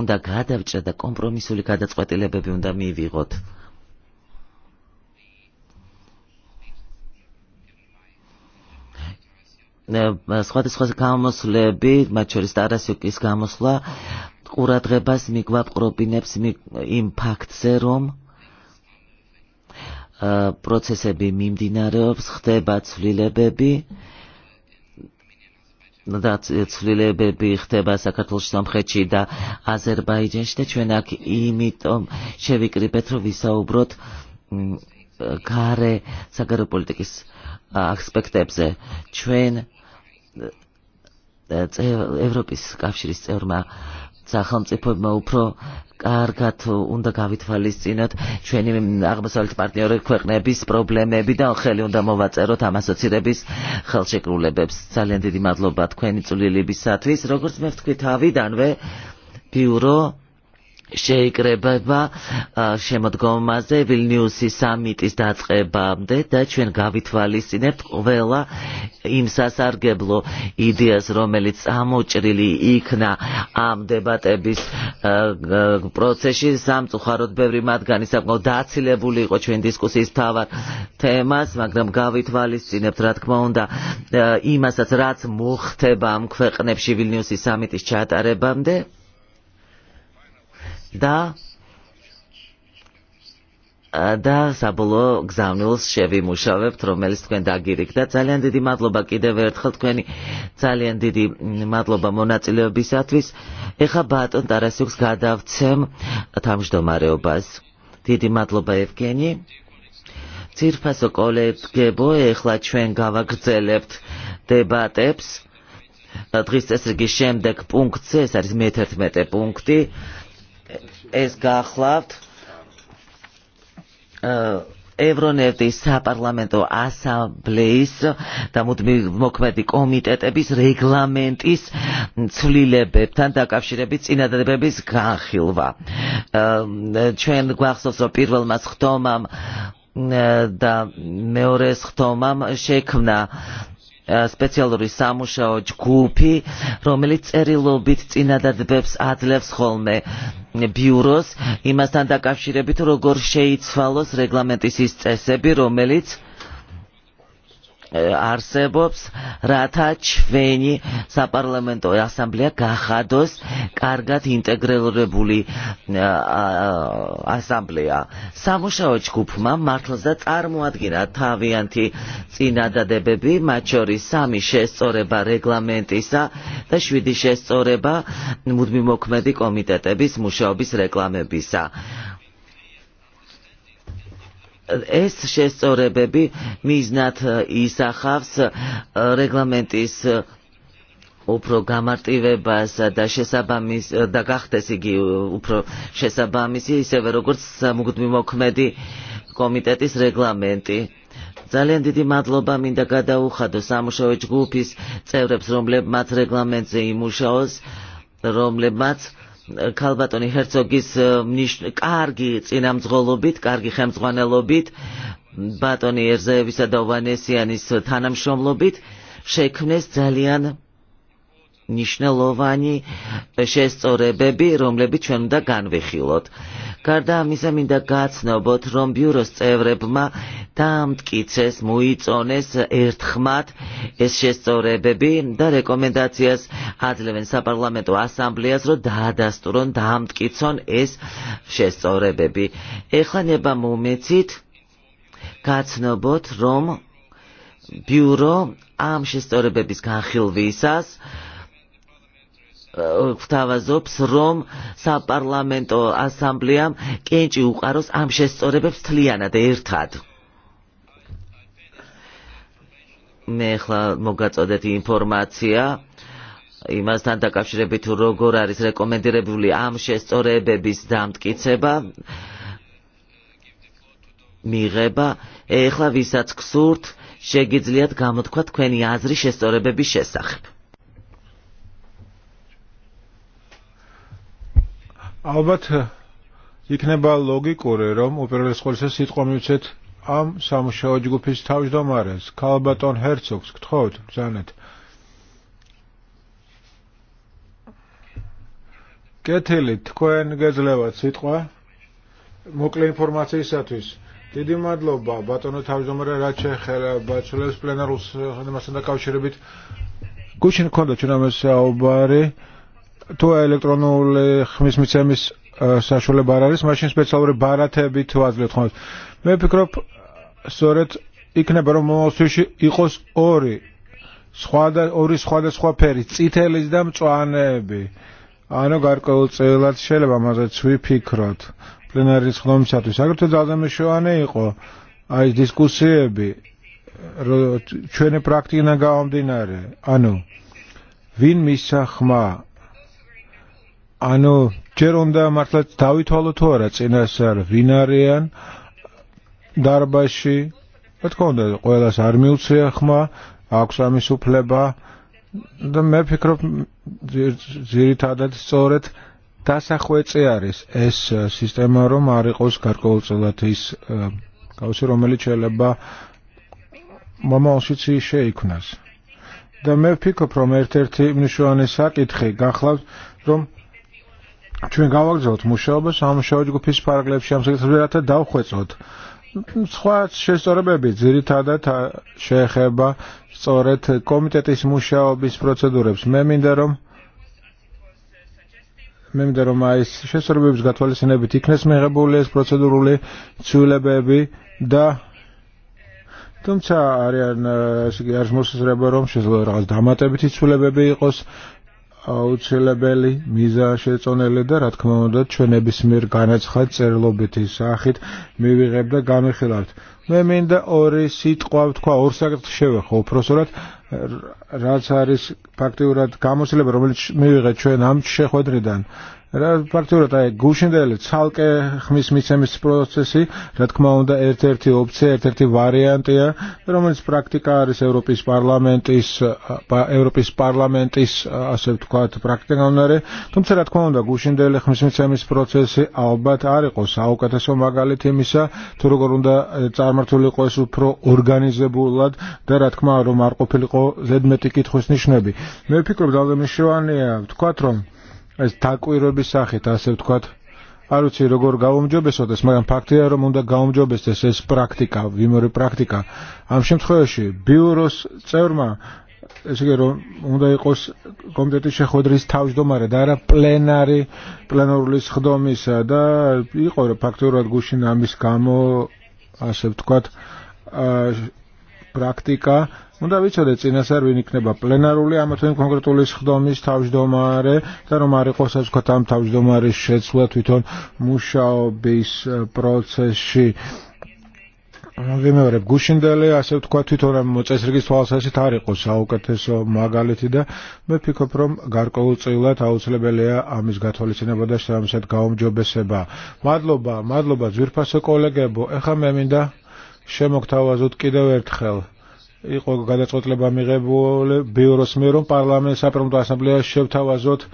უნდა გადავჭრა და კომპრომისული გადაწყვეტილებები უნდა მივიღოთ სხვადასხვა გამოსვლები მათ შორის ტარასიუკის გამოსვლა ყურადღებას მიგვაპყრობინებს იმ ფაქტზე რომ პროცესები მიმდინარეობს, ხდება ცვლილებები, და ცვლილებები ხდება საქართველოს სამხრეთში და აზერბაიჯანში და ჩვენ აქ იმიტომ შევიკრიბეთ რომ ვისაუბროთ გარე საგარეო პოლიტიკის ასპექტებზე ჩვენ ევროპის კავშირის წევრმა სახელმწიფოებმა უფრო კარგად უნდა გავითვალისწინოთ ჩვენი აღმოსავლეთ პარტნიორი ქვეყნების პრობლემები და ხელი უნდა მოვაწეროთ ამ ასოცირების ხელშეკრულებებს. ძალიან დიდი მადლობა თქვენი წვლილისათვის. როგორც მე ვთქვი თავიდანვე ბიურო შეიკრება შემოდგომაზე ვილნიუსის სამიტის დაწყებამდე და ჩვენ გავითვალისწინებთ ყველა იმ სასარგებლო იდეას, რომელიც ამოჭრილი იქნა ამ დებატების პროცესში, სამწუხაროდ ბევრი მათგანი საკმაოდ დაცილებული იყო ჩვენ დისკუსიის თავად თემას, მაგრამ გავითვალისწინებთ, რა თქმა უნდა, იმასაც, რაც მოხდება ამ ქვეყნებში ვილნიუსის სამიტის ჩატარებამდე да, და საბოლო გზავნილს შევიმუშავებ, რომელიც თქვენ დაგირიგდა. ძალიან დიდი მადლობა კიდევ ერთხელ თქვენი ძალიან დიდი მადლობა მონაწილეობისათვის. ეხა ბატონ ტარასიუს გადავცემ თავმჯდომარეობას. დიდი მადლობა ევგენი. ძირფასო კოლეგებო, ეხლა ჩვენ გავაგრძელებთ დებატებს. დღის წესრიგის შემდეგ პუნქტზე, ეს არის მე-11 პუნქტი ეს გახლავთ ევრონევტის საპარლამენტო ასამბლეის და მოქმედი კომიტეტების რეგლამენტის ცვლილებებთან დაკავშირებით წინადადებების განხილვა. ჩვენ გვახსოვს რომ პირველმა ხდომამ და მეორე ხდომამ შექმნა სპეციალური სამუშაო ჯგუფი, რომელიც წერილობით წინადადებებს ადლევს ხოლმე ბიუროს იმასთან დაკავშირებით, როგორ შეიცვალოს რეგლამენტის ის წესები, რომელიც არსებობს, რათა ჩვენი საპარლამენტო ასამბლეა გახადოს კარგად ინტეგრირებული ასამბლეა. სამუშაო ჯგუფმა მართლაც წარმოადგინა თავიანთი წინადადებები, მათ შორის სამი შესწორება რეგლამენტისა და შვიდი შესწორება მუდმივმოქმედი კომიტეტების მუშაობის რეკლამებისა ეს შესწორებები მიზნად ისახავს რეგლამენტის უფრო გამარტივებას და შესაბამის და გახდეს იგი უფრო შესაბამისი ისევე როგორც სამგდმიმო ქმედი კომიტეტის რეგლამენტი ძალიან დიდი მადლობა მინდა გადაუხადო სამუშაო ჯგუფის წევრებს რომლებმაც რეგლამენტზე იმუშაოს რომლებმაც ქალბატონი ჰერცოგის კარგი წინამძღოლობით, კარგი ხელმძღვანელობით, ბატონი ერზეევისა და ოვანესიანის თანამშრომლობით შექმნეს ძალიან მნიშვნელოვანი შესწორებები, რომლებიც ჩვენდა განვიხილოთ. გარდა ამისა, მინდა გაცნობოთ, რომ ბიუროს წევრებმა დაამტკიცეს, მოიწონეს ერთხმად ეს შესწორებები და რეკომენდაციას აძლევენ საპარლამენტო ასამბლეას, რომ დაადასტურონ, დაამტკიცონ ეს შესწორებები. ეხლა ნება მომეცით გაცნობოთ, რომ ბიურო ამ შესწორებების განხილვისას გვთავაზობს, რომ საპარლამენტო ასამბლეამ კენჭი უყაროს ამ შესწორებებს თლიანად ერთად. მე ახლა მოგაწოდეთ ინფორმაცია იმასთან დაკავშირებით როგორ არის რეკომენდირებული ამ შესწორებების დამტკიცება მიღება ეხლა ვისაც გსურთ შეგიძლიათ გამოთქვა თქვენი აზრი შესწორებების შესახებ ალბათ იქნება ლოგიკური, რომ უპირველეს ყოვლისა სიტყვა მივცეთ ამ სამუშაო ჯგუფის თავმჯდომარეს, ქალბატონ ჰერცოგს, გთხოვთ, ბრძანეთ. კეთილი, თქვენ გეძლევათ სიტყვა მოკლე ინფორმაციისათვის. დიდი მადლობა ბატონო თავმჯდომარე რაც შეეხება ბაცვლებს პლენარულ სანიმასთან დაკავშირებით გუშინ გქონდა ჩვენ ამას საუბარი თუ ელექტრონული ხმის მიცემის საშუალება არ არის, მაშინ სპეციალური ბარათები თუ აძლევთ ხოლმე. მე ვფიქრობ, სწორედ იქნება რომ მომავალში იყოს ორი სხვა და ორი სხვადასხვა ფერი, წითელის და მწვანეები. ანუ გარკვეულწილად შეიძლება ამაზეც ვიფიქროთ პლენარის ხდომისათვის. აგრეთვე ძალზე მეშოვანე იყო აი დისკუსიები ჩვენი პრაქტიკიდან გამომდინარე. ანუ ვინ მისცა ხმა ანუ ჯერ უნდა მართლაც დავითვალო თუ არა წინასწარ ვინ არიან დარბაში რა თქმა უნდა ყველას არ მიუცია ხმა აქვს ამის უფლება და მე ვფიქრობ ძირითადად სწორედ დასახვეწე არის ეს სისტემა რომ არ იყოს გარკვეულწილად ის კავშირი რომელიც შეიძლება მომავალშიც შეიქმნას და მე ვფიქრობ რომ ერთ-ერთი მნიშვნელოვანი საკითხი გახლავს რომ ჩვენ გავაგზავნოთ მუშაობა სამუშაო ჯგუფის პარაგლებში ამ საკითხებზე რათა დავხვეწოთ სხვა შესწორებები ძირითადად შეეხება სწორედ კომიტეტის მუშაობის პროცედურებს. მე მინდა რომ მე მინდა რომ აი ეს შესწორებების გათვალისწინებით იქნეს მიღებული ეს პროცედურული ცვლილებები და თუმცა არის ისე არის მოსაზრება რომ შეიძლება რაღაც დამატებითი ცვლილებები იყოს აუცილებელი მიზა შეწონელი და რა თქმა უნდა ჩვენების მიერ განაცხად წერილობითი სახით მივიღებ და გამიხილავთ. მე მინდა ორი სიტყვა ვთქვა, ორ საკითხს შევეხო უпроსორად, რაც არის ფაქტიურად გამოსილება რომელიც მივიღეთ ჩვენ ამ შეხვედრიდან რა პარტიულად აი გუშინდელი ცალკე ხმის მიცემის პროცესი, რა თქმა უნდა, ერთ-ერთი ოფცია, ერთ-ერთი ვარიანტია, რომელიც პრაქტიკა არის ევროპის პარლამენტის ევროპის პარლამენტის ასე ვთქვათ, პრაქტიკა უნარე, თუმცა რა თქმა უნდა, გუშინდელი ხმის მიცემის პროცესი ალბათ არ იყო საუკეთესო მაგალითი იმისა, თუ როგორ უნდა წარმართულიყო ეს უფრო ორგანიზებულად და რა თქმა უნდა, რომ არ ყოფილიყო ზედმეტი კითხვის ნიშნები. მე ვფიქრობ, ძალიან მნიშვნელოვანია ვთქვათ, რომ ეს დაკვირვების სახით, ასე ვთქვათ, არ ვიცი როგორ ეს მაგრამ ფაქტია რომ უნდა გაუმჯობესდეს ეს პრაქტიკა, ვიმორი პრაქტიკა. ამ შემთხვევაში ბიუროს წევრმა ესე იგი რომ უნდა იყოს კომიტეტის შეხვედრის თავმჯდომარე და არა პლენარი პლენარული შეხვედრისა და იყო რა ფაქტობრივად გუშინ ამის გამო ასე ვთქვათ პრაქტიკა უნდა ვიცოდეთ წინასწარ ვინ იქნება პლენარული ამა თუ იმ კონკრეტული ხდომის თავმჯდომარე და რომ არ იყოს ასე ვთქვათ ამ თავმჯდომარის შეცვლა თვითონ მუშაობის პროცესში ვიმეორებ გუშინდელი ასე ვთქვა თვითონ ამ მოწესრიგის თვალსაზრისით არ იყო საუკეთესო მაგალითი და მე ვფიქრობ რომ გარკვეულწილად აუცილებელია ამის გათვალისწინება და შეამსად გაუმჯობესება მადლობა მადლობა ძვირფასო კოლეგებო ეხლა მე მინდა შემოგთავაზოთ კიდევ ერთხელ იყო გადაწყვეტილება მიღებული ბიუროს მიერ რომ პარლამენტ საპრემიერ ასამბლეას შევთავაზოთ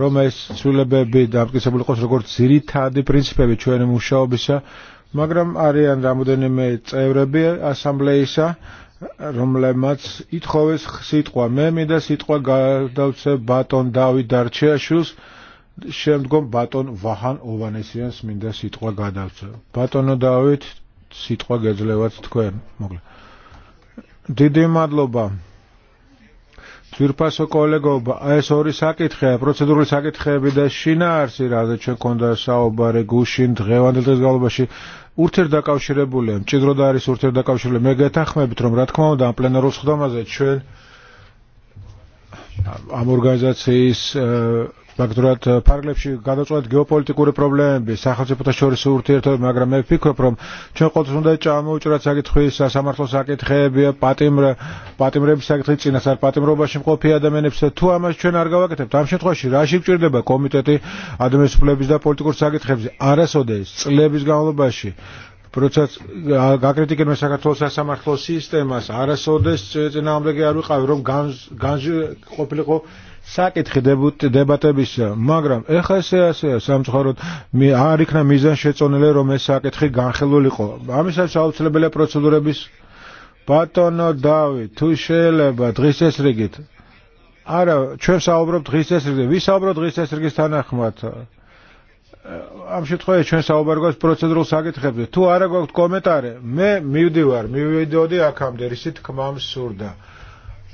რომ ეს ცვლილებები იყოს როგორც ძირითადი პრინციპები ჩვენი მუშაობისა, მაგრამ არიან რამოდენიმე წევრები ასამბლეისა, რომლებმაც ითხოვეს სიტყვა. მე მინდა სიტყვა გადავცე ბატონ დავით დარჩეაშვილს, შემდგომ ბატონ ვაჰან ოვანესიანს მინდა სიტყვა გადავცე. ბატონო დავით, სიტყვა გეძლევათ თქვენ, მოკლედ დიდიმადლობა ძვირფასო კოლეგობა, ეს ორი საკითხია, პროცედურული საკითხები და შინაარსი, რაზეც ჩვენ გქონდა საუბარი გუშინ დღევანდელ დღეს განმავლობაში ურთიერთდაკავშირებულია, მჭიდროდ არის ურთიერთდაკავშირებული. მე გეთანხმებით, რომ რა თქმა უნდა, ამ პლენარულ სხდომაზე ჩვენ ამ ორგანიზაციის მაგდროულად ფარგლებში გადაწყვეტ გეოპოლიტიკური პრობლემები, სახელმწიფოთა შორის ურთიერთობები, მაგრამ მე ვფიქრობ, რომ ჩვენ ყოველთვის უნდა ჩამოვჭრათ საკითხის სასამართლო საკითხები, პატიმრ პატიმრების საკითხი, წინასწარ პატიმრობაში მყოფი ადამიანებს თუ ამას ჩვენ არ გავაკეთებთ, ამ შემთხვევაში რაში გჭირდება კომიტეტი ადამიანის უფლებების და პოლიტიკურ საკითხებზე? არასოდეს წლების განმავლობაში როცა გაკრიტიკებენ საქართველოს სასამართლო სისტემას, არასოდეს წინააღმდეგი არ ვიყავი, რომ განს ყოფილიყო საკითხი დებატებისა, მაგრამ ეხლა ესე ასე სამწუხაროდ არ იქნა მიზან შეწონილი რომ ეს საკითხი განხილულიყო. ამისაც აუცილებელია პროცედურების ბატონო დავით, თუ შეიძლება დღის ეს რიგით. არა, ჩვენ საუბრობთ დღის ეს რიგით. ვის საუბრობ დღის ეს რიგის თანახმად? ამ შემთხვევაში ჩვენ საუბარ გვაქვს პროცედურულ საკითხებზე. თუ არა გვაქვთ კომენტარი, მე მივდივარ, მივიდოდი აქამდე, რისი თქმა მსურდა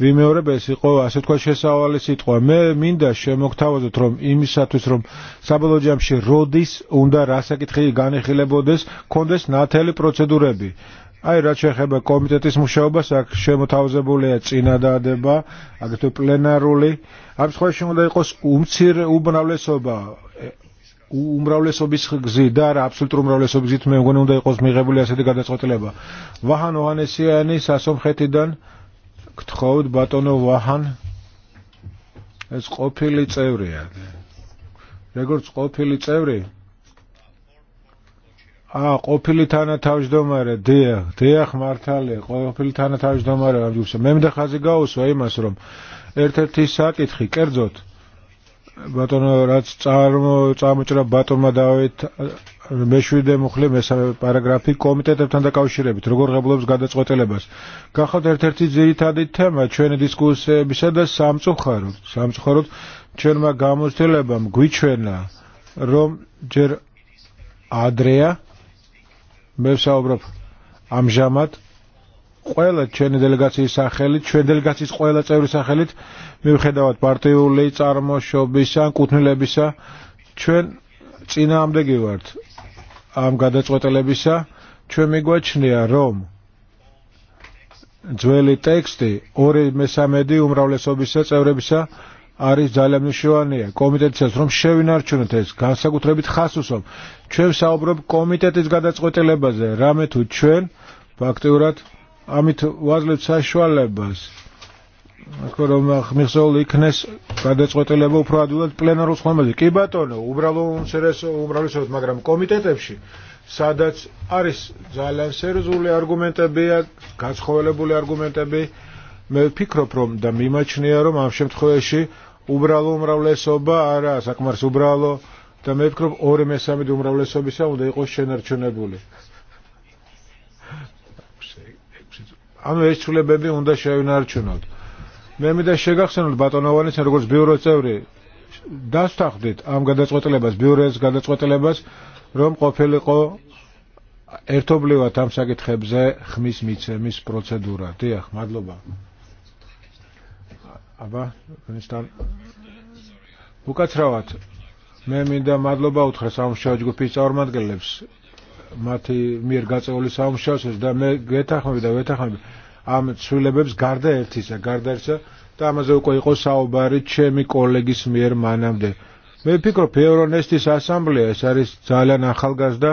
ვიმეორებ ეს იყო ასე თქვა შესავალი სიტყვა მე მინდა შემოგთავაზოთ რომ იმისათვის რომ საბოლოო ჯამში როდის უნდა რა საკითხი განეხილებოდეს კონდეს ნათელი პროცედურები აი რაც შეეხება კომიტეტის მუშაობას აქ შემოთავაზებულია წინადადება აგრეთვე პლენარული ამ შემთხვევაში უნდა იყოს უმცირ უმრავლესობა უმრავლესობის გზი და რა აბსოლუტურ უმრავლესობის გზით მე მგონი უნდა იყოს მიღებული ასეთი გადაწყვეტილება ვაჰან ოჰანესიანი სასომხეთიდან გთხოვთ ბატონო ვაჰან ეს ყოფილი წევრია როგორც ყოფილი წევრი ა ყოფილი თანათავმჯდომარე დიახ დიახ მართალია ყოფილი თანათავმჯდომარე ამჯობსა მე მდა ხაზი გაუსვა იმას რომ ერთ-ერთი საკითხი კერძოდ ბატონო რაც წარმო წამოჭრა ბატონმა დავით მე-7 მუხლე მესამე პარაგრაფი კომიტეტებთან დაკავშირებით როგორ ღებულობს გადაწყვეტილებას. გახავთ ერთ-ერთი ძირითადი თემა ჩვენი დისკუსიებისა და სამწუხაროდ, სამწუხაროდ ჩვენმა გამოცდილებამ გვიჩვენა რომ ჯერ ადრეა მე ვსაუბრობ ამჟამად ყველა ჩვენი დელეგაციის სახელით, ჩვენ დელეგაციის ყველა წევრის სახელით მივხვდავთ პარტიული წარმოშობის ან კუთვნილებისა ჩვენ წინააღმდეგი ვართ ამ გადაწყვეტილებისა ჩვენ მიგვაჩნია რომ ძველი ტექსტი 2/3 უმრავლესობისა წევრებისა არის ძალიან მნიშვნელოვანია კომიტეტისას რომ შევინარჩუნოთ ეს განსაკუთრებით ხასუსობ ჩვენ საუბრობ კომიტეტის გადაწყვეტილებაზე რამე თუ ჩვენ ფაქტიურად ამით ვაძლევთ საშუალებას თქო რომ ხმიხსეულ იქნეს გადაწყვეტილება უფრო ადვილად პლენარულ ხომაზე. კი ბატონო, უბრალო უმცირესო უმრავლესობთ, მაგრამ კომიტეტებში სადაც არის ძალიან სერიოზული არგუმენტებია, გაცხოველებული არგუმენტები, მე ვფიქრობ რომ და მიმაჩნია რომ ამ შემთხვევაში უბრალო უმრავლესობა არა, საკმარს უბრალო და მე ვფიქრობ 2/3 უმრავლესობისა უნდა იყოს შენარჩუნებული. ანუ ეს ცვლილებები უნდა შევინარჩუნოთ მე მინდა შეგახსენოთ ბატონო ვანესთან როგორც ბიუროს წევრი დასთანხდით ამ გადაწყვეტილებას ბიუროს გადაწყვეტილებას რომ ყოფილიყო ერთობლივად ამ საკითხებზე ხმის მიცემის პროცედურა. დიახ, მადლობა. აბა, ვინსთან უკაცრავად მე მინდა მადლობა უთხრა სამშაო ჯგუფის წარმომადგენლებს მათი მიერ გაწეული სამშაოს და მე გეთანხმები და ვეთანხმები ამ ცვლილებებს გარდა ერთისა, გარდა ერთისა და ამაზე უკვე იყო საუბარი ჩემი კოლეგის მიერ მანამდე. მე ვფიქრობ, ევრონესტის ასამბლეა ეს არის ძალიან ახალგაზრდა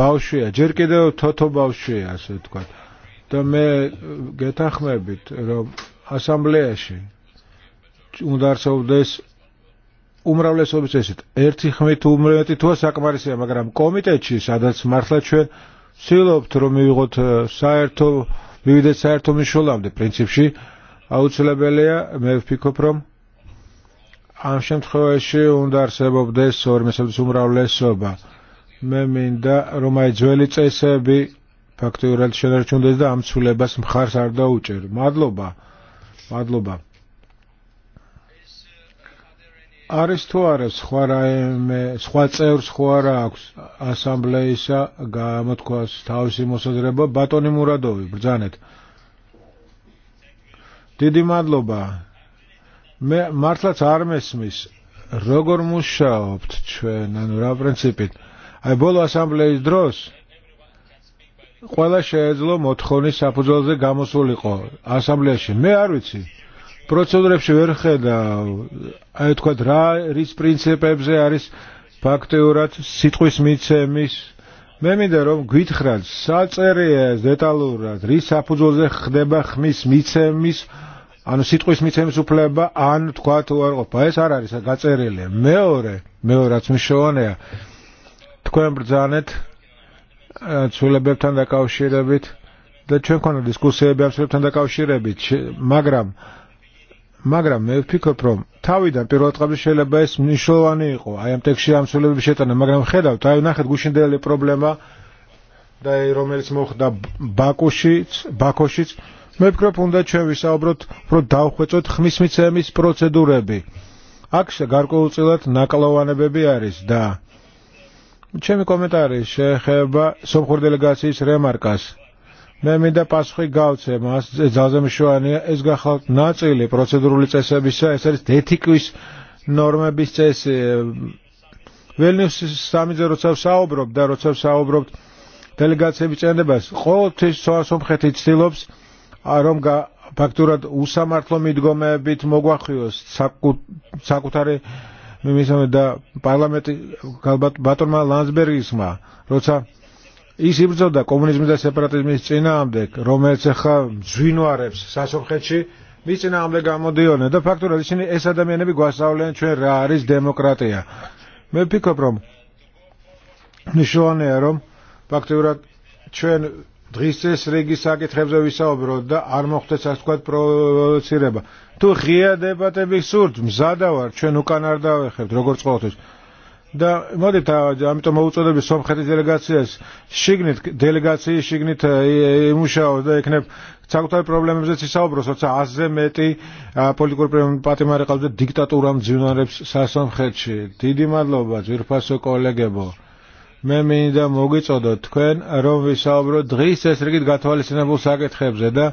ბავშვია, ჯერ კიდევ თოთო ბავშვია, ასე ვთქვა. და მე გეთახმებით, რომ ასამბლეაში უნდა არსებდეს უმრავლესობის ესეთ ერთი ხმით უმეტი თუა საკმარისია, მაგრამ კომიტეტში, სადაც მართლა ჩვენ ვცდილობთ რომ მივიღოთ საერთო მივიდეთ საერთო მნიშვნელამდე პრინციპში აუცილებელია მე ვფიქრობ რომ ამ შემთხვევაში უნდა არსებობდეს ორი ორმესობის უმრავლესობა მე მინდა რომ აი ძველი წესები ფაქტიურად შენარჩუნდეს და ამ ცვლილებას მხარს არ დაუჭერ მადლობა მადლობა არის თუ არა სხვა რაიმე სხვა წევრს ხო არა აქვს ასამბლეისა გამოთქვას თავისი მოსაზრება ბატონი მურადოვი ბრძანეთ დიდი მადლობა მე მართლაც არ მესმის როგორ მუშაობთ ჩვენ ანუ რა პრინციპით აი ბოლო ასამბლეის დროს ყველა შეეძლო მოთხოვნის საფუძველზე გამოსულიყო ასამბლეაში მე არ ვიცი პროცედურებში ვერ ხედა აი თქვა რა რის პრინციპებზე არის ფაქტიურად სიტყვის მიცემის მე მინდა რომ გითხრათ საწერია დეტალურად რის საფუძველზე ხდება ხმის მიცემის ანუ სიტყვის მიცემის უფლება ან თქვა თუ არ ყოფა ეს არ არის გაწერილი მეორე მეორაც მნიშვნელოვანია თქვენ ბრძანეთ ცულებებთან დაკავშირებით და ჩვენ ქონა დისკუსიები ამ ცულებთან დაკავშირებით მაგრამ მაგრამ მე ვფიქრობ, რომ თავიდან პირველწყაბი შეიძლება ეს მნიშვნელოვანი იყო, აი ამ ტექსში ამ სულების შეტანა, მაგრამ ხედავთ, აი ნახეთ გუშინდელი პრობლემა და აი რომელიც მოხდა ბაკუშიც, ბაქოშიც, მე ვფიქრობ, უნდა ჩვენ ვისაუბროთ, უფრო დავხვეწოთ ხმის მიცემის პროცედურები. აქ გარკვეულწილად ნაკლოვანებები არის და ჩემი კომენტარი შეეხება სომხური დელეგაციის რემარკას მე მინდა პასუხი მას ძალზე მშვანია ეს გახალთ ნაწილი პროცედურული წესებისა ეს არის ეთიკის ნორმების წესი ველნიუსის სამიზე როცა საუბრობ და როცა საუბრობ დელეგაციების წენებას ყოველთვის სოასომხეთი ცდილობს რომ ფაქტურად უსამართლო მიდგომებით მოგვახიოს საკუთარი მისამე და პარლამენტი ალბათ ბატონმა ლანსბერგისმა როცა ის იბრძოდა კომუნიზმის და სეპარატიზმის წინააღმდეგ, რომელიც ახლა ძვინვარებს სასოფხეთში, მის წინააღმდეგ გამოდიოდნენ და ფაქტურად ისინი ეს ადამიანები გვასწავლიან ჩვენ რა არის დემოკრატია. მე ვფიქრობ, რომ ნიშნავენ რომ ფაქტურად ჩვენ დღეს ეს რიგის საკითხებზე ვისაუბროთ და არ მოხდეს ასე ვთქვათ პროვოცირება. თუ ღია დებატები სურთ, მზადა ვარ, ჩვენ უკან არ დავეხებთ, როგორც ყოველთვის და მოდით ამიტომ მოუწოდები სომხეთის დელეგაციას შიგნით დელეგაციის შიგნით იმუშაოს და ეკნებ საკუთარ პრობლემებზეც ისაუბროს თორსა 100-ზე მეტი პოლიტიკური პატიმარი ყავს და დიქტატურა მძინარებს სასომხეთში დიდი მადლობა ძვირფასო კოლეგებო მე მინდა მოგეწოდოთ თქვენ რომ ვისაუბროთ დღის ეს რიგით გათვალისწინებულ საკითხებზე და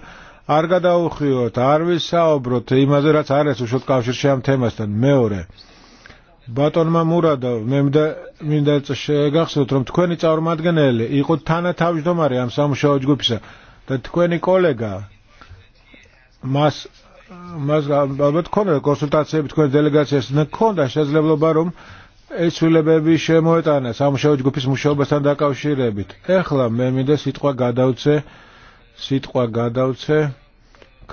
არ გადაუხიოთ არ ვისაუბროთ იმაზე რაც არის უშუალოდ კავშირში ამ თემასთან მეორე ბატონმა მურადოვ, მე მინდა გახსნათ, რომ თქვენი წარმომადგენელი იყო თანათავმჯდომარე ამ სამუშაო ჯგუფისა და თქვენი კოლეგა მას მას ალბათ ქონდა კონსულტაციები თქვენ დელეგაციას და ქონდა შესაძლებლობა რომ ეს ცვლილებები შემოეტანა სამუშაო ჯგუფის მუშაობასთან დაკავშირებით. ეხლა მე მინდა სიტყვა გადავცე სიტყვა გადავცე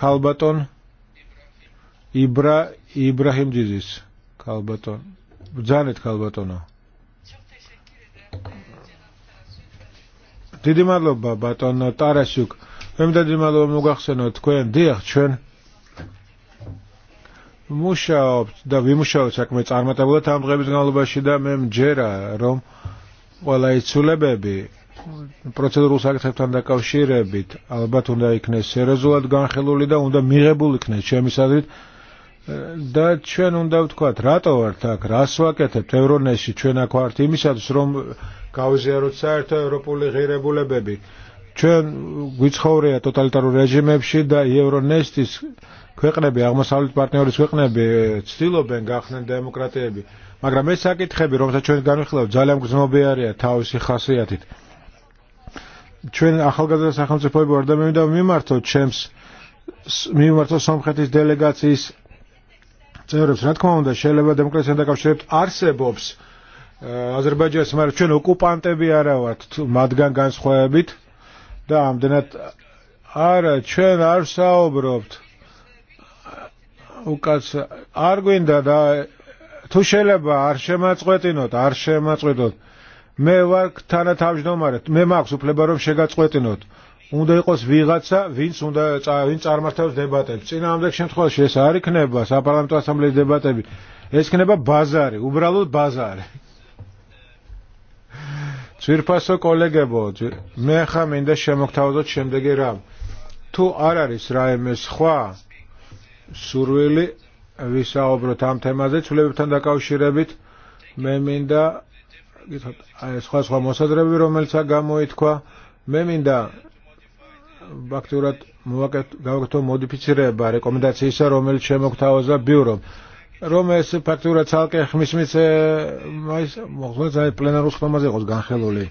ქალბატონ იბრა იბრაჰიმჯიზის ქალბატონ Τζάνετ Χαλβατόνα. დიდი მადლობა ბატონო ტარასიუკ. მე დიდი მადლობა მოგახსენოთ თქვენ. დიახ, ჩვენ მუშაობთ და ვიმუშაობთ საკმე წარმატებულად ამ დღების განმავლობაში და მე მჯერა რომ ყველა იცულებები პროცედურულ საკითხებთან დაკავშირებით ალბათ უნდა იქნეს სერიოზულად განხილული და უნდა მიღებულ იქნეს ჩემი აზრით და ჩვენ უნდა ვთქვათ რატო ვართ აქ რას ვაკეთებთ ევრონესში ჩვენ აქ ვართ იმისათვის რომ გავიზიაროთ საერთო ევროპული ღირებულებები ჩვენ გვიცხოვრია ტოტალიტარულ რეჟიმებში და ევრონესტის ქვეყნები აღმოსავლეთ პარტნიორის ქვეყნები ცდილობენ გახდნენ დემოკრატიები მაგრამ ეს საკითხები რომელსაც ჩვენ განვიხილავთ ძალიან გრძნობიარეა თავისი ხასიათით ჩვენ ახალგაზრდა სახელმწიფოები ვარ და მე მინდა მიმართოთ ჩემს მიმართო სომხეთის დელეგაციის წევრებს, რა თქმა უნდა, შეიძლება დემოკრატიასთან დაკავშირებით არსებობს აზერბაიჯანის მაგრამ ჩვენ ოკუპანტები არა ვართ მათგან განსხვავებით და ამდენად არა, ჩვენ არ საუბრობთ უკაც არ გვინდა და თუ შეიძლება არ შემაწყვეტინოთ, არ შემაწყვეტოთ. მე ვარ თანათავმჯდომარე, მე მაქვს უფლება რომ შეგაწყვეტინოთ უნდა იყოს ვიღაცა, ვინც უნდა ვინ წარმართავს დებატებს. წინააღმდეგ შემთხვევაში ეს არ იქნება საპარლამენტო ასამბლეის დებატები. ეს იქნება ბაზარი, უბრალოდ ბაზარი. ძვირფასო კოლეგებო, მე ხა მინდა შემოგთავაზოთ შემდეგი რამ. თუ არ არის რაიმე სხვა სურვილი ვისაუბროთ ამ თემაზე ცვლილებებთან დაკავშირებით, მე მინდა გითხოთ, აი სხვა სხვა მოსაზრები რომელცა გამოითქვა, მე მინდა ფაქტურად გავაკეთო მოდიფიცირება რეკომენდაციისა, რომელიც შემოგთავაზა ბიურომ. რომ ეს ფაქტურად ცალკე ხმისმის ეს მოხდა აი პლენარულ ხმამაზე იყოს განხელული.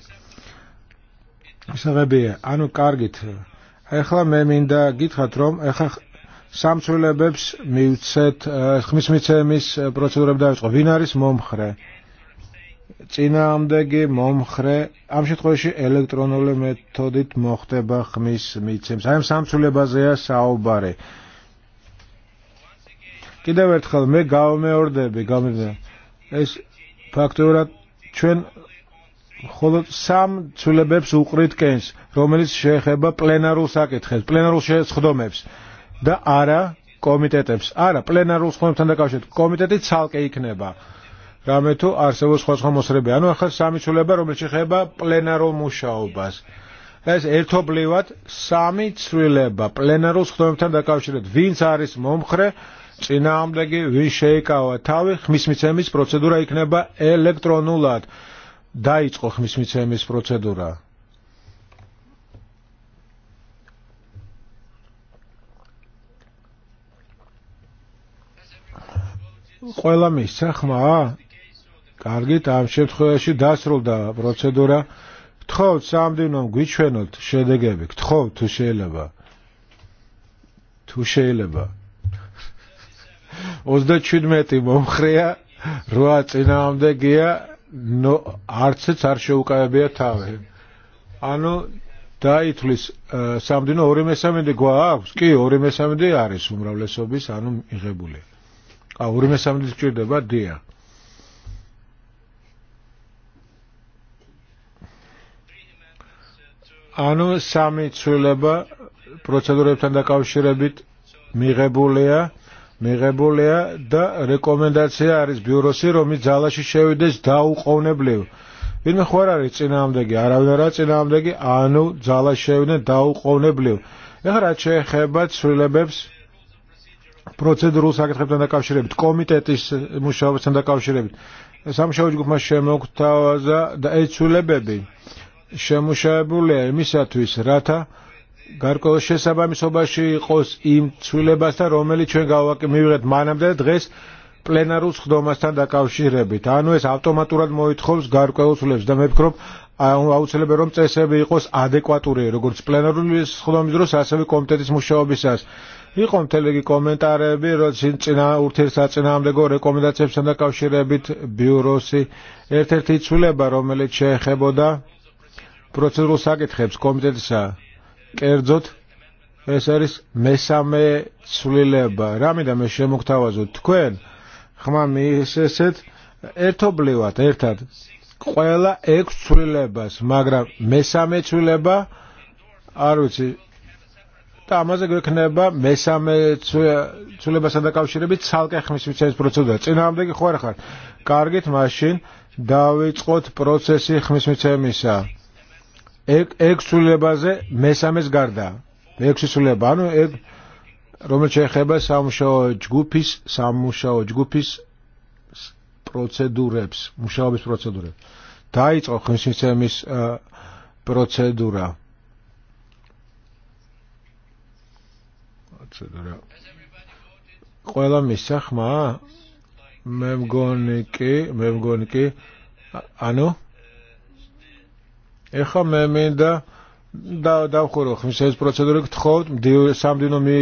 ისაღებია, ანუ კარგით. ახლა მე მინდა გითხრათ, რომ ახლა სამცველებებს მივცეთ ხმის მიცემის პროცედურები დაიწყო. ვინ არის მომხრე? წინაამდეგი მომხრე ამ შემთხვევაში ელექტრონული მეთოდით მოხდება ხმის მიცემს. აი ამ სამცულებაზეა საუბარი. კიდევ ერთხელ მე გავმეორდები, გამიმეორდები. ეს ფაქტორად ჩვენ მხოლოდ სამ ცულებებს უყრით კენს, რომელიც შეეხება პლენარულ საკითხებს, პლენარულ შეხვდომებს და არა კომიტეტებს. არა, პლენარულ შეხვდომებთან დაკავშირებით კომიტეტი ცალკე იქნება რამე თუ არსებობს სხვადასხვა მოსრები, ანუ ახლა სამი ცვლილება, რომელიც ეხება პლენარულ მუშაობას. ეს ერთობლივად სამი ცვლილება პლენარულ ხდომებთან დაკავშირებით. ვინც არის მომხრე წინააღმდეგი, ვინ შეიკავა თავი, ხმისმიცემის პროცედურა იქნება ელექტრონულად. დაიწყო ხმისმიცემის პროცედურა. ყველა მისცა ხმა? კარგით, ამ შემთხვევაში დასრულდა პროცედურა. გთხოვთ სამდივნომ გვიჩვენოთ შედეგები. გთხოვთ თუ შეიძლება. თუ შეიძლება. 37 მომხრეა, 8 წინააღმდეგია, ნო არცც არ შეუკავებია თავი. ანუ დაითვლის სამდივნო 2/3 გვაქვს? კი, 2/3 არის უმრავლესობის, ანუ მიღებული. ა 2/3 გჭირდება დია. ანუ სამი ცვლილება პროცედურებთან დაკავშირებით მიღებულია მიღებულია და რეკომენდაცია არის ბიუროსი, რომელიც ძალაში შევიდეს დაუყოვნებლივ. ვინმე ხო არ არის წინააღმდეგი, არავინ არ არის წინააღმდეგი, ანუ ძალაში შევიდნენ დაუყოვნებლივ. ეხლა რაც შეეხება ცვლილებებს პროცედურულ საკითხებთან დაკავშირებით, კომიტეტის მუშაობასთან დაკავშირებით, სამშაო ჯგუფმა შემოგთავაზა და ეს ცვლილებები შემუშავებული იმისათვის, რათა გარკვეულ შესაბამისობაში იყოს იმ ცვლილებასთან, რომელიც ჩვენ გავაკმივიღეთ მანამდე დღეს პლენარულ ხდომასთან დაკავშირებით. ანუ ეს ავტომატურად მოითხოვს გარკვეულ ცვლილებს და მე ვფიქრობ, აუცილებელია რომ წესები იყოს ადეკვატური, როგორც პლენარული ხდომის დროს, ასევე კომიტეტის მუშაობისას. იყო მთელი რიგი კომენტარები, როცა წინა ურთიერთსაწინააღმდეგო რეკომენდაციებთან დაკავშირებით ბიუროსი ერთ-ერთი ცვლილება, რომელიც შეეხებოდა პროცედურულ საკითხებს კომიტეტისა კერძოდ ეს არის მესამე ცვლილება. რამიდან მე შემოგთავაზოთ თქვენ ხმა მის ერთობლივად ერთად ყველა ექვს ცვლილებას, მაგრამ მესამე ცვლილება არ ვიცი და ამაზე გვექნება მესამე ცვლილებასთან დაკავშირებით ცალკე ხმის მიცემის პროცედურა. წინააღმდეგი ხო არ ხარ? კარგით, მაშინ დავიწყოთ პროცესი ხმის მიცემისა ექვს ცვლილებაზე მესამეს გარდა. ექვსი ცვლილება, ანუ რომელიც ეხება სამუშაო ჯგუფის, სამუშაო ჯგუფის პროცედურებს, მუშაობის პროცედურებს. დაიწყო ხელშემსემის პროცედურა. პროცედურა. ყველა მისცა ხმა? მე მგონი კი, მე მგონი კი, ანუ ეხა მე მინდა და დავხურო ხმის ეს პროცედურა გთხოვთ სამდინო მი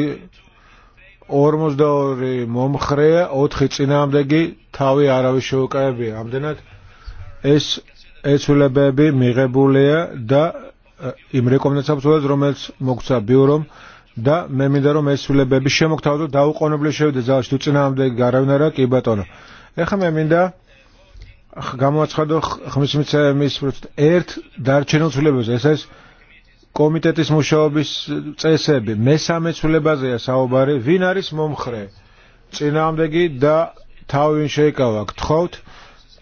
42 მომხრე 4 წინააღმდეგი თავი არავის შეუკავებია ამდენად ეს ეცვლებები მიღებულია და იმ რეკომენდაციებს რომელიც მოგცა ბიურომ და მე მინდა რომ ეს ცვლილებები შემოგთავაზო დაუყოვნებლივ შევიდე ძალში თუ წინააღმდეგ არავინ არა კი ბატონო ეხლა მე მინდა გამოაცხადო 500 მის ერთ დარჩენილ ცვლილებაზე, ეს არის კომიტეტის მუშაობის წესები. მესამე ცვლილებაზეა საუბარი, ვინ არის მომხრე? წინააღმდეგი და თავი შეეკავა. გთხოვთ,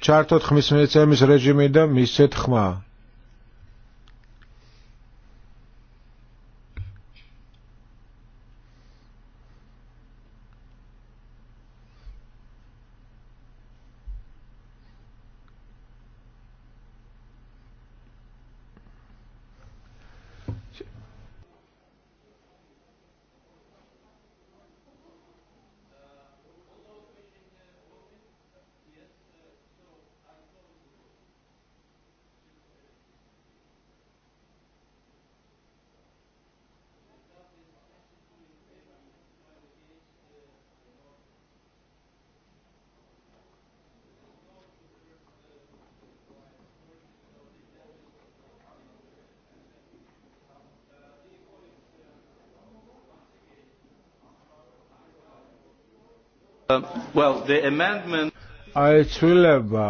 ჩართოთ ხმის მეცემის რეჟიმი და მისცეთ ხმა. აეცვლება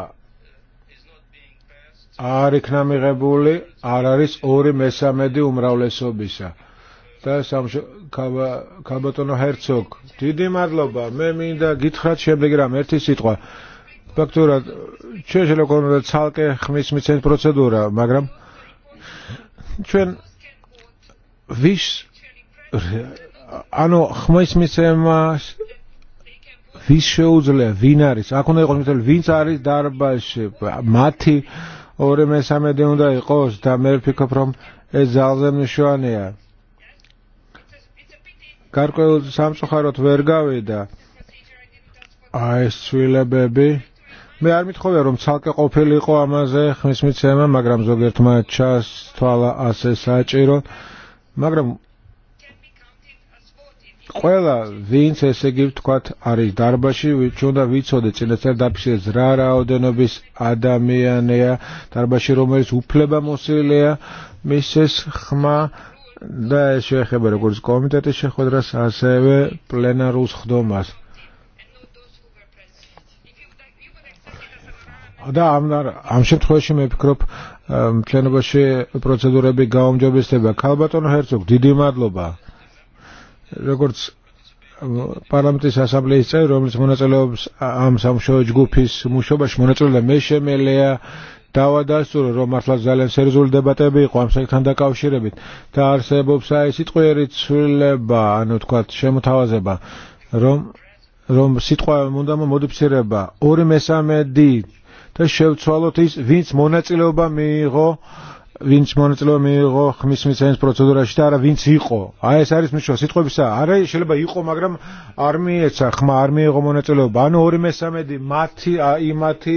არ იქნა მიღებული არ არის 2/3 უმრავლესობისა და კაბატონო ჰერცოგ დიდი მადლობა მე მინდა გითხრათ შემდეგი რამ ერთი სიტყვა ფაქტურად ჩვენ შეიძლება გქონოდა ცალკე ხმის მიცემის პროცედურა მაგრამ ჩვენ ვის ანუ ხმის მიცემას ვის შეუძლია ვინ არის აქ უნდა იყოს მეტად ვინც არის დარბაზში მათი ორი მესამედი უნდა იყოს და მე ვფიქრობ რომ ეს ძალზე მნიშვნელოვანია გარკვეულ სამწუხაროდ ვერ გავიდა აი ეს ცვილებები მე არ მithოვია რომ ცალკე ყოფილიყო ამაზე ხმის მიცემა მაგრამ ზოგიერთმა ჩას თვალა ასე საჭირო მაგრამ ყველა ვინც ესე იგი ვთქვათ არის დარბაში უნდა ვიცოდე წინასწარ დაფიქსირდეს რა რაოდენობის ადამიანია დარბაში რომელიც უფლებამოსილია მისის ხმა და ეს შეეხება როგორც კომიტეტის შეხვედრას ასევე პლენარულ ხდომას და ამ ამ შემთხვევაში მე ვფიქრობ მთლიანობაში პროცედურები გაუმჯობესდება ქალბატონო ჰერცოგ დიდი მადლობა როგორც პარლამენტის ასამბლეის წევრი, რომელიც მონაწილეობს ამ სამშოუ ჯგუფის მუშობაში, მონაწილეობდა მე შემელია დავადასტურო, რომ მართლაც ძალიან სერიოზული დებატები იყო ამ საკითხთან დაკავშირებით და არსებობს აი სიტყვიერი ცვლილება, ანუ თქვათ შემოთავაზება, რომ რომ სიტყვა უნდა მოდიფიცირება 2/3 და შევცვალოთ ის, ვინც მონაწილეობა მიიღო აა ვინც მონაწილეობა მიიღო ხმის მისცემის პროცედურაში და არა ვინც იყო. აი ეს არის მნიშვნელოვანი სიტყვებისა. არა შეიძლება იყო, მაგრამ არ მიეცა ხმა, არ მიიღო მონაწილეობა. ანუ 2/3 მათი იმათი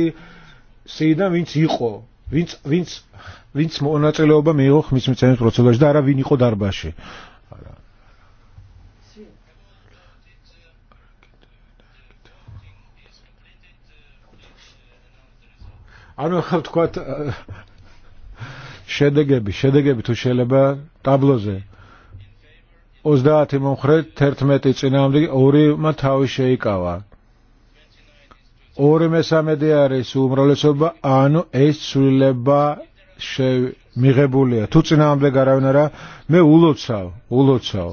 სიიდან ვინც იყო, ვინც ვინც ვინც მონაწილეობა მიიღო ხმის მისცემის პროცედურაში და არა ვინ იყო დარბაში. ანუ ხო თქვა შედეგები, შედეგები თუ შეიძლება ტაბლოზე. 30 მომხრე 11 წინააღმდეგ ორმა თავი შეიკავა. ორი მესამედი არის უმრავლესობა, ანუ ეს ცვლილება მიღებულია. თუ წინააღმდეგ არავინ არა, მე ულოცავ, ულოცავ.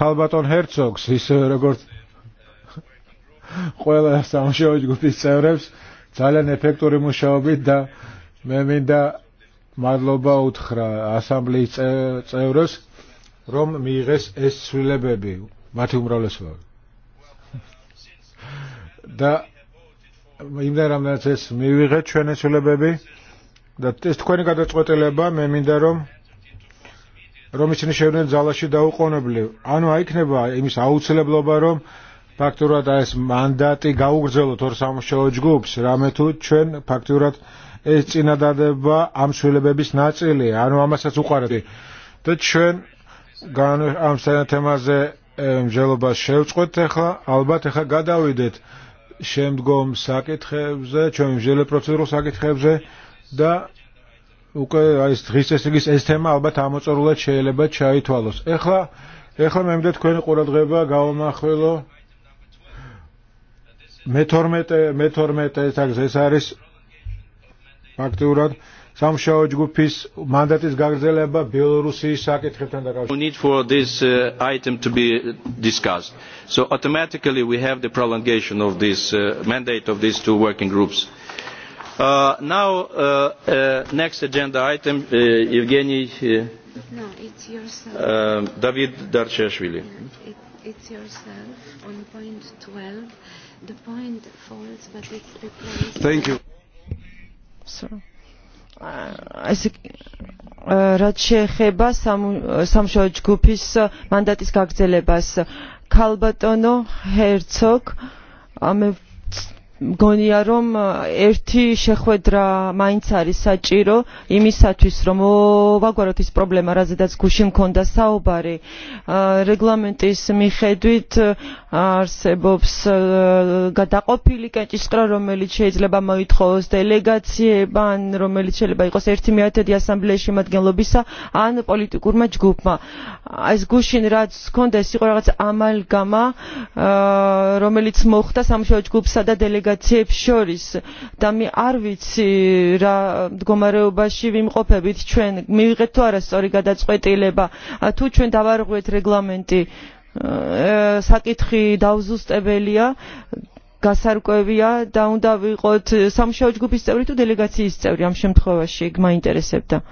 ქალბატონ ჰერცოგს ის როგორც ყველა სამშეო ჯგუფის წევრებს ძალიან ეფექტური მუშაობით და მე მინდა მადლობა უთხრა ასამბლეის წევრებს, რომ მიიღეს ეს ცვლილებები მათი უმრავლესობა. და იმდა რამდენიც ეს მივიღეთ ჩვენი ცვლილებები და ეს თქვენი გადაწყვეტილება მე მინდა რომ რომ ისინი ძალაში დაუყოვნებლივ. ანუ აიქნება იმის აუცილებლობა, რომ ფაქტურად ეს მანდატი გაუგრძელოთ ორ სამუშაო ჯგუფს, რამე თუ ჩვენ ფაქტურად ეს წინადადება ამ შვილებების ნაწილია, ანუ ამასაც უყარეთ. და ჩვენ ამ თემაზე მსჯელობას შევწყვეთ ახლა, ალბათ ახლა გადავიდეთ შემდგომ საკითხებზე, ჩვენ მსჯელე პროცედურულ საკითხებზე და უკვე აი ეს დღის ეს იგი ეს თემა ალბათ ამოწურულად შეიძლება ჩაითვალოს. ახლა ახლა მე მგონი თქვენი ყურადღება გავამახვილო მე 12 მე 12 ეს ეს არის ფაქტურად სამშაო ჯგუფის მანდატის გაგრძელება ბელორუსიის საკითხებთან დაკავშირებით. We need for this uh, item to be discussed. So automatically we have the prolongation of this uh, mandate of these two working groups. Uh, now, uh, uh, next agenda item, uh, Evgeny uh, no, it's yourself. Uh, David Darcheshvili. Yeah, it, it's yourself on point 12. The point falls, but it's replaced. Thank you ეს რაც შეეხება სამშოუ ჯგუფის მანდატის გაგრძელებას ქალბატონო ჰერცოგ მე მგონია რომ ერთი შეხვედრა მაინც არის საჭირო იმისათვის რომ ვაგვაროთ ის პრობლემა რაზედაც გუშინ მქონდა საუბარი რეგლამენტის მიხედვით არსებობს გადაყოფილი კეჭისყრა რომელიც შეიძლება მოითხოვოს დელეგაციებმა ან რომელიც შეიძლება იყოს 1/10 ასამბლეის შემადგენლობისა ან პოლიტიკურმა ჯგუფმა ეს გუშინ რაც ჰქონდა ეს იყო რაღაც ამალგამა რომელიც მოხდა სამუშაო ჯგუფსა და დელეგაციებს დელეგაციებს შორის და მე არ ვიცი რა მდგომარეობაში ვიმყოფებით ჩვენ მივიღეთ თუ არა სწორი გადაწყვეტილება თუ ჩვენ დავარღვიეთ რეგლამენტი საკითხი დაუზუსტებელია გასარკვევია და უნდა ვიყოთ სამუშაო ჯგუფის წევრი თუ დელეგაციის წევრი ამ შემთხვევაში მაინტერესებდა.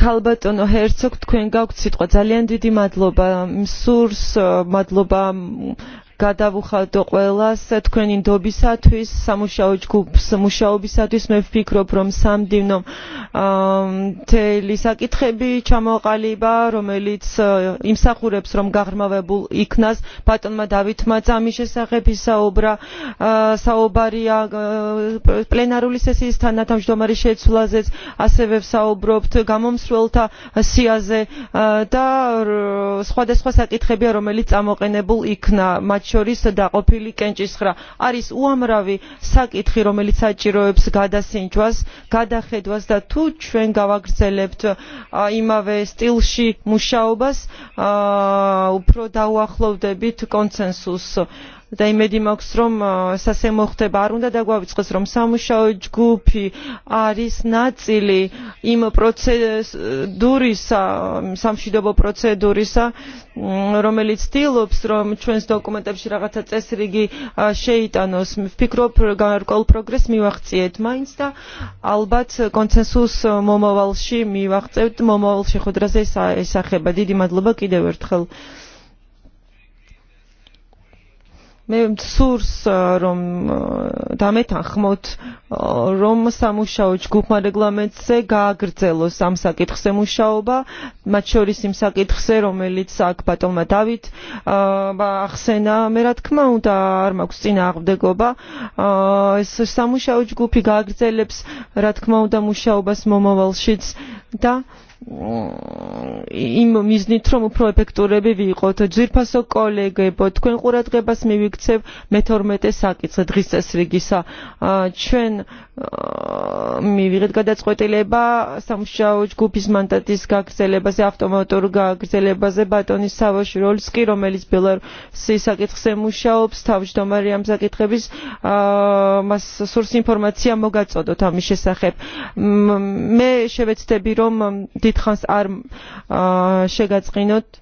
ქალბატონო ჰერცოგ თქვენ გაქვთ სიტყვა ძალიან დიდი მადლობა სურს მადლობა გადავუხავდო ყველას თქვენი ნდობისათვის სამუშაო ჯგუფს მუშაობისათვის მე ვფიქრობ რომ სამდივნო მთელი საკითხები ჩამოყალიბა რომელიც იმსახურებს რომ გაღრმავებულ იქნას ბატონმა დავითმა ამის შესახებ ისაუბრა საუბარია პლენარული სესიის თანათავმჯდომარის შეცვლაზეც ასევე ვსაუბრობთ გამომსვლელთა სიაზე და სხვადასხვა საკითხებია რომელიც წამოყენებულ იქნა მათ შორის დაყოფილი კენჭისხრა არის უამრავი საკითხი რომელიც საჭიროებს გადასინჯვას გადახედვას და თუ ჩვენ გავაგრძელებთ იმავე სტილში მუშაობას უფრო დაუახლოვდებით კონსენსუსს და იმედი მაქვს რომ ასე მოხდება არ უნდა დაგვავიწყოს რომ სამუშაო ჯგუფი არის ნაწილი იმ პროცედურისა სამშვიდობო პროცედურისა რომელიც ცდილობს რომ ჩვენს დოკუმენტებში რაღაცა წესრიგი შეიტანოს ვფიქრობ გარკვეულ პროგრესს მივაღწიეთ მაინც და ალბათ კონსენსუს მომავალში მივაღწევთ მომავალ შეხვედრაზე ესახება დიდი მადლობა კიდევ ერთხელ მე მცურს რომ დამეთანხმოთ რომ სამუშაო ჯგუფმა რეგლამენტზე გააგრძელოს ამ საკითხზე მუშაობა მათ შორის იმ საკითხზე რომელიც აქ ბატონმა დავით ახსენა მე რა თქმა უნდა არ მაქვს წინააღმდეგობა ეს სამუშაო ჯგუფი გააგრძელებს რა თქმა უნდა მუშაობას მომავალშიც და იმ მიზნით რომ უფრო ეფექტურები ვიყოთ ძირფასო კოლეგებო თქვენ ყურადღებას მივიქცევ მე-12 საკითხზე დღის წესრიგისა ჩვენ მივიღეთ გადაწყვეტილება სამშაო ჯგუფის მანდატის გაგრძელებაზე ავტომატურ გაგრძელებაზე ბატონი სავაშვილის კი რომელიც ბელარუსის საკითხზე მუშაობს თავმჯდომარე ამ საკითხების მას სურს ინფორმაცია მოგაწოდოთ ამის შესახებ მე შევეცდები რომ დიდ დიდხანს არ შეგაწყინოთ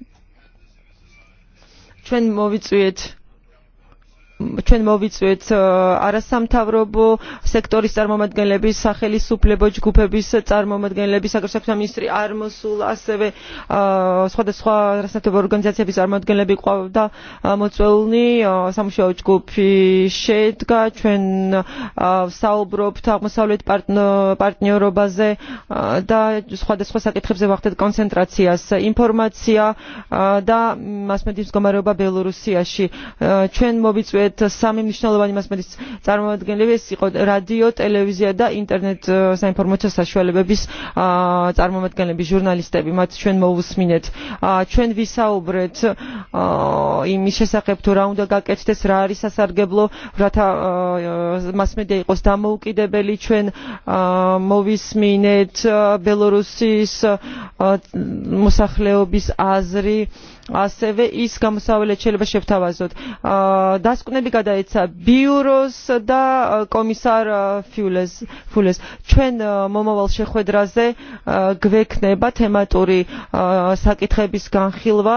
ჩვენ მოვიწვიეთ ჩვენ მოვიწვევთ არასამთავრობო სექტორის წარმომადგენლების სახელისუფლებო ჯგუფების წარმომადგენლები საგარეო მინისტრი არ მოსულ ასევე სხვადასხვა არასამთავრობო ორგანიზაციების წარმომადგენლები ყავდა მოწვეულნი სამუშაო ჯგუფი შედგა ჩვენ საუბრობთ აღმოსავლეთ პარტნიორობაზე და სხვადასხვა საკითხებზე ვახდეთ კონცენტრაციას ინფორმაცია და მასმედიის მდგომარეობა ბელორუსიაში ჩვენ მოვიწვევთ ერთ სამი მნიშვნელოვანი მასმედიის წარმოადგენელი ეს იყო რადიო, ტელევიზია და ინტერნეტ საინფორმაციო საშუალებების წარმომადგენლები, ჟურნალისტები, მათ ჩვენ მოусმინეთ. ჩვენ ვისაუბრეთ იმის შესახებ თუ რა უნდა გაკეთდეს, რა არის სასარგებლო, რათა მასმედია იყოს დამოუკიდებელი, ჩვენ მოვისმინეთ ბელორუსის მოსახლეობის აზრი ასევე ის გამოსავალი შეიძლება შევთავაზოთ. აა დასკვნები გადაეცა ბიუროს და კომისარ ფიულეს ფულეს. ჩვენ მომავალ შეხვედრაზე გვექნება თემატური საკითხების განხილვა.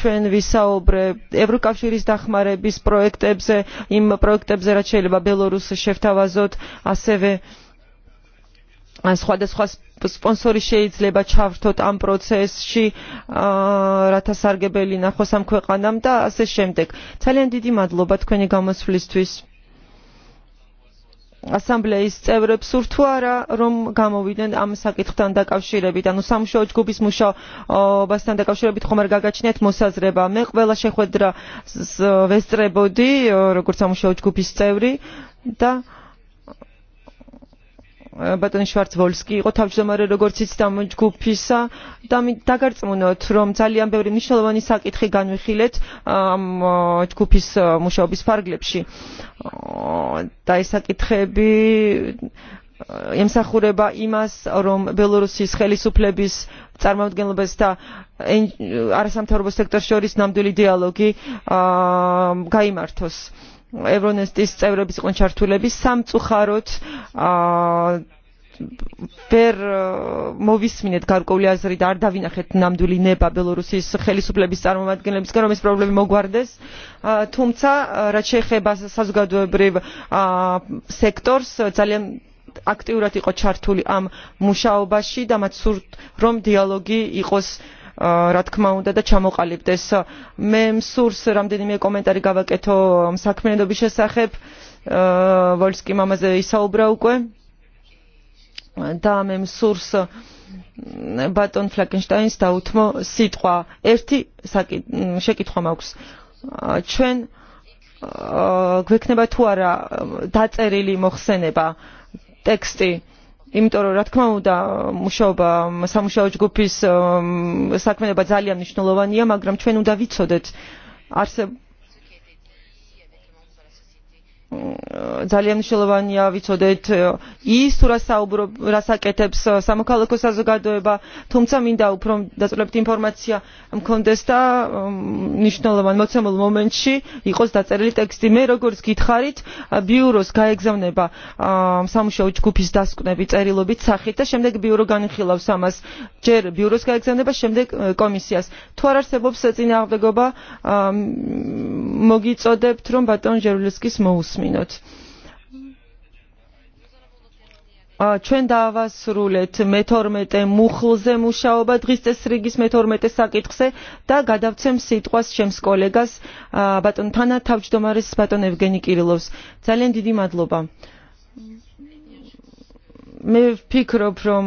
ჩვენ ვისაუბრებთ ევროკავშირის დახმარების პროექტებზე, იმ პროექტებზე რაც შეიძლება ბელორუსს შევთავაზოთ, ასევე აა სხვადასხვა სპონსორი შეიძლება ჩავრთოთ ამ პროცესში რათა სარგებელი ნახოს ამ ქვეყანამ და ასე შემდეგ. ძალიან დიდი მადლობა თქვენი გამოსვლისთვის. ასამბლეის წევრებს ურთუ არა რომ გამოვიდნენ ამ საკითხთან დაკავშირებით ანუ სამუშაო ჯგუფის მუშაობასთან დაკავშირებით ხომ არ გაგაჩნიათ მოსაზრება მე ყველა შეხვედრა ვესწრებოდი როგორც სამუშაო ჯგუფის წევრი და აა ბატონი შვარცვოლსკი იყო თავმჯდომარე როგორც იცით ამ ჯგუფისა და დაგარწმუნოთ რომ ძალიან ბევრი მნიშვნელოვანი საკითხი განვიხილეთ ამ ჯგუფის მუშაობის ფარგლებში და ეს საკითხები ემსახურება იმას რომ ბელორუსის ხელისუფლების წარმომადგენლობებს და არასამთავრობო სექტორს შორის ნამდვილი დიალოგი გაიმართოს ევრონესტის წევრების იყვნენ ჩართულები სამწუხაროდ ვერ მოვისმინეთ გარკვეული აზრი და არ დავინახეთ ნამდვილი ნება ბელორუსის ხელისუფლების წარმომადგენლებისგან რომ ეს პრობლემა მოგვარდეს თუმცა რაც შეეხება საზოგადოებრივ სექტორს ძალიან აქტიურად იყო ჩართული ამ მუშაობაში და მათ სურთ რომ დიალოგი იყოს აა რა თქმა უნდა და ჩამოყალიბდეს. მე მსურს რამდენიმე კომენტარი გავაკეთო საქმიანობის შესახებ. ვოლსკი მამაზე ისაუბრა უკვე და მე მსურს ბატონ ფლაკენშტაინს დაუთმო სიტყვა. ერთი შეკითხვა მაქვს. ჩვენ გვექნება თუ არა დაწერილი მოხსენება ტექსტი იმიტომ რომ რა თქმა უნდა მუშაობა სამუშაო ჯგუფის საქმიანობა ძალიან მნიშვნელოვანია მაგრამ ჩვენ უნდა ვიცოდეთ არსებ ძალიან მნიშვნელოვანია ვიცოდეთ ის თუ რა რას რა საკეთებს სამოქალაქო საზოგადოება თუმცა მინდა უფრო დაწვრილებით ინფორმაცია მქონდეს და მნიშვნელოვან მოცემულ მომენტში იყოს დაწერილი ტექსტი მე როგორც გითხარით ბიუროს გაეგზავნება სამუშაო ჯგუფის დასკვნები წერილობით სახით და შემდეგ ბიურო განხილავს ამას ჯერ ბიუროს გაეგზავნება შემდეგ კომისიას თუ არ არსებობს წინააღმდეგობა მოგიწოდებთ რომ ბატონ ჟერულსკის მოუსმინოთ minut. ჩვენ დავასრულეთ მე-12 მუხლზე მუშაობა დღის წესრიგის მე-12 საკითხზე და გადავცემ სიტყვას ჩემს კოლეგას ბატონ თანათავმჯდომარეს ბატონ ევგენი კირილოვს. ძალიან დიდი მადლობა. მე ვფიქრობ, რომ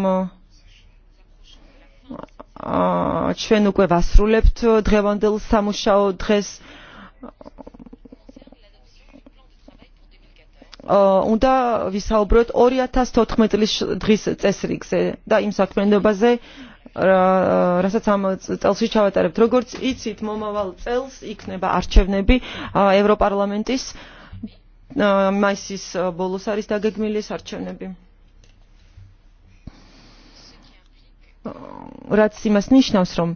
ჩვენ უკვე ვასრულებთ დღევანდელ სამუშაო დღეს უნდა ვისაუბროთ 2014 წლის დღის წესრიგზე და იმ საქმიანობაზე რასაც ამ წელში ჩავატარებთ. როგორც იცით, მომავალ წელს იქნება არჩევნები ევროპარლამენტის მაისის ბოლოს არის დაგეგმილი არჩევნები. რაც იმას ნიშნავს, რომ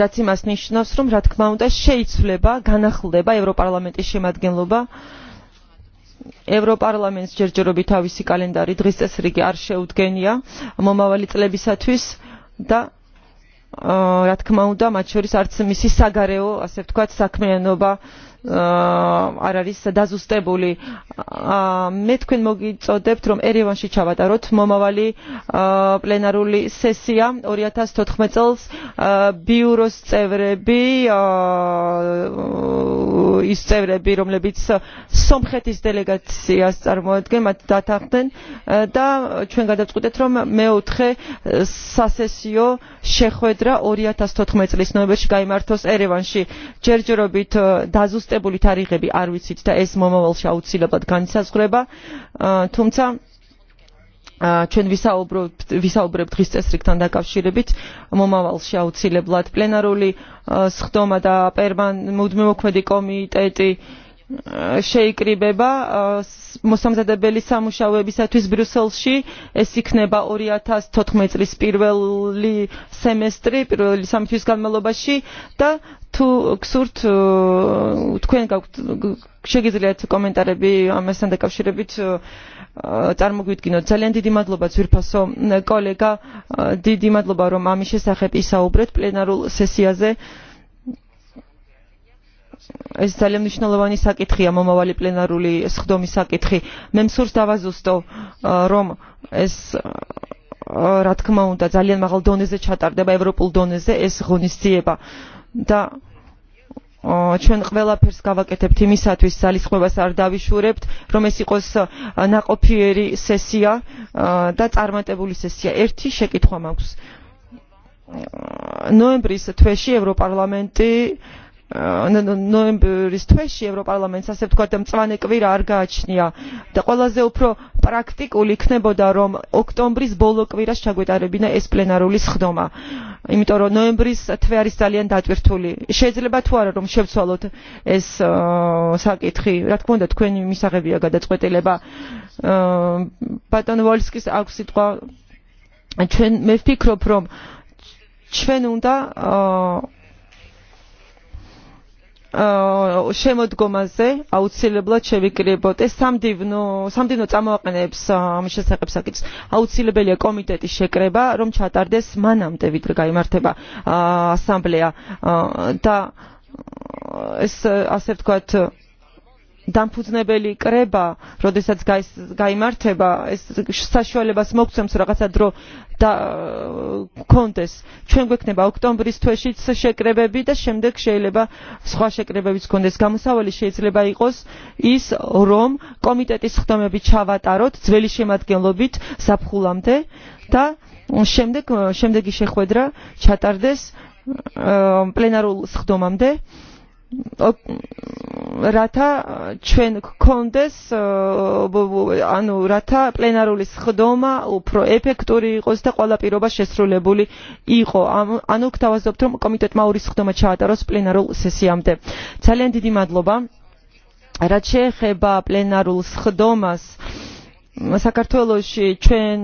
რაც იმას ნიშნავს, რომ რა თქმა უნდა შეიცვლება, განახლდება ევროპარლამენტის შემადგენლობა ევროპარლამენტს ჯერჯერობით თავისი კალენდარი დღის წესრიგი არ შეუდგენია მომავალი წლებისათვის და რა თქმა უნდა მათ შორის არც მისი საგარეო ასე ვთქვათ საქმიანობა არ არის დაზუსტებული მე თქვენ მოგიწოდებთ რომ ერევანში ჩავატაროთ მომავალი პლენარული სესია 2014 წელს ბიუროს წევრები ის წევრები რომლებიც სომხეთის დელეგაციას წარმოადგენენ მათ დათანხმდნენ და ჩვენ გადავწყვიტეთ რომ მეოთხე სასესიო შეხვედრა 2014 წლის ნოემბერში გაიმართოს ერევანში ჯერჯერობით დაზუსტ მიტოვებული თარიღები არ ვიცით და ეს მომავალში აუცილებლად განისაზღვრება თუმცა ჩვენ ვისაუბრებთ ვისაუბრებთ დღის წესრიგთან დაკავშირებით მომავალში აუცილებლად პლენარული სხდომა და პერმან მუდმივმოქმედი კომიტეტი შეიკრიბება მოსამზადებელი სამუშაოებისათვის ბრიუსელში ეს იქნება 2014 წლის პირველი სემესტრი პირველი სამი თვის განმავლობაში და თუ გსურთ თქვენ გაქვთ შეგიძლიათ კომენტარები ამასთან დაკავშირებით წარმოგვიდგინოთ ძალიან დიდი მადლობა ძვირფასო კოლეგა დიდი მადლობა რომ ამის შესახებ ისაუბრეთ პლენარულ სესიაზე ეს ძალიან მნიშვნელოვანი საკითხია მომავალი პლენარული სხდომის საკითხი მე მსურს დავაზუსტო რომ ეს რა თქმა უნდა ძალიან მაღალ დონეზე ჩატარდება ევროპულ დონეზე ეს ღონისძიება და ჩვენ ყველაფერს გავაკეთებთ იმისათვის ძალისხმევას არ დავიშურებთ რომ ეს იყოს ნაყოფიერი სესია და წარმატებული სესია ერთი შეკითხვა მაქვს ნოემბრის თვეში ევროპარლამენტი ნოემბრის თვეში ევროპარლამენტს ასე ვთქვათ მწვანე კვირა არ გააჩნია და ყველაზე უფრო პრაქტიკული იქნებოდა რომ ოქტომბრის ბოლო კვირას ჩაგვეტარებინა ეს პლენარული სხდომა იმიტომ რომ ნოემბრის თვე არის ძალიან დატვირთული შეიძლება თუ არა რომ შევცვალოთ ეს საკითხი რა თქმა უნდა თქვენი მისაღებია გადაწყვეტილება ბატონ ვოლსკის აქვს სიტყვა ჩვენ მე ვფიქრობ რომ ჩვენ უნდა შემოდგომაზე აუცილებლად შევიკრიბოთ ეს სამდივნო სამდივნო წამოაყენებს ამ შესახებ საკითხს აუცილებელია კომიტეტის შეკრება რომ ჩატარდეს მანამდე ვიდრე გამართება ასამბლეა და ეს ასე ვთქვათ დამფუძნებელი კრება როდესაც გამართება ეს საშუალებას მოგცემს რაღაცა დრო და გქონდეს ჩვენ გვექნება ოქტომბრის თვეშიც შეკრებები და შემდეგ შეიძლება სხვა შეკრებებიც გქონდეს გამოსავალი შეიძლება იყოს ის რომ კომიტეტის ხდომები ჩავატაროთ ძველი შემადგენლობით საფხულამდე და შემდეგ შემდეგი შეხვედრა ჩატარდეს პლენარულ სხდომამდე რათა ჩვენ გქონდეს ანუ რათა პლენარული სხდომა უფრო ეფექტური იყოს და ყველა პირობა შესრულებული იყო. ანუ გთავაზობთ რომ კომიტეტმა ორი სხდომა ჩაატაროს პლენარულ სესიამდე. ძალიან დიდი მადლობა. რაც შეეხება პლენარულ სხდომას საქართველოში ჩვენ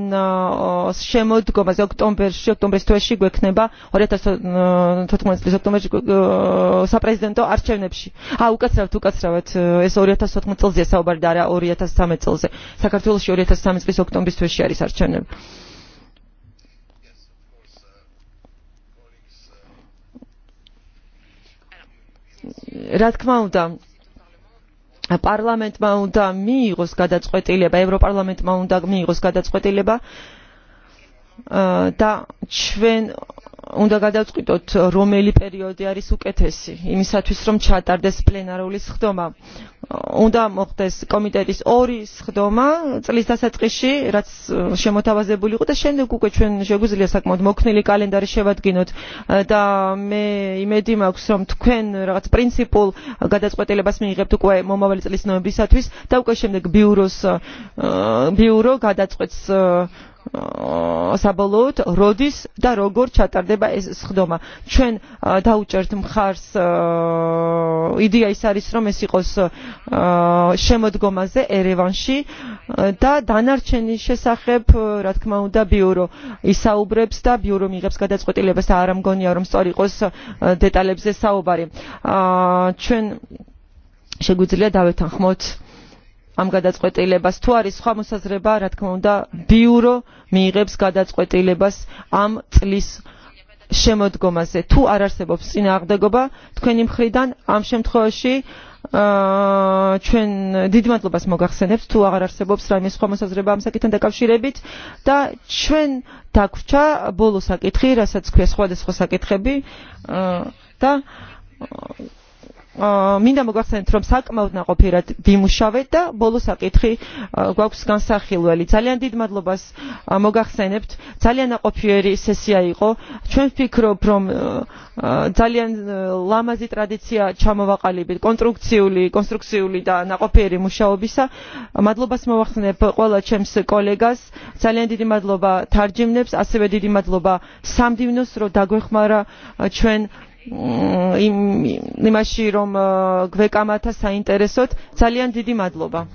შემოდგომაზე ოქტომბერში ოქტომბრის თვეში გვექნება 2014 წლის ოქტომბერში საპრეზიდენტო არჩევნებში. ა უკაცრავად უკაცრავად ეს 2014 წელზეა საუბარი და არა 2013 წელზე. საქართველოში 2013 წლის ოქტომბრის თვეში არის არჩევნები. რა თქმა უნდა პარლამენტმა უნდა მიიღოს გადაწყვეტილება ევროპარლამენტმა უნდა მიიღოს გადაწყვეტილება და ჩვენ უნდა გადავწყვიტოთ რომელი პერიოდი არის უკეთესი იმისათვის რომ ჩატარდეს პლენარული სხდომა უნდა მოხდეს კომიტეტის ორი სხდომა წლის დასაწყისში რაც შემოთავაზებული იყო და შემდეგ უკვე ჩვენ შეგვიძლია საკმაოდ მოქნილი კალენდარი შევადგინოთ და მე იმედი მაქვს რომ თქვენ რაღაც პრინციპულ გადაწყვეტილებას მიიღებთ უკვე მომავალი წლის ნოემბრისათვის და უკვე შემდეგ ბიუროს ბიურო გადაწყვეტს საბოლოოდ როდის და როგორ ჩატარდება ეს სხდომა. ჩვენ დაუჭერთ მხარს იდეა ის არის რომ ეს იყოს შემოდგომაზე ერევანში და დანარჩენი შესახებ რა თქმა უნდა ბიურო ისაუბრებს და ბიურო მიიღებს გადაწყვეტილებას და არ ამგონია რომ სწორი იყოს დეტალებზე საუბარი. ჩვენ შეგვიძლია დავეთანხმოთ ამ გადაწყვეტილებას თუ არის სხვა მოსაზრება რა თქმა უნდა ბიურო მიიღებს გადაწყვეტილებას ამ წლის შემოდგომაზე თუ არ არსებობს წინააღმდეგობა თქვენი მხრიდან ამ შემთხვევაში აა ჩვენ დიდ მადლობას მოგახსენებთ თუ აღარ არსებობს რაიმე სხვა მოსაზრება ამ საკითხთან დაკავშირებით და ჩვენ დაგვრჩა ბოლო საკითხი რასაც ქვია სხვადასხვა საკითხები აა და მინდა მოგახსენოთ რომ საკმაოდ ნაყოფიერად ვიმუშავეთ და ბოლო საკითხი გვაქვს განსახილველი ძალიან დიდ მადლობას მოგახსენებთ ძალიან ნაყოფიერი სესია იყო ჩვენ ვფიქრობ რომ ძალიან ლამაზი ტრადიცია ჩამოვაყალიბეთ კონსტრუქციული კონსტრუქციული და ნაყოფიერი მუშაობისა მადლობას მოახსენებ ყველა ჩემს კოლეგას ძალიან დიდი მადლობა თარჯიმნებს ასევე დიდი მადლობა სამდივნოს რომ დაგვეხმარა ჩვენ იმ იმაში რომ გვეკამათა საინტერესოდ ძალიან დიდი მადლობა